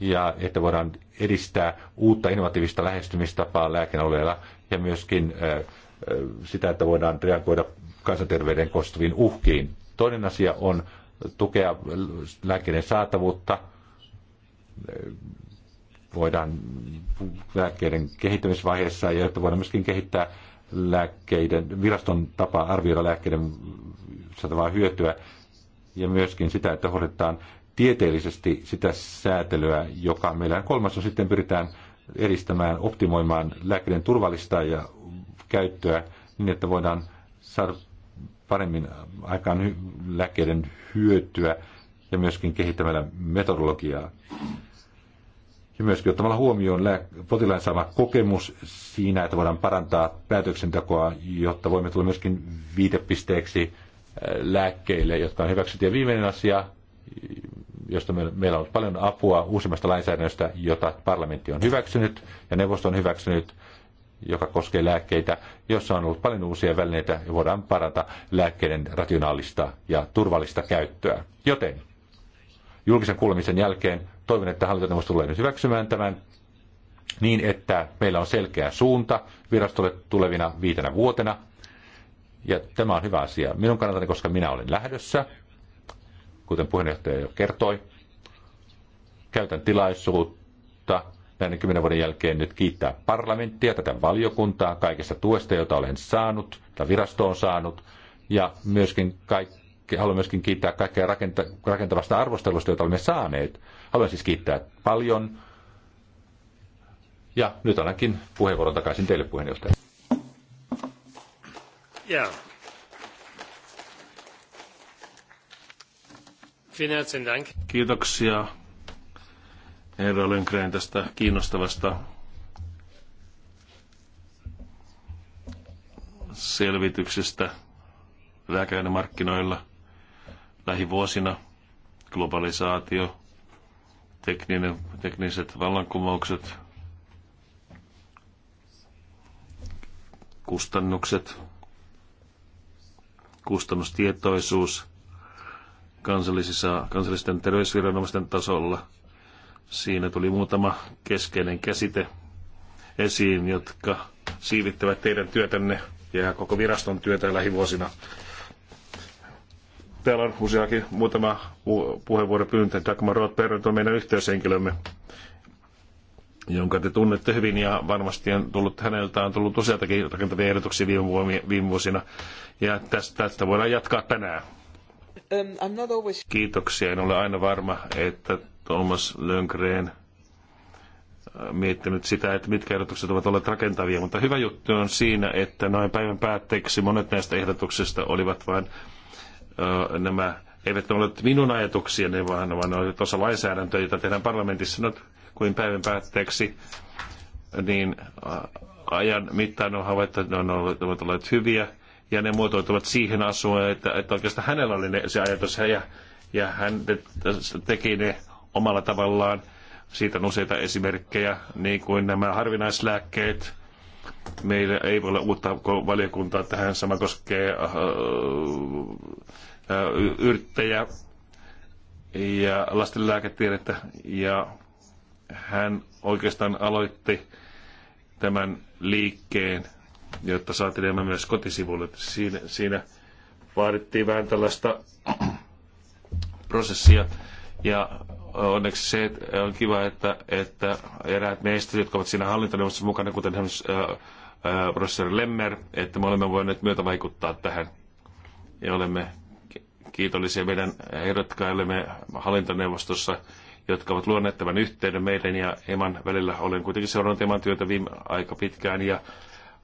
ja että voidaan edistää uutta innovatiivista lähestymistapaa lääkealueella ja myöskin sitä, että voidaan reagoida kansanterveyden kostuviin uhkiin. Toinen asia on tukea lääkkeiden saatavuutta, voidaan lääkkeiden kehittämisvaiheessa ja että voidaan myöskin kehittää lääkkeiden, viraston tapa arvioida lääkkeiden saatavaa hyötyä ja myöskin sitä, että hoidetaan tieteellisesti sitä säätelyä, joka meillä on. Kolmas on sitten pyritään edistämään, optimoimaan lääkkeiden turvallista ja käyttöä niin, että voidaan saada paremmin aikaan lääkkeiden hyötyä ja myöskin kehittämällä metodologiaa. Ja myöskin ottamalla huomioon potilaan saama kokemus siinä, että voidaan parantaa päätöksentekoa, jotta voimme tulla myöskin viitepisteeksi äh, lääkkeille, jotka on hyväksytty. Ja viimeinen asia, josta meillä on ollut paljon apua uusimmasta lainsäädännöstä, jota parlamentti on hyväksynyt ja neuvosto on hyväksynyt, joka koskee lääkkeitä, jossa on ollut paljon uusia välineitä ja voidaan parata lääkkeiden rationaalista ja turvallista käyttöä. Joten julkisen kuulemisen jälkeen toivon, että hallintoneuvosto tulee nyt hyväksymään tämän niin, että meillä on selkeä suunta virastolle tulevina viitenä vuotena. Ja tämä on hyvä asia minun kannaltani, koska minä olen lähdössä, kuten puheenjohtaja jo kertoi. Käytän tilaisuutta näiden kymmenen vuoden jälkeen nyt kiittää parlamenttia, tätä valiokuntaa, kaikesta tuesta, jota olen saanut, tai virasto on saanut, ja myöskin kaikki haluan myöskin kiittää kaikkea rakentavasta arvostelusta, jota olemme saaneet. Haluan siis kiittää paljon. Ja nyt annankin puheenvuoron takaisin teille puheenjohtaja. Ja. Kiitoksia herra Lönkreen tästä kiinnostavasta selvityksestä markkinoilla lähivuosina. Globalisaatio, tekninen, tekniset vallankumoukset, kustannukset, kustannustietoisuus kansallisissa, kansallisten terveysviranomaisten tasolla – Siinä tuli muutama keskeinen käsite esiin, jotka siivittävät teidän työtänne ja koko viraston työtä lähivuosina. Täällä on useakin muutama puheenvuoropyyntö. Dagmar Rothberg on meidän yhteyshenkilömme, jonka te tunnette hyvin ja varmasti on tullut, häneltä on tullut useatakin rakentavia ehdotuksia viime vuosina. Ja tästä, tästä voidaan jatkaa tänään. Um, Kiitoksia. En ole aina varma, että Thomas Lönkreen äh, miettinyt sitä, että mitkä ehdotukset ovat olleet rakentavia, mutta hyvä juttu on siinä, että noin päivän päätteeksi monet näistä ehdotuksista olivat vain ö, äh, nämä, eivät ne olleet minun ajatuksiani, vaan, vaan ne olivat osa lainsäädäntöä, jota tehdään parlamentissa nyt no, kuin päivän päätteeksi, niin äh, ajan mittaan on havaittu, että ne ovat olleet hyviä, ja ne muotoituvat siihen asuun, että, että oikeastaan hänellä oli ne, se ajatus, ja, ja hän teki ne omalla tavallaan. Siitä on useita esimerkkejä, niin kuin nämä harvinaislääkkeet. Meillä ei voi olla uutta valiokuntaa tähän. Sama koskee äh, äh, yrttejä ja lastenlääketiedettä. Ja hän oikeastaan aloitti tämän liikkeen, jotta saatiin enemmän myös kotisivuille. Siinä, siinä vaadittiin vähän tällaista prosessia ja onneksi se että on kiva, että, että eräät meistä, jotka ovat siinä hallintoneuvostossa mukana, kuten esimerkiksi äh, äh, professori Lemmer, että me olemme voineet myötä vaikuttaa tähän ja olemme kiitollisia meidän ehdokkaillemme hallintoneuvostossa, jotka ovat luoneet tämän yhteyden meidän ja Eman välillä. Olen kuitenkin seurannut Eman työtä viime aika pitkään ja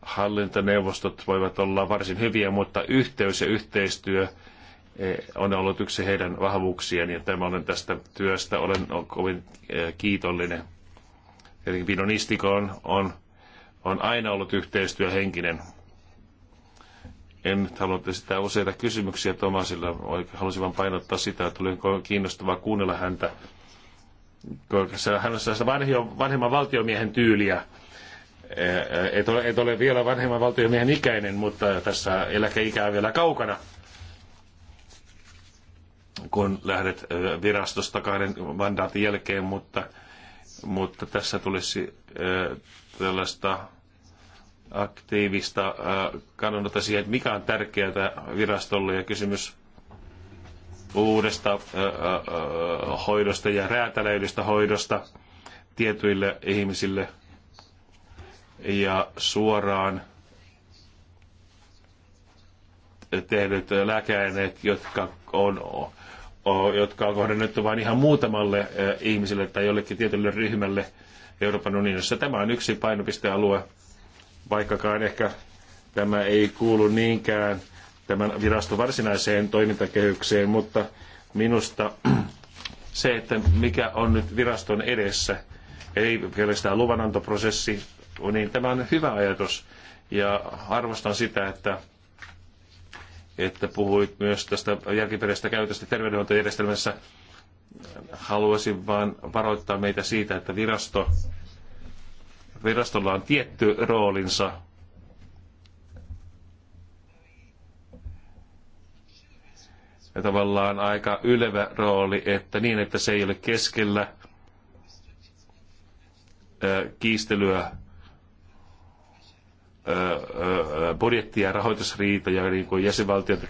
hallintoneuvostot voivat olla varsin hyviä, mutta yhteys ja yhteistyö E, on ollut yksi heidän vahvuuksiaan ja tämä olen tästä työstä olen kovin e, kiitollinen. Eli Vinonistiko on, on, on aina ollut yhteistyöhenkinen. En nyt halua sitä useita kysymyksiä Tomasilla. Halusin vain painottaa sitä, että oli kiinnostavaa kuunnella häntä. Hän on sellaista vanhemman valtiomiehen tyyliä. E, et ole, et ole vielä vanhemman valtiomiehen ikäinen, mutta tässä eläkeikä on vielä kaukana kun lähdet virastosta kahden mandaatin jälkeen, mutta, mutta tässä tulisi tällaista aktiivista kannanotta siihen, että mikä on tärkeää virastolle ja kysymys uudesta hoidosta ja räätälöidystä hoidosta tietyille ihmisille ja suoraan tehdyt lääkäineet, jotka on jotka on kohdennettu vain ihan muutamalle e, ihmiselle tai jollekin tietylle ryhmälle Euroopan unionissa. Tämä on yksi painopistealue, vaikkakaan ehkä tämä ei kuulu niinkään tämän viraston varsinaiseen toimintakehykseen, mutta minusta se, että mikä on nyt viraston edessä, ei pelkästään luvanantoprosessi, niin tämä on hyvä ajatus. Ja arvostan sitä, että että puhuit myös tästä järkiperäisestä käytöstä terveydenhuoltojärjestelmässä. Haluaisin vain varoittaa meitä siitä, että virasto, virastolla on tietty roolinsa ja tavallaan aika ylevä rooli, että niin, että se ei ole keskellä kiistelyä budjetti- ja rahoitusriitoja, niin kuin jäsenvaltiot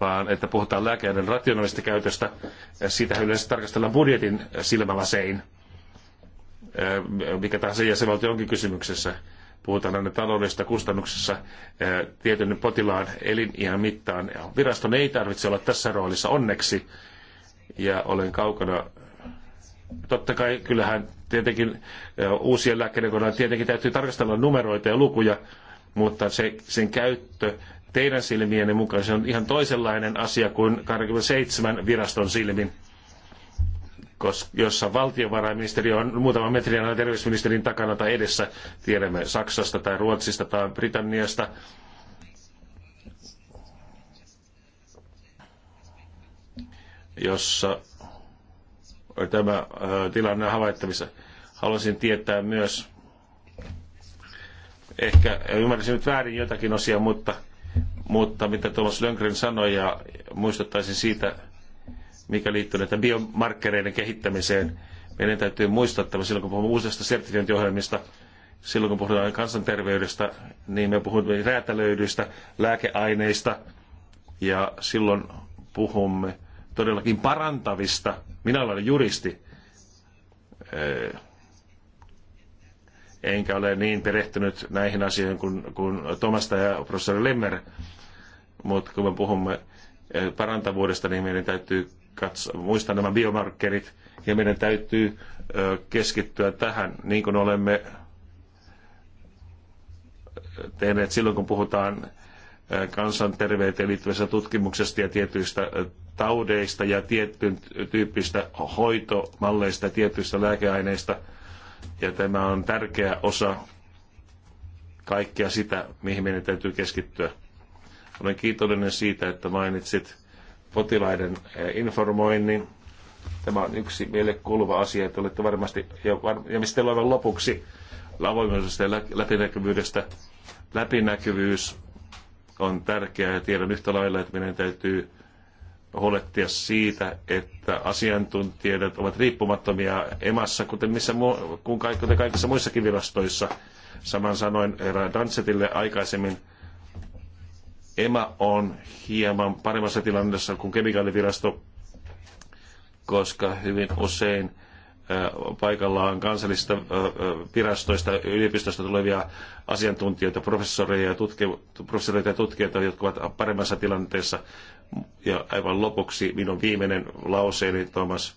vaan että puhutaan lääkeiden rationaalista käytöstä. Siitä yleensä tarkastellaan budjetin silmälasein, mikä tahansa jäsenvaltio onkin kysymyksessä. Puhutaan aina taloudellisista kustannuksissa tietyn potilaan eliniän mittaan. Viraston ei tarvitse olla tässä roolissa onneksi, ja olen kaukana totta kai kyllähän tietenkin uusien lääkkeiden kohdalla tietenkin täytyy tarkastella numeroita ja lukuja, mutta se, sen käyttö teidän silmienne mukaan se on ihan toisenlainen asia kuin 27 viraston silmin, koska, jossa valtiovarainministeri on muutama metriä aina terveysministerin takana tai edessä, tiedämme Saksasta tai Ruotsista tai Britanniasta, jossa tämä äh, tilanne on havaittavissa. Haluaisin tietää myös, ehkä ymmärsin nyt väärin jotakin osia, mutta, mutta mitä Thomas Löngren sanoi ja muistuttaisin siitä, mikä liittyy näitä biomarkkereiden kehittämiseen. Meidän täytyy muistaa että silloin, kun puhumme uusista sertifiointiohjelmista, silloin kun puhutaan kansanterveydestä, niin me puhumme räätälöidyistä lääkeaineista ja silloin puhumme todellakin parantavista minä olen juristi, eh, enkä ole niin perehtynyt näihin asioihin kuin, kuin Tomasta ja professori Lemmer, mutta kun me puhumme eh, parantavuudesta, niin meidän täytyy katsoa, muistaa nämä biomarkkerit ja meidän täytyy eh, keskittyä tähän, niin kuin olemme tehneet silloin, kun puhutaan kansanterveyteen liittyvästä tutkimuksesta ja tietyistä taudeista ja tietyn tyyppistä hoitomalleista ja tietyistä lääkeaineista. Ja tämä on tärkeä osa kaikkea sitä, mihin meidän täytyy keskittyä. Olen kiitollinen siitä, että mainitsit potilaiden informoinnin. Tämä on yksi meille kuuluva asia, että olette varmasti, ja, var, ja mistä teillä on lopuksi, avoimuudesta ja läpinäkyvyydestä. Läpinäkyvyys on tärkeää ja tiedän yhtä lailla, että meidän täytyy huolehtia siitä, että asiantuntijat ovat riippumattomia emassa, kuten, missä, kun kuten kaikissa muissakin virastoissa. Saman sanoin Dansetille aikaisemmin, EMA on hieman paremmassa tilanteessa kuin kemikaalivirasto, koska hyvin usein paikallaan kansallista virastoista, yliopistoista tulevia asiantuntijoita, professoreja ja, tutki, professoreita ja tutkijoita, jotka ovat paremmassa tilanteessa. Ja aivan lopuksi minun viimeinen lauseeni, Thomas,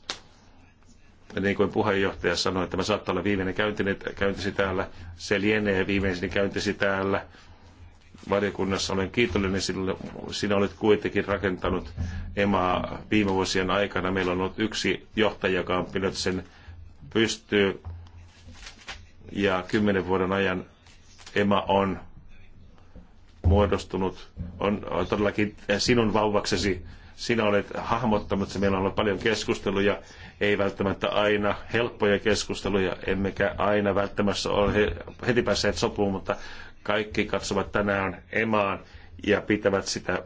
niin kuin puheenjohtaja sanoi, että tämä saattaa olla viimeinen käyntini, käyntisi täällä, se lienee viimeisin käyntisi täällä valiokunnassa. Olen kiitollinen sinulle. Sinä olet kuitenkin rakentanut EMAa viime vuosien aikana. Meillä on ollut yksi johtaja, joka on pitänyt sen pystyy. Ja kymmenen vuoden ajan Emma on muodostunut, on, on todellakin sinun vauvaksesi. Sinä olet hahmottanut, että meillä on ollut paljon keskusteluja, ei välttämättä aina helppoja keskusteluja, emmekä aina välttämättä ole heti päässeet sopuun, mutta kaikki katsovat tänään Emaan ja pitävät sitä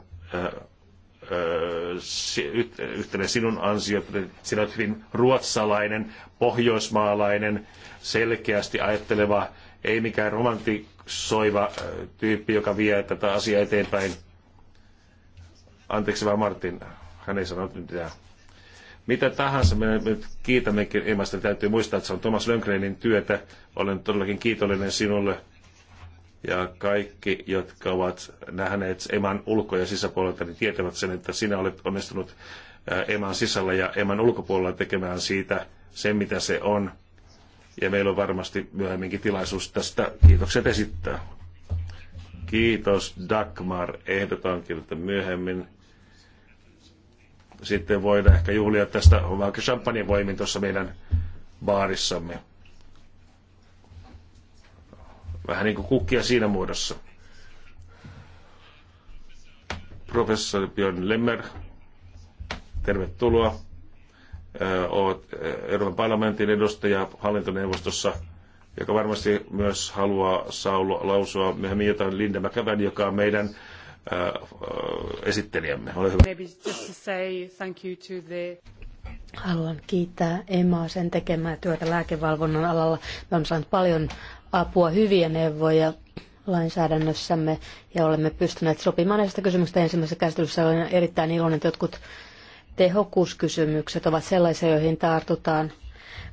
yhtenä sinun ansiot, sinä olet hyvin ruotsalainen, pohjoismaalainen, selkeästi ajatteleva, ei mikään romantisoiva tyyppi, joka vie tätä asiaa eteenpäin. Anteeksi vaan Martin, hän ei sanonut mitään. Mitä tahansa, me nyt kiitämmekin Emasta, täytyy muistaa, että se on Thomas Lönkreinin työtä. Olen todellakin kiitollinen sinulle ja kaikki, jotka ovat nähneet emän ulko- ja sisäpuolelta, niin tietävät sen, että sinä olet onnistunut äh, emän sisällä ja emän ulkopuolella tekemään siitä sen, mitä se on. Ja meillä on varmasti myöhemminkin tilaisuus tästä kiitokset esittää. Kiitos Dagmar, ehdotankin, että myöhemmin sitten voidaan ehkä juhlia tästä vaikka champagne voimin tuossa meidän baarissamme. Vähän niin kuin kukkia siinä muodossa. Professori Björn Lemmer, tervetuloa. Olet Euroopan parlamentin edustaja hallintoneuvostossa, joka varmasti myös haluaa Saulo lausua myöhemmin jotain Linda Mäkävän, joka on meidän esittelijämme. Ole hyvä. Haluan kiittää Emmaa sen tekemää työtä lääkevalvonnan alalla. Me olemme saaneet paljon apua, hyviä neuvoja lainsäädännössämme ja olemme pystyneet sopimaan näistä kysymyksistä ensimmäisessä käsittelyssä. Olen erittäin iloinen, että jotkut tehokkuuskysymykset ovat sellaisia, joihin tartutaan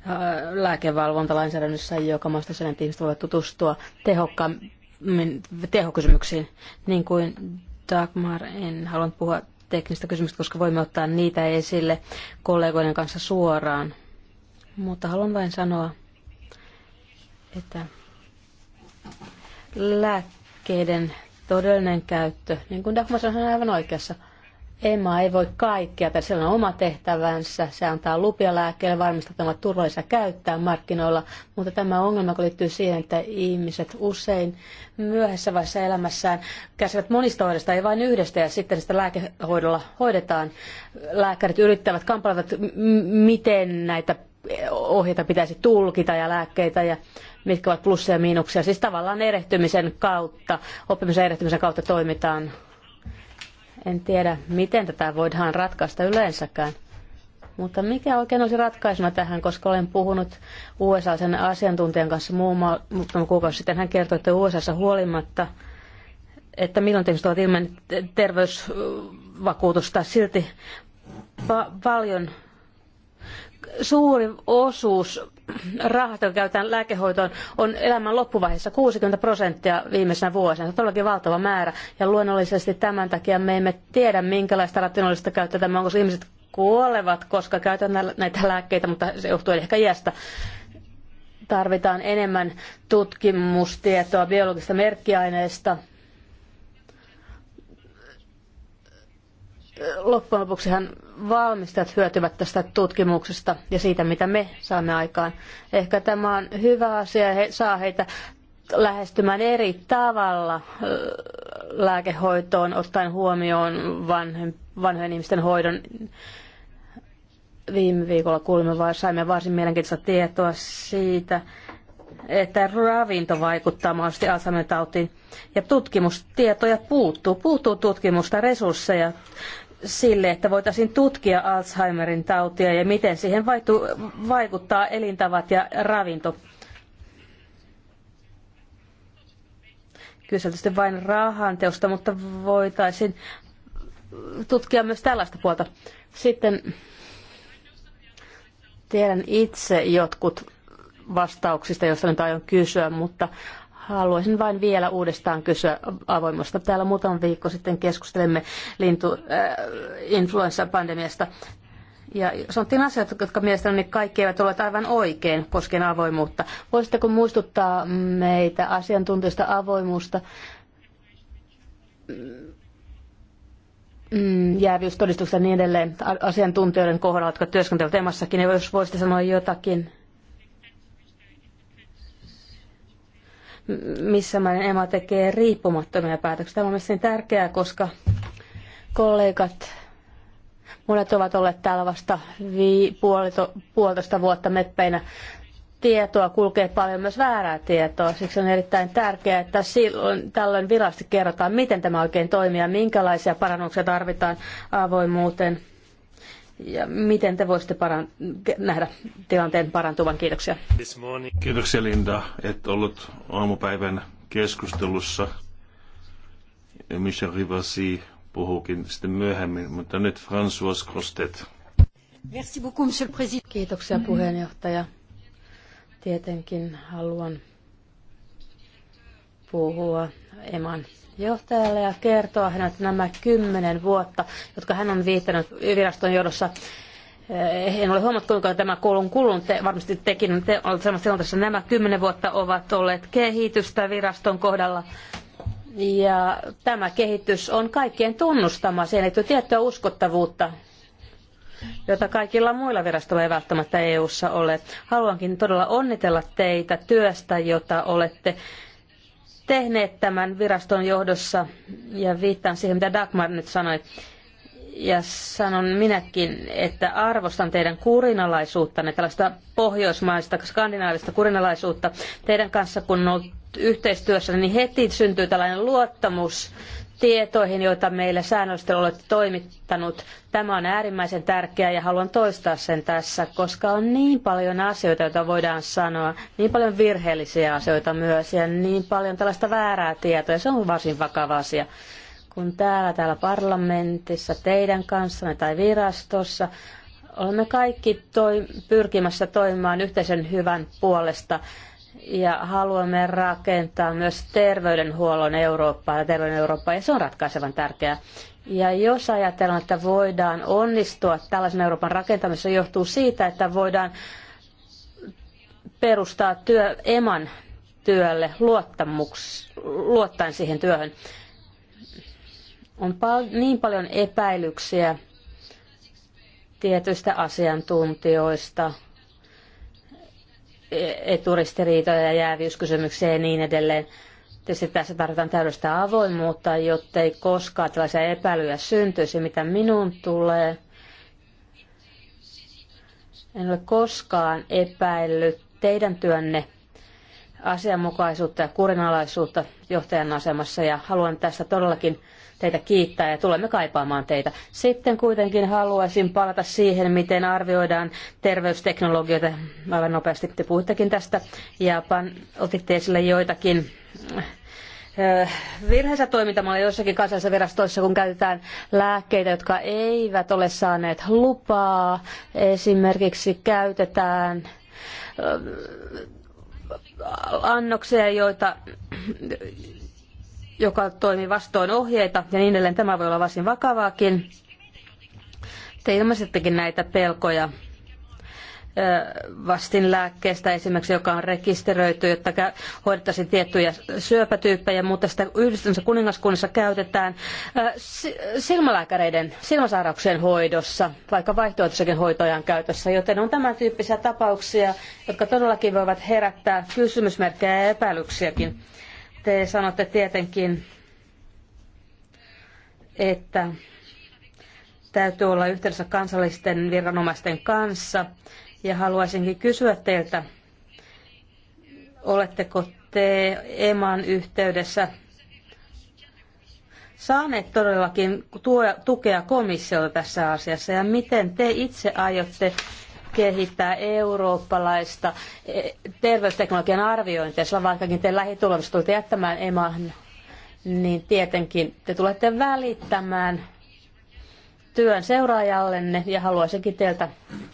äh, lääkevalvontalainsäädännössä, joka maasta sen, että ihmiset voivat tutustua tehokkaammin tehokysymyksiin. Niin kuin Dagmar, en halunnut puhua teknistä kysymystä, koska voimme ottaa niitä esille kollegoiden kanssa suoraan. Mutta haluan vain sanoa, että Lääkkeiden todellinen käyttö, niin kuin Dagmar on aivan oikeassa, Emma ei voi kaikkea, tai sillä on oma tehtävänsä, se antaa lupia lääkkeelle, varmistaa, että ne ovat turvallisia käyttää markkinoilla, mutta tämä ongelma liittyy siihen, että ihmiset usein myöhässä vaiheessa elämässään käsivät monista oireista, ei vain yhdestä, ja sitten sitä lääkehoidolla hoidetaan. Lääkärit yrittävät kampailevat, miten näitä ohjeita pitäisi tulkita ja lääkkeitä, ja mitkä ovat plussia ja miinuksia. Siis tavallaan erehtymisen kautta, oppimisen erehtymisen kautta toimitaan. En tiedä, miten tätä voidaan ratkaista yleensäkään. Mutta mikä oikein olisi ratkaisuna tähän, koska olen puhunut USA-sen asiantuntijan kanssa muutama kuukausi sitten. Hän kertoi, että USAssa huolimatta, että milloin ihmiset ovat ilman terveysvakuutusta, silti pa- paljon suuri osuus rahat, jotka käytetään lääkehoitoon, on elämän loppuvaiheessa 60 prosenttia viimeisenä vuosina. Se on todellakin valtava määrä. Ja luonnollisesti tämän takia me emme tiedä, minkälaista rationaalista käyttöä tämä on, koska ihmiset kuolevat, koska käytetään näitä lääkkeitä, mutta se johtuu ehkä iästä. Tarvitaan enemmän tutkimustietoa biologista merkkiaineista. Loppujen lopuksihan valmistajat hyötyvät tästä tutkimuksesta ja siitä, mitä me saamme aikaan. Ehkä tämä on hyvä asia ja he, saa heitä lähestymään eri tavalla äh, lääkehoitoon, ottaen huomioon vanhen, vanhojen ihmisten hoidon. Viime viikolla kuulimme vai saimme varsin mielenkiintoista tietoa siitä, että ravinto vaikuttaa mahdollisesti Alzheimer-tautiin. Ja tutkimustietoja puuttuu. Puuttuu tutkimusta, resursseja sille, että voitaisiin tutkia Alzheimerin tautia ja miten siihen vaikuttaa elintavat ja ravinto. Kyse tietysti vain rahanteosta, mutta voitaisiin tutkia myös tällaista puolta. Sitten tiedän itse jotkut vastauksista, joista nyt aion kysyä, mutta Haluaisin vain vielä uudestaan kysyä avoimuudesta. Täällä muutama viikko sitten keskustelimme lintuinfluenssapandemiasta. Äh, ja sanottiin asioita, jotka mielestäni kaikki eivät ole aivan oikein koskien avoimuutta. Voisitteko muistuttaa meitä asiantuntijoista avoimuusta? mm, jäävyystodistuksesta ja niin edelleen asiantuntijoiden kohdalla, jotka työskentelevät emassakin, jos voisitte sanoa jotakin missä määrin EMA tekee riippumattomia päätöksiä. Tämä on mielestäni tärkeää, koska kollegat, monet ovat olleet täällä vasta vii, puolito, puolitoista vuotta meppeinä. Tietoa kulkee paljon myös väärää tietoa, siksi on erittäin tärkeää, että silloin tällöin virallisesti kerrotaan, miten tämä oikein toimii ja minkälaisia parannuksia tarvitaan avoimuuteen ja miten te voisitte paran- nähdä tilanteen parantuvan? Kiitoksia. Kiitoksia Linda, että ollut aamupäivän keskustelussa. Michel Rivasi puhuukin sitten myöhemmin, mutta nyt François Crostet. Merci beaucoup, Kiitoksia puheenjohtaja. Tietenkin haluan puhua Eman johtajalle ja kertoa hänet nämä kymmenen vuotta, jotka hän on viittänyt viraston johdossa. Eh, en ole huomannut, kuinka tämä koulun kulun Te, varmasti tekin te olette samassa tilanteessa. Nämä kymmenen vuotta ovat olleet kehitystä viraston kohdalla. Ja tämä kehitys on kaikkien tunnustama. Siihen liittyy tiettyä uskottavuutta, jota kaikilla muilla virastoilla ei välttämättä EU-ssa ole. Haluankin todella onnitella teitä työstä, jota olette tehneet tämän viraston johdossa, ja viittaan siihen, mitä Dagmar nyt sanoi, ja sanon minäkin, että arvostan teidän kurinalaisuuttanne, tällaista pohjoismaista, skandinaavista kurinalaisuutta teidän kanssa, kun on ollut yhteistyössä, niin heti syntyy tällainen luottamus tietoihin, joita meille säännöllisesti olette toimittanut. Tämä on äärimmäisen tärkeää ja haluan toistaa sen tässä, koska on niin paljon asioita, joita voidaan sanoa, niin paljon virheellisiä asioita myös ja niin paljon tällaista väärää tietoa. ja Se on varsin vakava asia. Kun täällä, täällä parlamentissa, teidän kanssanne tai virastossa olemme kaikki toi, pyrkimässä toimimaan yhteisen hyvän puolesta ja haluamme rakentaa myös terveydenhuollon Eurooppaa ja terveyden Eurooppaa, ja se on ratkaisevan tärkeää. Ja jos ajatellaan, että voidaan onnistua tällaisen Euroopan rakentamisessa, johtuu siitä, että voidaan perustaa työ eman työlle luottamuks, luottaen siihen työhön. On pal- niin paljon epäilyksiä tietyistä asiantuntijoista, eturistiriitoja ja jääviyskysymyksiä ja niin edelleen. Tietysti tässä tarvitaan täydellistä avoimuutta, jotta ei koskaan tällaisia epäilyjä syntyisi, mitä minun tulee. En ole koskaan epäillyt teidän työnne asianmukaisuutta ja kurinalaisuutta johtajan asemassa ja haluan tässä todellakin teitä kiittää ja tulemme kaipaamaan teitä. Sitten kuitenkin haluaisin palata siihen, miten arvioidaan terveysteknologioita. Aivan nopeasti te puhuttekin tästä ja pan, otitte esille joitakin äh, virheensä toimintamalla joissakin kansallisissa virastoissa, kun käytetään lääkkeitä, jotka eivät ole saaneet lupaa. Esimerkiksi käytetään äh, annoksia, joita, joka toimi vastoin ohjeita ja niin edelleen. Tämä voi olla varsin vakavaakin. Te ilmaisittekin näitä pelkoja lääkkeestä esimerkiksi, joka on rekisteröity, jotta hoidettaisiin tiettyjä syöpätyyppejä, mutta sitä yhdistämisessä kuningaskunnassa käytetään silmälääkäreiden silmäsairauksien hoidossa, vaikka vaihtoehtoisakin hoitoja käytössä, joten on tämän tyyppisiä tapauksia, jotka todellakin voivat herättää kysymysmerkkejä ja epäilyksiäkin te sanotte tietenkin, että täytyy olla yhteydessä kansallisten viranomaisten kanssa. Ja haluaisinkin kysyä teiltä, oletteko te EMAN yhteydessä saaneet todellakin tukea komissiolta tässä asiassa ja miten te itse aiotte kehittää eurooppalaista eh, terveysteknologian arviointia, sillä vaikkakin te lähitulemassa tulette jättämään emaan, niin tietenkin te tulette välittämään työn seuraajallenne ja haluaisinkin teiltä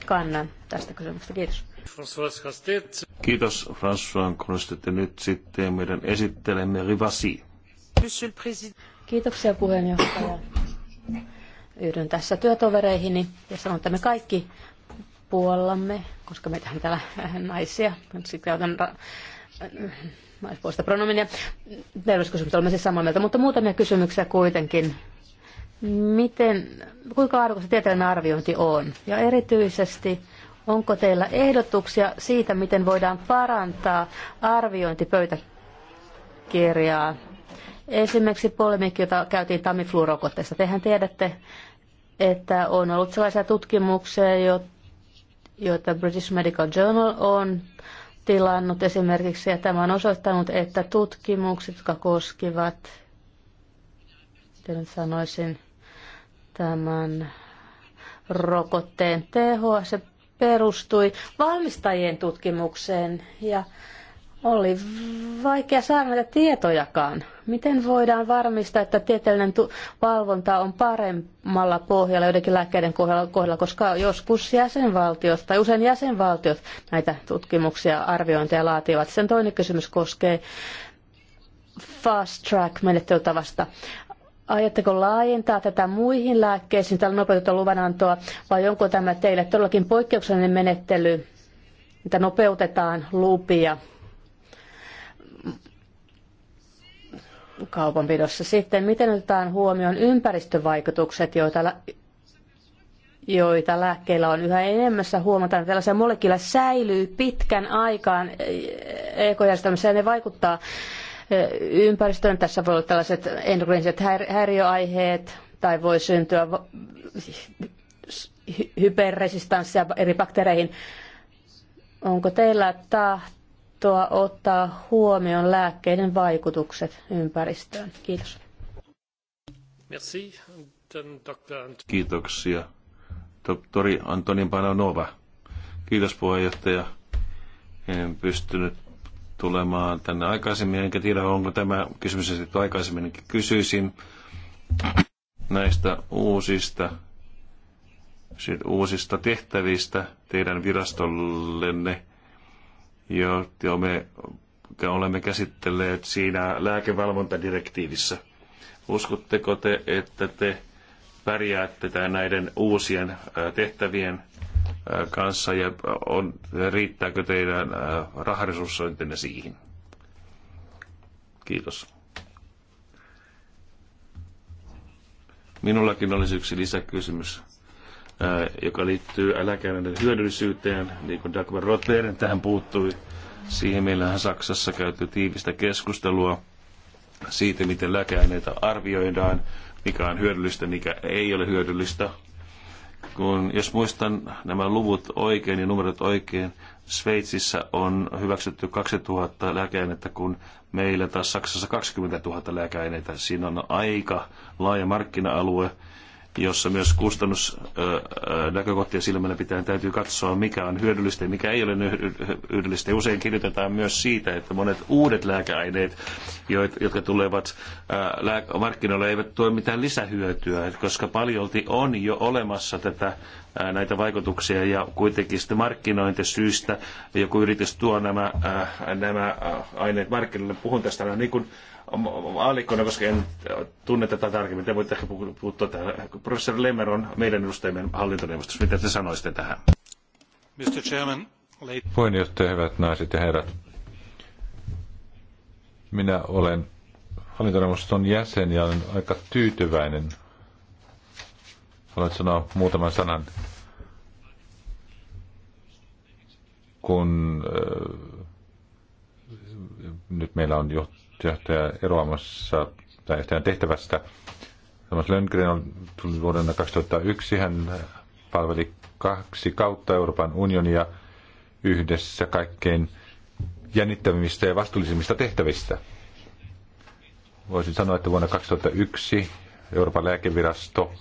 kannan tästä kysymyksestä. Kiitos. Kiitos François Crostet. Nyt sitten meidän esittelemme Rivasi. Kiitoksia puheenjohtaja. Yhdyn tässä työtovereihini ja sanon, että me kaikki puolellamme, koska meitä on täällä äh, naisia, sitten käytän äh, naispuolista pronominia. Terveyskysymykset olemme siis samaa mieltä, mutta muutamia kysymyksiä kuitenkin. Miten, kuinka arvokas tieteellinen arviointi on? Ja erityisesti, onko teillä ehdotuksia siitä, miten voidaan parantaa arviointipöytäkirjaa? Esimerkiksi polemikki, jota käytiin Tamiflu-rokotteessa. Tehän tiedätte, että on ollut sellaisia tutkimuksia, jotka joita British Medical Journal on tilannut esimerkiksi, ja tämä on osoittanut, että tutkimukset, jotka koskivat, nyt sanoisin, tämän rokotteen tehoa, se perustui valmistajien tutkimukseen ja oli vaikea saada näitä tietojakaan. Miten voidaan varmistaa, että tieteellinen valvonta on paremmalla pohjalla joidenkin lääkkeiden kohdalla, koska joskus jäsenvaltiot tai usein jäsenvaltiot näitä tutkimuksia, arviointeja laativat. Sen toinen kysymys koskee fast track menettelytavasta. Aiotteko laajentaa tätä muihin lääkkeisiin tällä nopeutettua luvanantoa, vai onko tämä teille todellakin poikkeuksellinen menettely, mitä nopeutetaan lupia kaupanpidossa. Sitten miten otetaan huomioon ympäristövaikutukset, joita, joita lääkkeillä on yhä enemmässä. Huomataan, että tällaisia molekyyleja säilyy pitkän aikaan ekojärjestelmässä ja ne vaikuttaa ympäristöön. Tässä voi olla tällaiset endokriiniset häiriöaiheet tai voi syntyä hyperresistanssia eri bakteereihin. Onko teillä tahto? tietoa ottaa huomioon lääkkeiden vaikutukset ympäristöön. Kiitos. Merci. Kiitoksia. Tohtori Antonin Panonova. Kiitos puheenjohtaja. En pystynyt tulemaan tänne aikaisemmin, enkä tiedä onko tämä kysymys esitetty aikaisemmin. Kysyisin näistä uusista, siis uusista tehtävistä teidän virastollenne jo, jo me olemme käsitelleet siinä lääkevalvontadirektiivissä. Uskotteko te, että te pärjäätte näiden uusien tehtävien kanssa ja on, riittääkö teidän raharesurssointinne siihen? Kiitos. Minullakin olisi yksi lisäkysymys joka liittyy eläkeläinen hyödyllisyyteen, niin kuin Dagmar Rotteren niin tähän puuttui. Siihen meillähän Saksassa käyty tiivistä keskustelua siitä, miten lääkeaineita arvioidaan, mikä on hyödyllistä, mikä ei ole hyödyllistä. Kun, jos muistan nämä luvut oikein ja numerot oikein, Sveitsissä on hyväksytty 2000 lääkeainetta, kun meillä taas Saksassa 20 000 lääkeaineita. Siinä on aika laaja markkina-alue jossa myös kustannusnäkökohtia silmällä pitää täytyy katsoa, mikä on hyödyllistä ja mikä ei ole hyödyllistä. usein kirjoitetaan myös siitä, että monet uudet lääkeaineet, jotka tulevat markkinoille, eivät tuo mitään lisähyötyä, koska paljolti on jo olemassa tätä näitä vaikutuksia ja kuitenkin sitten markkinointisyistä joku yritys tuo nämä, nämä aineet markkinoille. Puhun tästä niin kuin aallikkoina, koska en äh, tunne tätä tarkemmin. Te voitte ehkä puuttua tähän. professor Lemmer on meidän edustajamme hallintoneuvostossa. Mitä te sanoisitte tähän? Mr. Chairman, late. Puheenjohtaja, hyvät naiset ja herrat. Minä olen hallintoneuvoston jäsen ja olen aika tyytyväinen. Haluan sanoa muutaman sanan. Kun äh, nyt meillä on jo johtaja eroamassa tai johtajan tehtävästä. Thomas Lönngren on tullut vuonna 2001. Hän palveli kaksi kautta Euroopan unionia yhdessä kaikkein jännittävimmistä ja vastuullisimmista tehtävistä. Voisin sanoa, että vuonna 2001 Euroopan lääkevirasto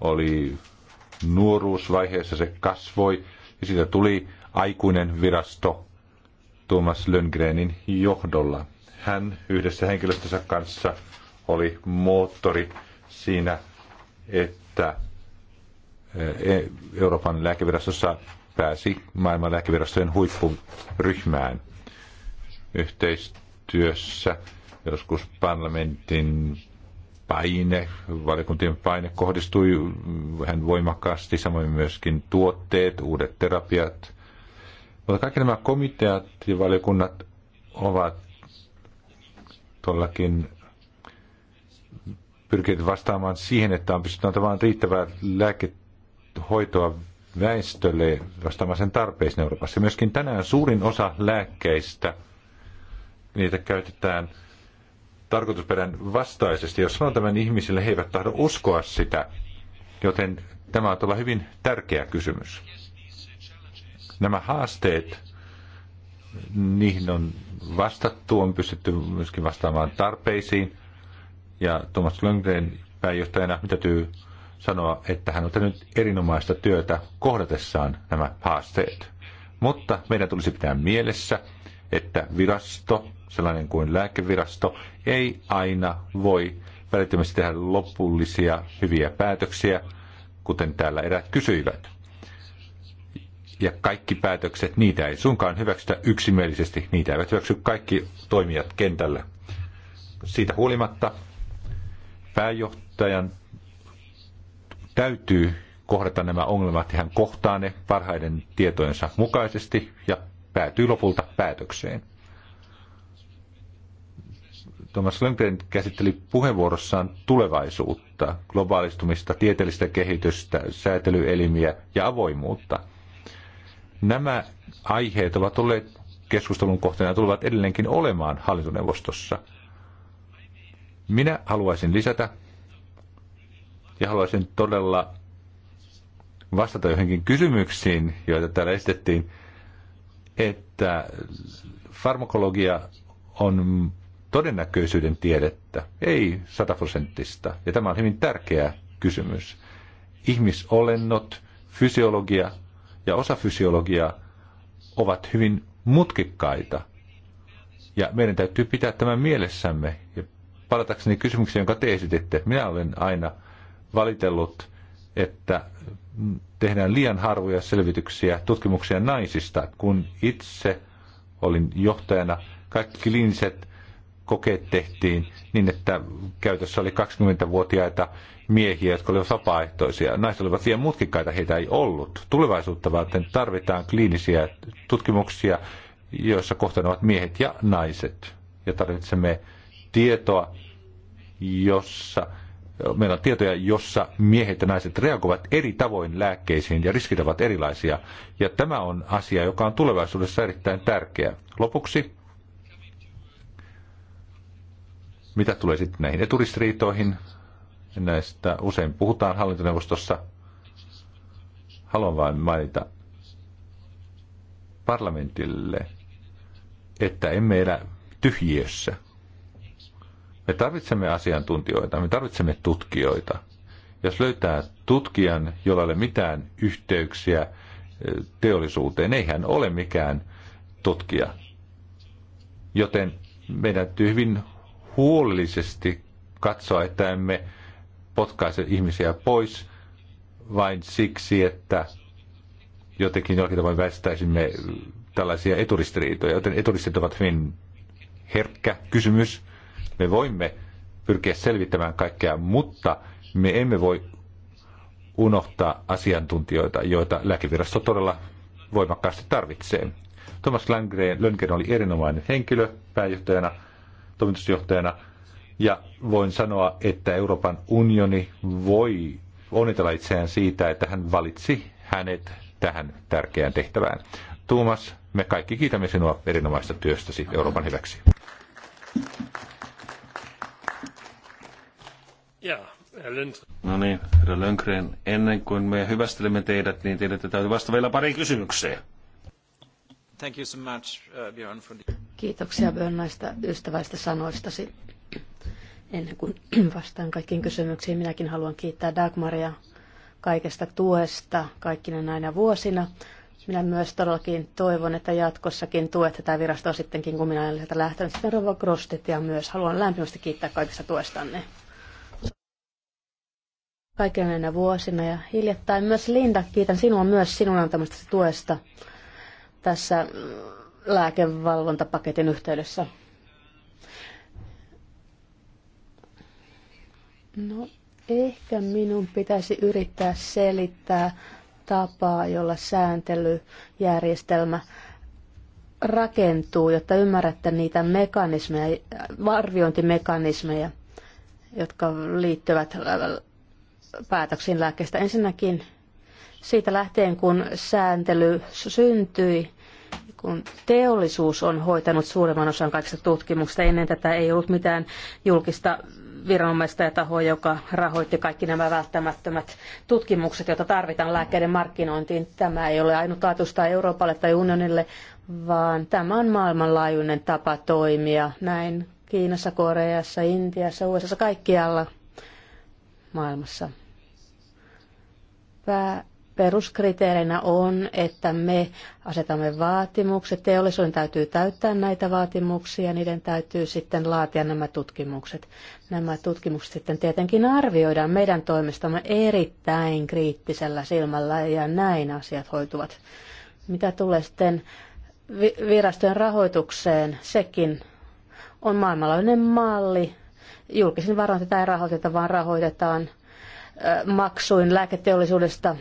oli nuoruusvaiheessa, se kasvoi ja siitä tuli aikuinen virasto Thomas Lönngrenin johdolla. Hän yhdessä henkilöstönsä kanssa oli moottori siinä, että eh, e, Euroopan lääkevirastossa pääsi maailman lääkevirastojen huippuryhmään yhteistyössä. Joskus parlamentin paine, valiokuntien paine kohdistui vähän voimakkaasti, samoin myöskin tuotteet, uudet terapiat. Mutta kaikki nämä komiteat ja valiokunnat ovat todellakin pyrkineet vastaamaan siihen, että on pystytty antamaan riittävää lääkehoitoa väestölle vastaamaan sen tarpeisiin Euroopassa. Myöskin tänään suurin osa lääkkeistä, niitä käytetään tarkoitusperän vastaisesti. Jos sanon tämän ihmisille, he eivät tahdo uskoa sitä. Joten tämä on olla hyvin tärkeä kysymys. Nämä haasteet niihin on vastattu, on pystytty myöskin vastaamaan tarpeisiin. Ja Thomas Lundgren pääjohtajana täytyy sanoa, että hän on tehnyt erinomaista työtä kohdatessaan nämä haasteet. Mutta meidän tulisi pitää mielessä, että virasto, sellainen kuin lääkevirasto, ei aina voi välittömästi tehdä lopullisia hyviä päätöksiä, kuten täällä erät kysyivät ja kaikki päätökset, niitä ei sunkaan hyväksytä yksimielisesti, niitä eivät hyväksy kaikki toimijat kentällä. Siitä huolimatta pääjohtajan täytyy kohdata nämä ongelmat ihan kohtaan ne parhaiden tietojensa mukaisesti ja päätyy lopulta päätökseen. Thomas Lundgren käsitteli puheenvuorossaan tulevaisuutta, globaalistumista, tieteellistä kehitystä, säätelyelimiä ja avoimuutta – Nämä aiheet ovat olleet keskustelun kohteena ja tulevat edelleenkin olemaan hallintoneuvostossa. Minä haluaisin lisätä ja haluaisin todella vastata johonkin kysymyksiin, joita täällä esitettiin, että farmakologia on todennäköisyyden tiedettä, ei sataprosenttista. Ja tämä on hyvin tärkeä kysymys. Ihmisolennot, fysiologia, ja osa fysiologiaa ovat hyvin mutkikkaita. Ja meidän täytyy pitää tämä mielessämme. Ja palatakseni kysymykseen, jonka te esititte, minä olen aina valitellut, että tehdään liian harvoja selvityksiä, tutkimuksia naisista, kun itse olin johtajana. Kaikki kliiniset kokeet tehtiin niin, että käytössä oli 20-vuotiaita miehiä, jotka olivat vapaaehtoisia. Naiset olivat liian mutkikkaita, heitä ei ollut. Tulevaisuutta varten tarvitaan kliinisiä tutkimuksia, joissa kohtaan ovat miehet ja naiset. Ja tarvitsemme tietoa, jossa meillä on tietoja, jossa miehet ja naiset reagoivat eri tavoin lääkkeisiin ja riskit ovat erilaisia. Ja tämä on asia, joka on tulevaisuudessa erittäin tärkeä. Lopuksi, mitä tulee sitten näihin eturistiriitoihin, näistä usein puhutaan hallintoneuvostossa. Haluan vain mainita parlamentille, että emme elä tyhjiössä. Me tarvitsemme asiantuntijoita, me tarvitsemme tutkijoita. Jos löytää tutkijan, jolla ei ole mitään yhteyksiä eh, teollisuuteen, ei hän ole mikään tutkija. Joten meidän täytyy hyvin huolellisesti katsoa, että emme potkaise ihmisiä pois vain siksi, että jotenkin jollakin tavoin väistäisimme tällaisia eturistiriitoja, joten eturistit ovat hyvin herkkä kysymys. Me voimme pyrkiä selvittämään kaikkea, mutta me emme voi unohtaa asiantuntijoita, joita lääkevirasto todella voimakkaasti tarvitsee. Thomas Löngren oli erinomainen henkilö pääjohtajana, toimitusjohtajana – ja voin sanoa, että Euroopan unioni voi onnitella itseään siitä, että hän valitsi hänet tähän tärkeään tehtävään. Tuumas, me kaikki kiitämme sinua erinomaista työstäsi Euroopan hyväksi. No niin, herra Lönkren, ennen kuin me hyvästelemme teidät, niin teidät täytyy vasta vielä pari kysymykseen. Thank you so much, uh, Björn, for the... Kiitoksia Björn näistä ystäväistä sanoistasi. Ennen kuin vastaan kaikkiin kysymyksiin, minäkin haluan kiittää Dagmaria kaikesta tuesta kaikkina näinä vuosina. Minä myös todellakin toivon, että jatkossakin tuet tätä virastoa sittenkin, kun minä olen sieltä lähtenyt. Sitten Rova Grostet ja myös haluan lämpimästi kiittää kaikesta tuestanne. Kaikkina näinä vuosina ja hiljattain myös Linda, kiitän sinua myös sinun antamasta tuesta tässä mm, lääkevalvontapaketin yhteydessä. No, ehkä minun pitäisi yrittää selittää tapaa, jolla sääntelyjärjestelmä rakentuu, jotta ymmärrätte niitä mekanismeja, arviointimekanismeja, jotka liittyvät päätöksiin lääkkeistä. Ensinnäkin siitä lähtien, kun sääntely syntyi, kun teollisuus on hoitanut suurimman osan kaikista tutkimuksista, ennen tätä ei ollut mitään julkista viranomaista ja tahoa, joka rahoitti kaikki nämä välttämättömät tutkimukset, joita tarvitaan lääkkeiden markkinointiin. Tämä ei ole ainutlaatuista Euroopalle tai unionille, vaan tämä on maailmanlaajuinen tapa toimia näin Kiinassa, Koreassa, Intiassa, USAssa, kaikkialla maailmassa. Pää Peruskriteerinä on, että me asetamme vaatimukset, teollisuuden täytyy täyttää näitä vaatimuksia, niiden täytyy sitten laatia nämä tutkimukset. Nämä tutkimukset sitten tietenkin arvioidaan meidän toimestamme erittäin kriittisellä silmällä ja näin asiat hoituvat. Mitä tulee sitten virastojen rahoitukseen, sekin on maailmanlainen malli. Julkisin varoin tätä ei rahoiteta, vaan rahoitetaan – maksuin lääketeollisuudesta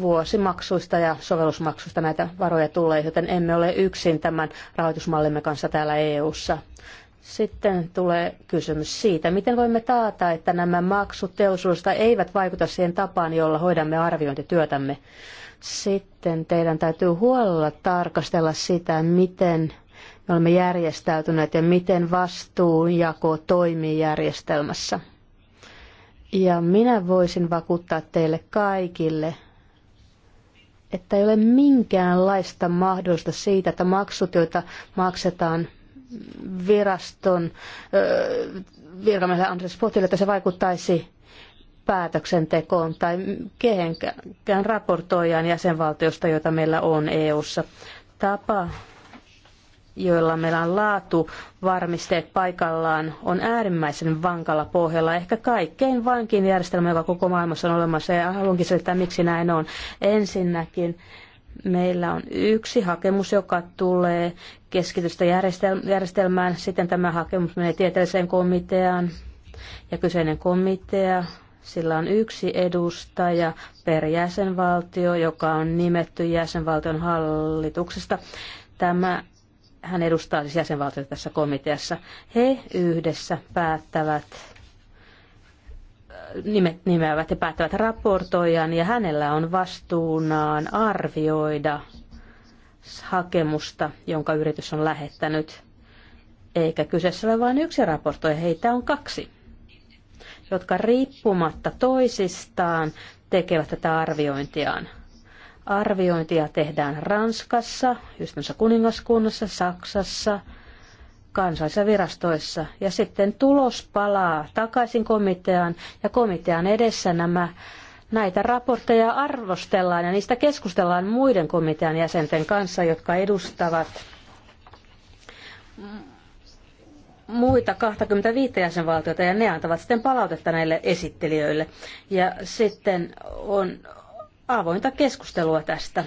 vuosimaksuista ja sovellusmaksuista näitä varoja tulee, joten emme ole yksin tämän rahoitusmallimme kanssa täällä EU:ssa. Sitten tulee kysymys siitä, miten voimme taata, että nämä maksut teollisuudesta eivät vaikuta siihen tapaan, jolla hoidamme arviointityötämme. Sitten teidän täytyy huolella tarkastella sitä, miten me olemme järjestäytyneet ja miten vastuunjako toimii järjestelmässä. Ja minä voisin vakuuttaa teille kaikille, että ei ole minkäänlaista mahdollista siitä, että maksut, joita maksetaan viraston virkamiehelle Andres Potille, että se vaikuttaisi päätöksentekoon tai kehenkään raportoijan jäsenvaltiosta, joita meillä on EU:ssa. Tapa, joilla meillä on laatu, varmisteet paikallaan, on äärimmäisen vankalla pohjalla. Ehkä kaikkein vankin järjestelmä, joka koko maailmassa on olemassa, ja haluankin selittää, miksi näin on. Ensinnäkin meillä on yksi hakemus, joka tulee keskitystä järjestelmään. Sitten tämä hakemus menee tieteelliseen komiteaan, ja kyseinen komitea sillä on yksi edustaja per jäsenvaltio, joka on nimetty jäsenvaltion hallituksesta. Tämä hän edustaa siis jäsenvaltioita tässä komiteassa. He yhdessä päättävät äh, nimeävät ja päättävät raportoijan ja hänellä on vastuunaan arvioida hakemusta, jonka yritys on lähettänyt. Eikä kyseessä ole vain yksi raportoija, heitä on kaksi, jotka riippumatta toisistaan tekevät tätä arviointiaan. Arviointia tehdään Ranskassa, ystävänsä kuningaskunnassa, Saksassa, kansallisissa virastoissa. Ja sitten tulos palaa takaisin komiteaan ja komitean edessä nämä Näitä raportteja arvostellaan ja niistä keskustellaan muiden komitean jäsenten kanssa, jotka edustavat muita 25 jäsenvaltiota ja ne antavat sitten palautetta näille esittelijöille. Ja sitten on avointa keskustelua tästä.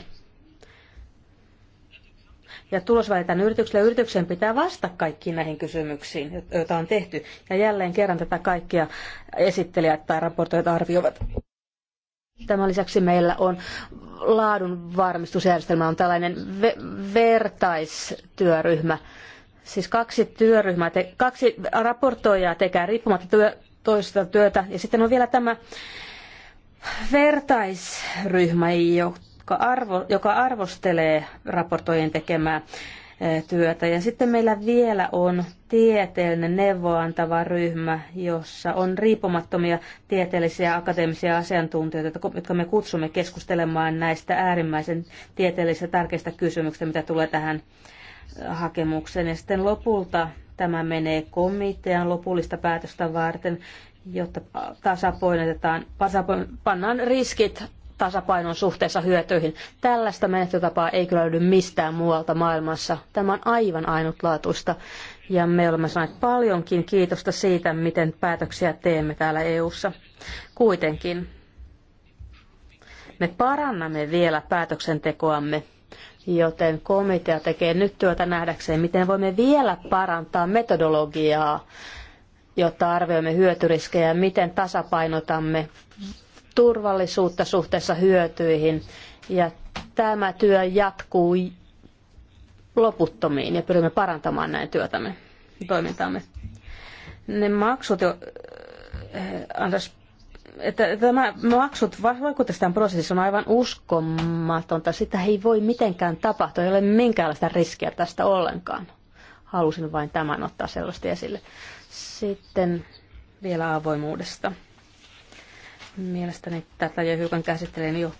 Ja tulos välitän yritykselle. Yrityksen pitää vastata kaikkiin näihin kysymyksiin, joita on tehty. Ja jälleen kerran tätä kaikkia esittelijät tai raportoijat arvioivat. Tämän lisäksi meillä on laadun varmistusjärjestelmä, on tällainen ve- vertaistyöryhmä. Siis kaksi työryhmää, te- kaksi raportoijaa tekee riippumatta työ- toista työtä. Ja sitten on vielä tämä vertaisryhmä, joka, arvo, joka arvostelee raportojen tekemää työtä. Ja sitten meillä vielä on tieteellinen neuvoantava ryhmä, jossa on riippumattomia tieteellisiä akateemisia asiantuntijoita, jotka me kutsumme keskustelemaan näistä äärimmäisen tieteellisistä tärkeistä kysymyksistä, mitä tulee tähän hakemukseen. Ja sitten lopulta tämä menee komitean lopullista päätöstä varten, jotta tasapainotetaan, pannaan riskit tasapainon suhteessa hyötyihin. Tällaista menettelytapaa ei kyllä löydy mistään muualta maailmassa. Tämä on aivan ainutlaatuista ja me olemme saaneet paljonkin kiitosta siitä, miten päätöksiä teemme täällä EU:ssa. Kuitenkin me parannamme vielä päätöksentekoamme, joten komitea tekee nyt työtä nähdäkseen, miten voimme vielä parantaa metodologiaa jotta arvioimme hyötyriskejä miten tasapainotamme turvallisuutta suhteessa hyötyihin. Ja tämä työ jatkuu loputtomiin ja pyrimme parantamaan näin työtämme, toimintaamme. Ne maksut, jo, eh, Anders, että tämä maksut tämän prosessissa on aivan uskomatonta. Sitä ei voi mitenkään tapahtua, ei ole minkäänlaista riskiä tästä ollenkaan. Halusin vain tämän ottaa selvästi esille. Sitten vielä avoimuudesta. Mielestäni tätä jo hiukan käsittelen jo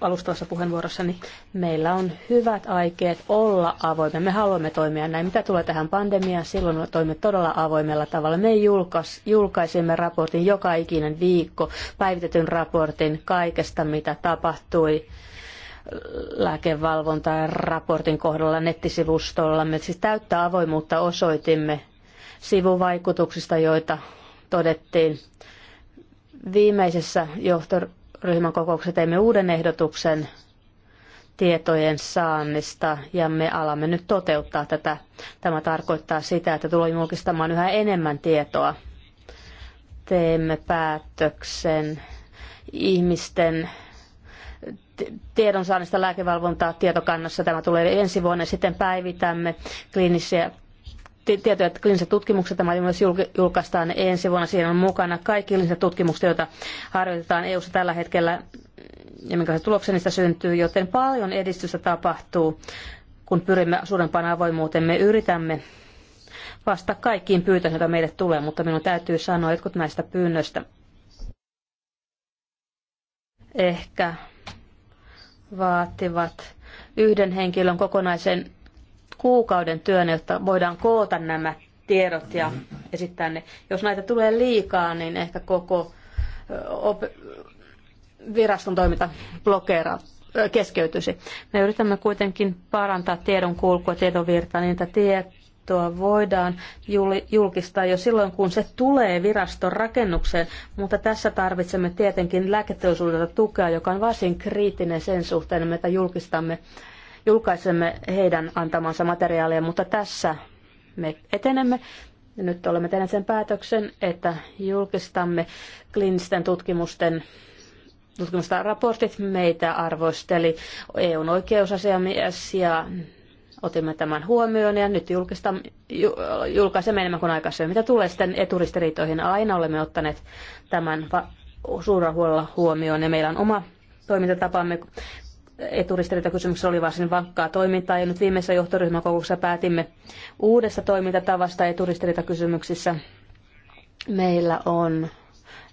alustavassa puheenvuorossani. Meillä on hyvät aikeet olla avoimia. Me haluamme toimia näin. Mitä tulee tähän pandemiaan, silloin me toimme todella avoimella tavalla. Me julkais, julkaisimme raportin joka ikinen viikko, päivitetyn raportin kaikesta, mitä tapahtui lääkevalvontaa raportin kohdalla nettisivustolla. Me siis täyttää avoimuutta osoitimme sivuvaikutuksista, joita todettiin. Viimeisessä johtoryhmän kokouksessa teimme uuden ehdotuksen tietojen saannista ja me alamme nyt toteuttaa tätä. Tämä tarkoittaa sitä, että tulee julkistamaan yhä enemmän tietoa. Teemme päätöksen ihmisten tiedonsaannista lääkevalvontaa tietokannassa. Tämä tulee ensi vuonna. Sitten päivitämme kliinisiä tietoja kliiniset tutkimukset, tämä myös julkaistaan ensi vuonna. Siinä on mukana kaikki kliiniset tutkimukset, joita harjoitetaan EU-ssa tällä hetkellä ja minkälaisia tuloksia niistä syntyy, joten paljon edistystä tapahtuu, kun pyrimme suurempaan avoimuuteen. Me yritämme vastata kaikkiin pyytöihin, joita meille tulee, mutta minun täytyy sanoa jotkut näistä pyynnöistä. Ehkä vaativat yhden henkilön kokonaisen kuukauden työn, jotta voidaan koota nämä tiedot ja esittää ne. Jos näitä tulee liikaa, niin ehkä koko viraston toiminta blokeeraa keskeytyisi. Me yritämme kuitenkin parantaa tiedon kulkua, tietovirtaa, niin että tietoa voidaan julkistaa jo silloin, kun se tulee viraston rakennukseen, mutta tässä tarvitsemme tietenkin lääketeollisuudelta tukea, joka on varsin kriittinen sen suhteen, että julkistamme julkaisemme heidän antamansa materiaalia, mutta tässä me etenemme. Nyt olemme tehneet sen päätöksen, että julkistamme kliinisten tutkimusten tutkimusta raportit. Meitä arvosteli EUn oikeusasiamies ja otimme tämän huomioon ja nyt julkaisemme enemmän kuin aikaisemmin. Mitä tulee sitten eturistiriitoihin, aina olemme ottaneet tämän suurella huolella huomioon ja meillä on oma toimintatapamme kysymyksessä oli varsin vankkaa toimintaa ja nyt viimeisessä johtoryhmäkokouksessa päätimme uudesta toimintatavasta kysymyksissä Meillä on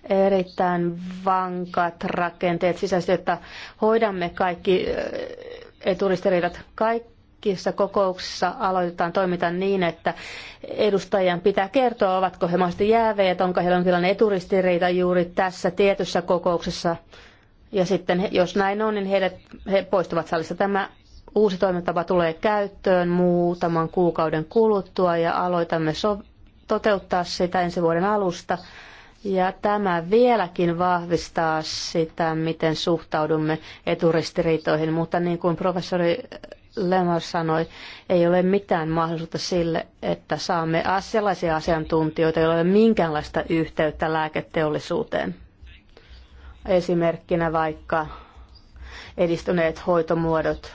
erittäin vankat rakenteet sisäisesti, että hoidamme kaikki eh, eturistiriidat. Kaikissa kokouksissa aloitetaan toiminta niin, että edustajan pitää kertoa, ovatko he mahdollisesti jääveet, onko heillä jonkinlainen eturistiriita juuri tässä tietyssä kokouksessa – ja sitten jos näin on, niin heidät, he poistuvat salissa. Tämä uusi toimintapa tulee käyttöön muutaman kuukauden kuluttua ja aloitamme so- toteuttaa sitä ensi vuoden alusta. Ja tämä vieläkin vahvistaa sitä, miten suhtaudumme eturistiriitoihin, mutta niin kuin professori Lemar sanoi, ei ole mitään mahdollisuutta sille, että saamme sellaisia asiantuntijoita, joilla ei ole minkäänlaista yhteyttä lääketeollisuuteen. Esimerkkinä vaikka edistyneet hoitomuodot,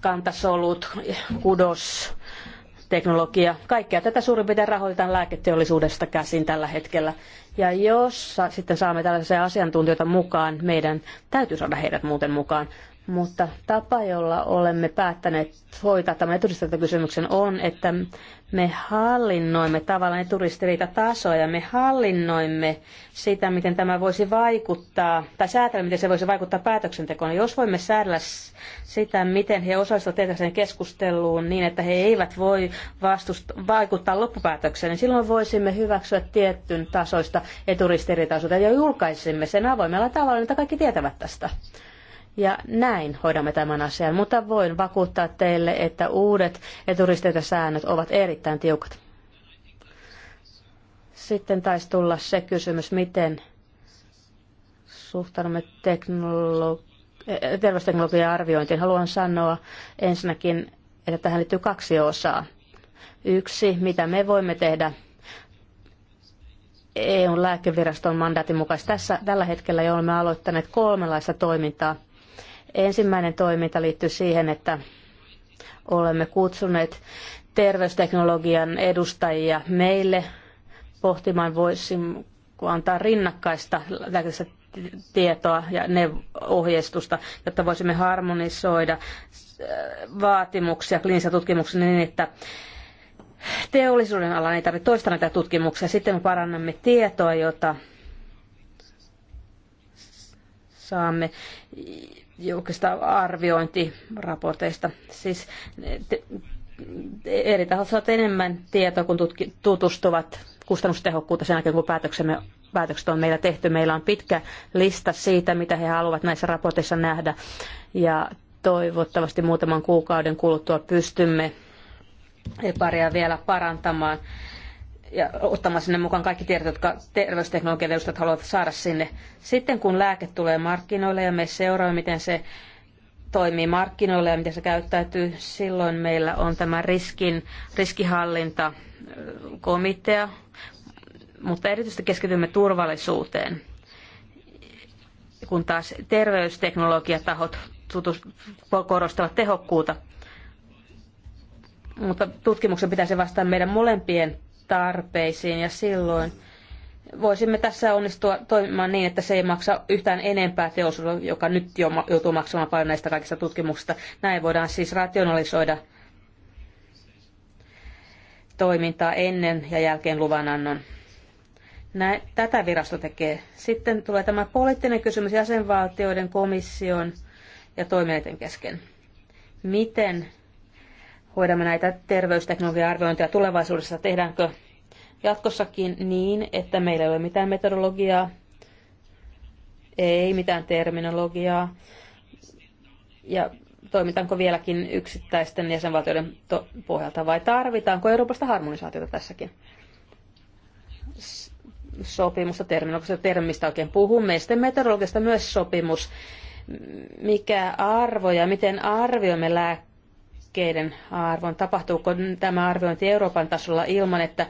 kantasolut, kudos, teknologia. Kaikkea tätä suurin piirtein rahoitetaan lääketeollisuudesta käsin tällä hetkellä. Ja jos sitten saamme tällaisia asiantuntijoita mukaan, meidän täytyy saada heidät muuten mukaan. Mutta tapa, jolla olemme päättäneet hoitaa tämän eturistiriitakysymyksen on, että me hallinnoimme tavallaan eturistiriitatasoja, me hallinnoimme sitä, miten tämä voisi vaikuttaa, tai säätellä, miten se voisi vaikuttaa päätöksentekoon. Jos voimme säädellä sitä, miten he osallistuvat sen keskusteluun niin, että he eivät voi vastust- vaikuttaa loppupäätökseen, niin silloin voisimme hyväksyä tietyn tasoista eturistiriitaisuutta ja julkaisimme sen avoimella tavalla, niin että kaikki tietävät tästä. Ja näin hoidamme tämän asian, mutta voin vakuuttaa teille, että uudet säännöt ovat erittäin tiukat. Sitten taisi tulla se kysymys, miten suhtaudumme teknologi- eh, eh, terveysteknologian arviointiin. Haluan sanoa ensinnäkin, että tähän liittyy kaksi osaa. Yksi, mitä me voimme tehdä eu lääkeviraston mandaatin mukaisesti. Tässä, tällä hetkellä jo olemme aloittaneet kolmenlaista toimintaa – Ensimmäinen toiminta liittyy siihen, että olemme kutsuneet terveysteknologian edustajia meille pohtimaan, voisimmeko antaa rinnakkaista tietoa ja ohjeistusta, jotta voisimme harmonisoida äh, vaatimuksia kliinisessä tutkimuksessa niin, että teollisuuden alan ei tarvitse toista näitä tutkimuksia. Sitten me parannamme tietoa, jota saamme julkista arviointiraporteista. Siis eri tahot saavat enemmän tietoa, kun tutki, tutustuvat kustannustehokkuutta, sen jälkeen, kun päätöksemme, päätökset on meillä tehty. Meillä on pitkä lista siitä, mitä he haluavat näissä raporteissa nähdä. Ja toivottavasti muutaman kuukauden kuluttua pystymme paria vielä parantamaan ja ottamaan sinne mukaan kaikki tiedot, jotka terveysteknologian edustajat haluavat saada sinne. Sitten kun lääke tulee markkinoille ja me seuraamme, miten se toimii markkinoilla ja miten se käyttäytyy, silloin meillä on tämä riskin, riskihallintakomitea, mutta erityisesti keskitymme turvallisuuteen, kun taas terveysteknologiatahot korostavat tehokkuutta. Mutta tutkimuksen pitäisi vastata meidän molempien tarpeisiin ja silloin voisimme tässä onnistua toimimaan niin, että se ei maksa yhtään enempää teollisuudelle, joka nyt jo joutuu maksamaan paljon näistä kaikista tutkimuksista. Näin voidaan siis rationalisoida toimintaa ennen ja jälkeen luvanannon. Näin, tätä virasto tekee. Sitten tulee tämä poliittinen kysymys jäsenvaltioiden komission ja toimijoiden kesken. Miten hoidamme näitä terveysteknologia arviointia tulevaisuudessa? Tehdäänkö jatkossakin niin, että meillä ei ole mitään metodologiaa, ei mitään terminologiaa, ja toimitaanko vieläkin yksittäisten jäsenvaltioiden pohjalta, vai tarvitaanko Euroopasta harmonisaatiota tässäkin? sopimusta, terminologista termistä oikein puhumme, ja sitten metodologista myös sopimus. Mikä arvo ja miten arvioimme lääkkeitä? osakkeiden arvon. Tapahtuuko tämä arviointi Euroopan tasolla ilman, että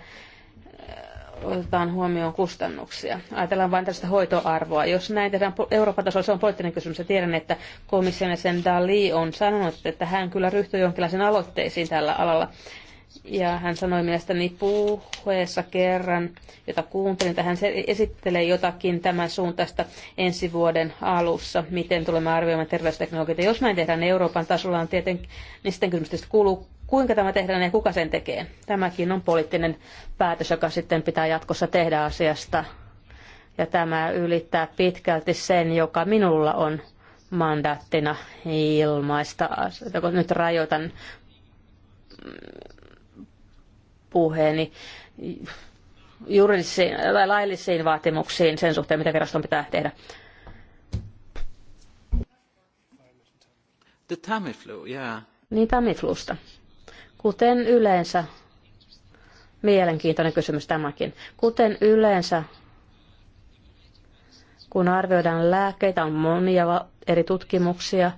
otetaan huomioon kustannuksia. Ajatellaan vain tästä hoitoarvoa. Jos näin tehdään Euroopan tasolla, se on poliittinen kysymys. Ja tiedän, että komission sen Dali on sanonut, että hän kyllä ryhtyy jonkinlaisiin aloitteisiin tällä alalla. Ja hän sanoi mielestäni puheessa kerran, jota kuuntelin, että hän esittelee jotakin tämän suuntaista ensi vuoden alussa, miten tulemme arvioimaan terveysteknologioita. Jos näin tehdään Euroopan tasolla, on tietenkin, niin sitten kysymys kuuluu, kuinka tämä tehdään ja kuka sen tekee. Tämäkin on poliittinen päätös, joka sitten pitää jatkossa tehdä asiasta. Ja tämä ylittää pitkälti sen, joka minulla on mandaattina ilmaista. kun Nyt rajoitan puheeni juridisiin tai laillisiin vaatimuksiin sen suhteen, mitä viraston pitää tehdä. The Tamiflu, yeah. Niin Tamiflusta. Kuten yleensä, mielenkiintoinen kysymys tämäkin. Kuten yleensä, kun arvioidaan lääkkeitä, on monia eri tutkimuksia,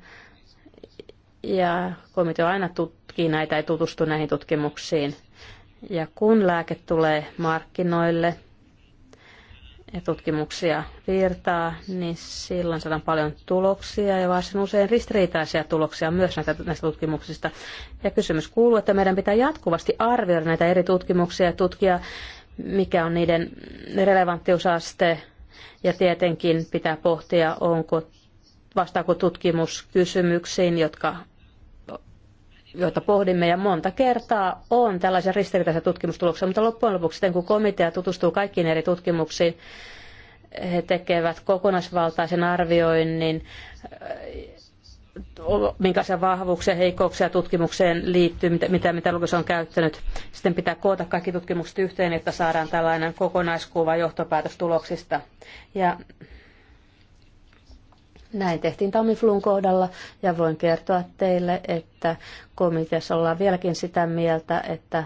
ja komitea aina tutkii näitä ja tutustuu näihin tutkimuksiin – ja kun lääke tulee markkinoille ja tutkimuksia virtaa, niin silloin saadaan paljon tuloksia ja varsin usein ristiriitaisia tuloksia myös näitä, näistä tutkimuksista. Ja kysymys kuuluu, että meidän pitää jatkuvasti arvioida näitä eri tutkimuksia ja tutkia, mikä on niiden relevanttiusaste ja tietenkin pitää pohtia, onko vastaako tutkimus kysymyksiin, jotka joita pohdimme ja monta kertaa on tällaisia ristiriitaisia tutkimustuloksia, mutta loppujen lopuksi sitten kun komitea tutustuu kaikkiin eri tutkimuksiin, he tekevät kokonaisvaltaisen arvioinnin, minkälaisia vahvuuksia, heikkouksia tutkimukseen liittyy, mitä, mitä, mitä lukus on käyttänyt. Sitten pitää koota kaikki tutkimukset yhteen, että saadaan tällainen kokonaiskuva johtopäätöstuloksista. Ja näin tehtiin Tamiflun kohdalla ja voin kertoa teille, että komiteassa ollaan vieläkin sitä mieltä, että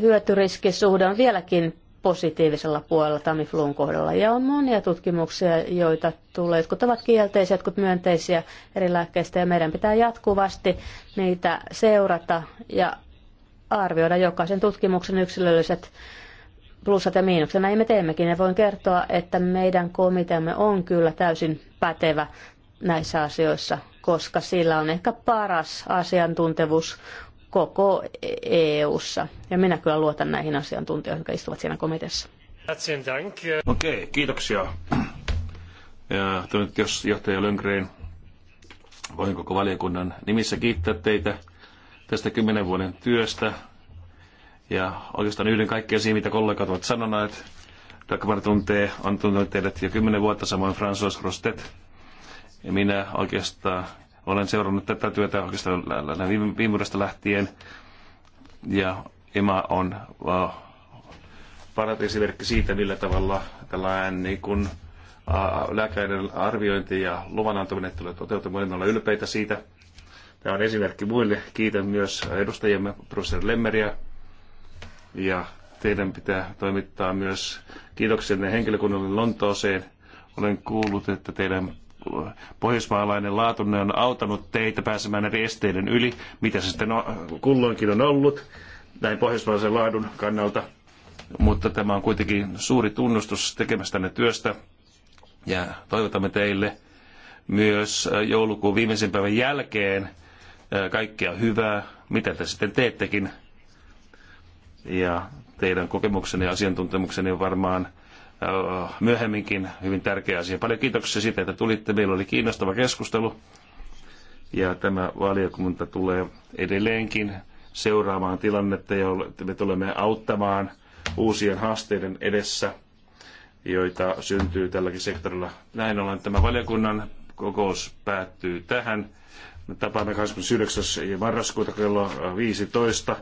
hyötyriskisuhde on vieläkin positiivisella puolella Tamiflun kohdalla. Ja on monia tutkimuksia, joita tulee. Jotkut ovat kielteisiä, jotkut myönteisiä eri lääkkeistä ja meidän pitää jatkuvasti niitä seurata ja arvioida jokaisen tutkimuksen yksilölliset plussat ja miinukset. Näin me teemmekin ja voin kertoa, että meidän komiteamme on kyllä täysin pätevä näissä asioissa, koska sillä on ehkä paras asiantuntevuus koko EU-ssa. Ja minä kyllä luotan näihin asiantuntijoihin, jotka istuvat siinä komiteassa. Okei, kiitoksia. Ja nyt jos johtaja Löngren, voin koko valiokunnan nimissä kiittää teitä tästä kymmenen vuoden työstä. Ja oikeastaan yhden kaikkea siihen, mitä kollegat ovat sanoneet. Dagmar tuntee, on tuntenut teidät jo kymmenen vuotta, samoin François Rostet. Ja minä oikeastaan olen seurannut tätä työtä oikeastaan viime, vuodesta lähtien. Ja Emma on uh, paratiisiverkki siitä, millä tavalla tällainen niin kuin, uh, lääkäiden arviointi ja luvanantomenettely toteutuu. Voimme niin olla ylpeitä siitä. Tämä on esimerkki muille. Kiitän myös edustajiemme professori Lemmeriä ja teidän pitää toimittaa myös kiitoksenne henkilökunnalle Lontooseen. Olen kuullut, että teidän pohjoismaalainen laatunne on auttanut teitä pääsemään näiden esteiden yli, mitä se sitten kulloinkin on ollut näin pohjoismaisen laadun kannalta. Mutta tämä on kuitenkin suuri tunnustus tekemästänne työstä ja toivotamme teille myös joulukuun viimeisen päivän jälkeen kaikkea hyvää, mitä te sitten teettekin ja teidän kokemuksenne ja asiantuntemuksenne on varmaan äh, myöhemminkin hyvin tärkeä asia. Paljon kiitoksia siitä, että tulitte. Meillä oli kiinnostava keskustelu ja tämä valiokunta tulee edelleenkin seuraamaan tilannetta ja me tulemme auttamaan uusien haasteiden edessä, joita syntyy tälläkin sektorilla. Näin ollen tämä valiokunnan kokous päättyy tähän. Me tapaamme 29. marraskuuta kello 15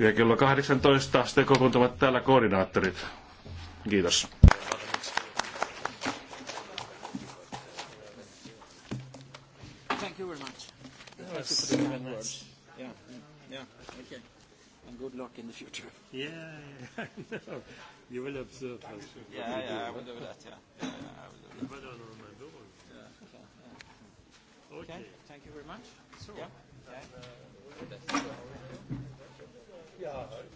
ja kello 18 sitten kokoontuvat täällä koordinaattorit. Kiitos. Thank you very much. you Yeah, yeah, Yeah, yeah. will observe. Us. Yeah, yeah, I will do that. Yeah, yeah, yeah I will do that. But Yeah, okay, yeah. Okay. okay. Thank you very much. So, yeah. Uh, Jahre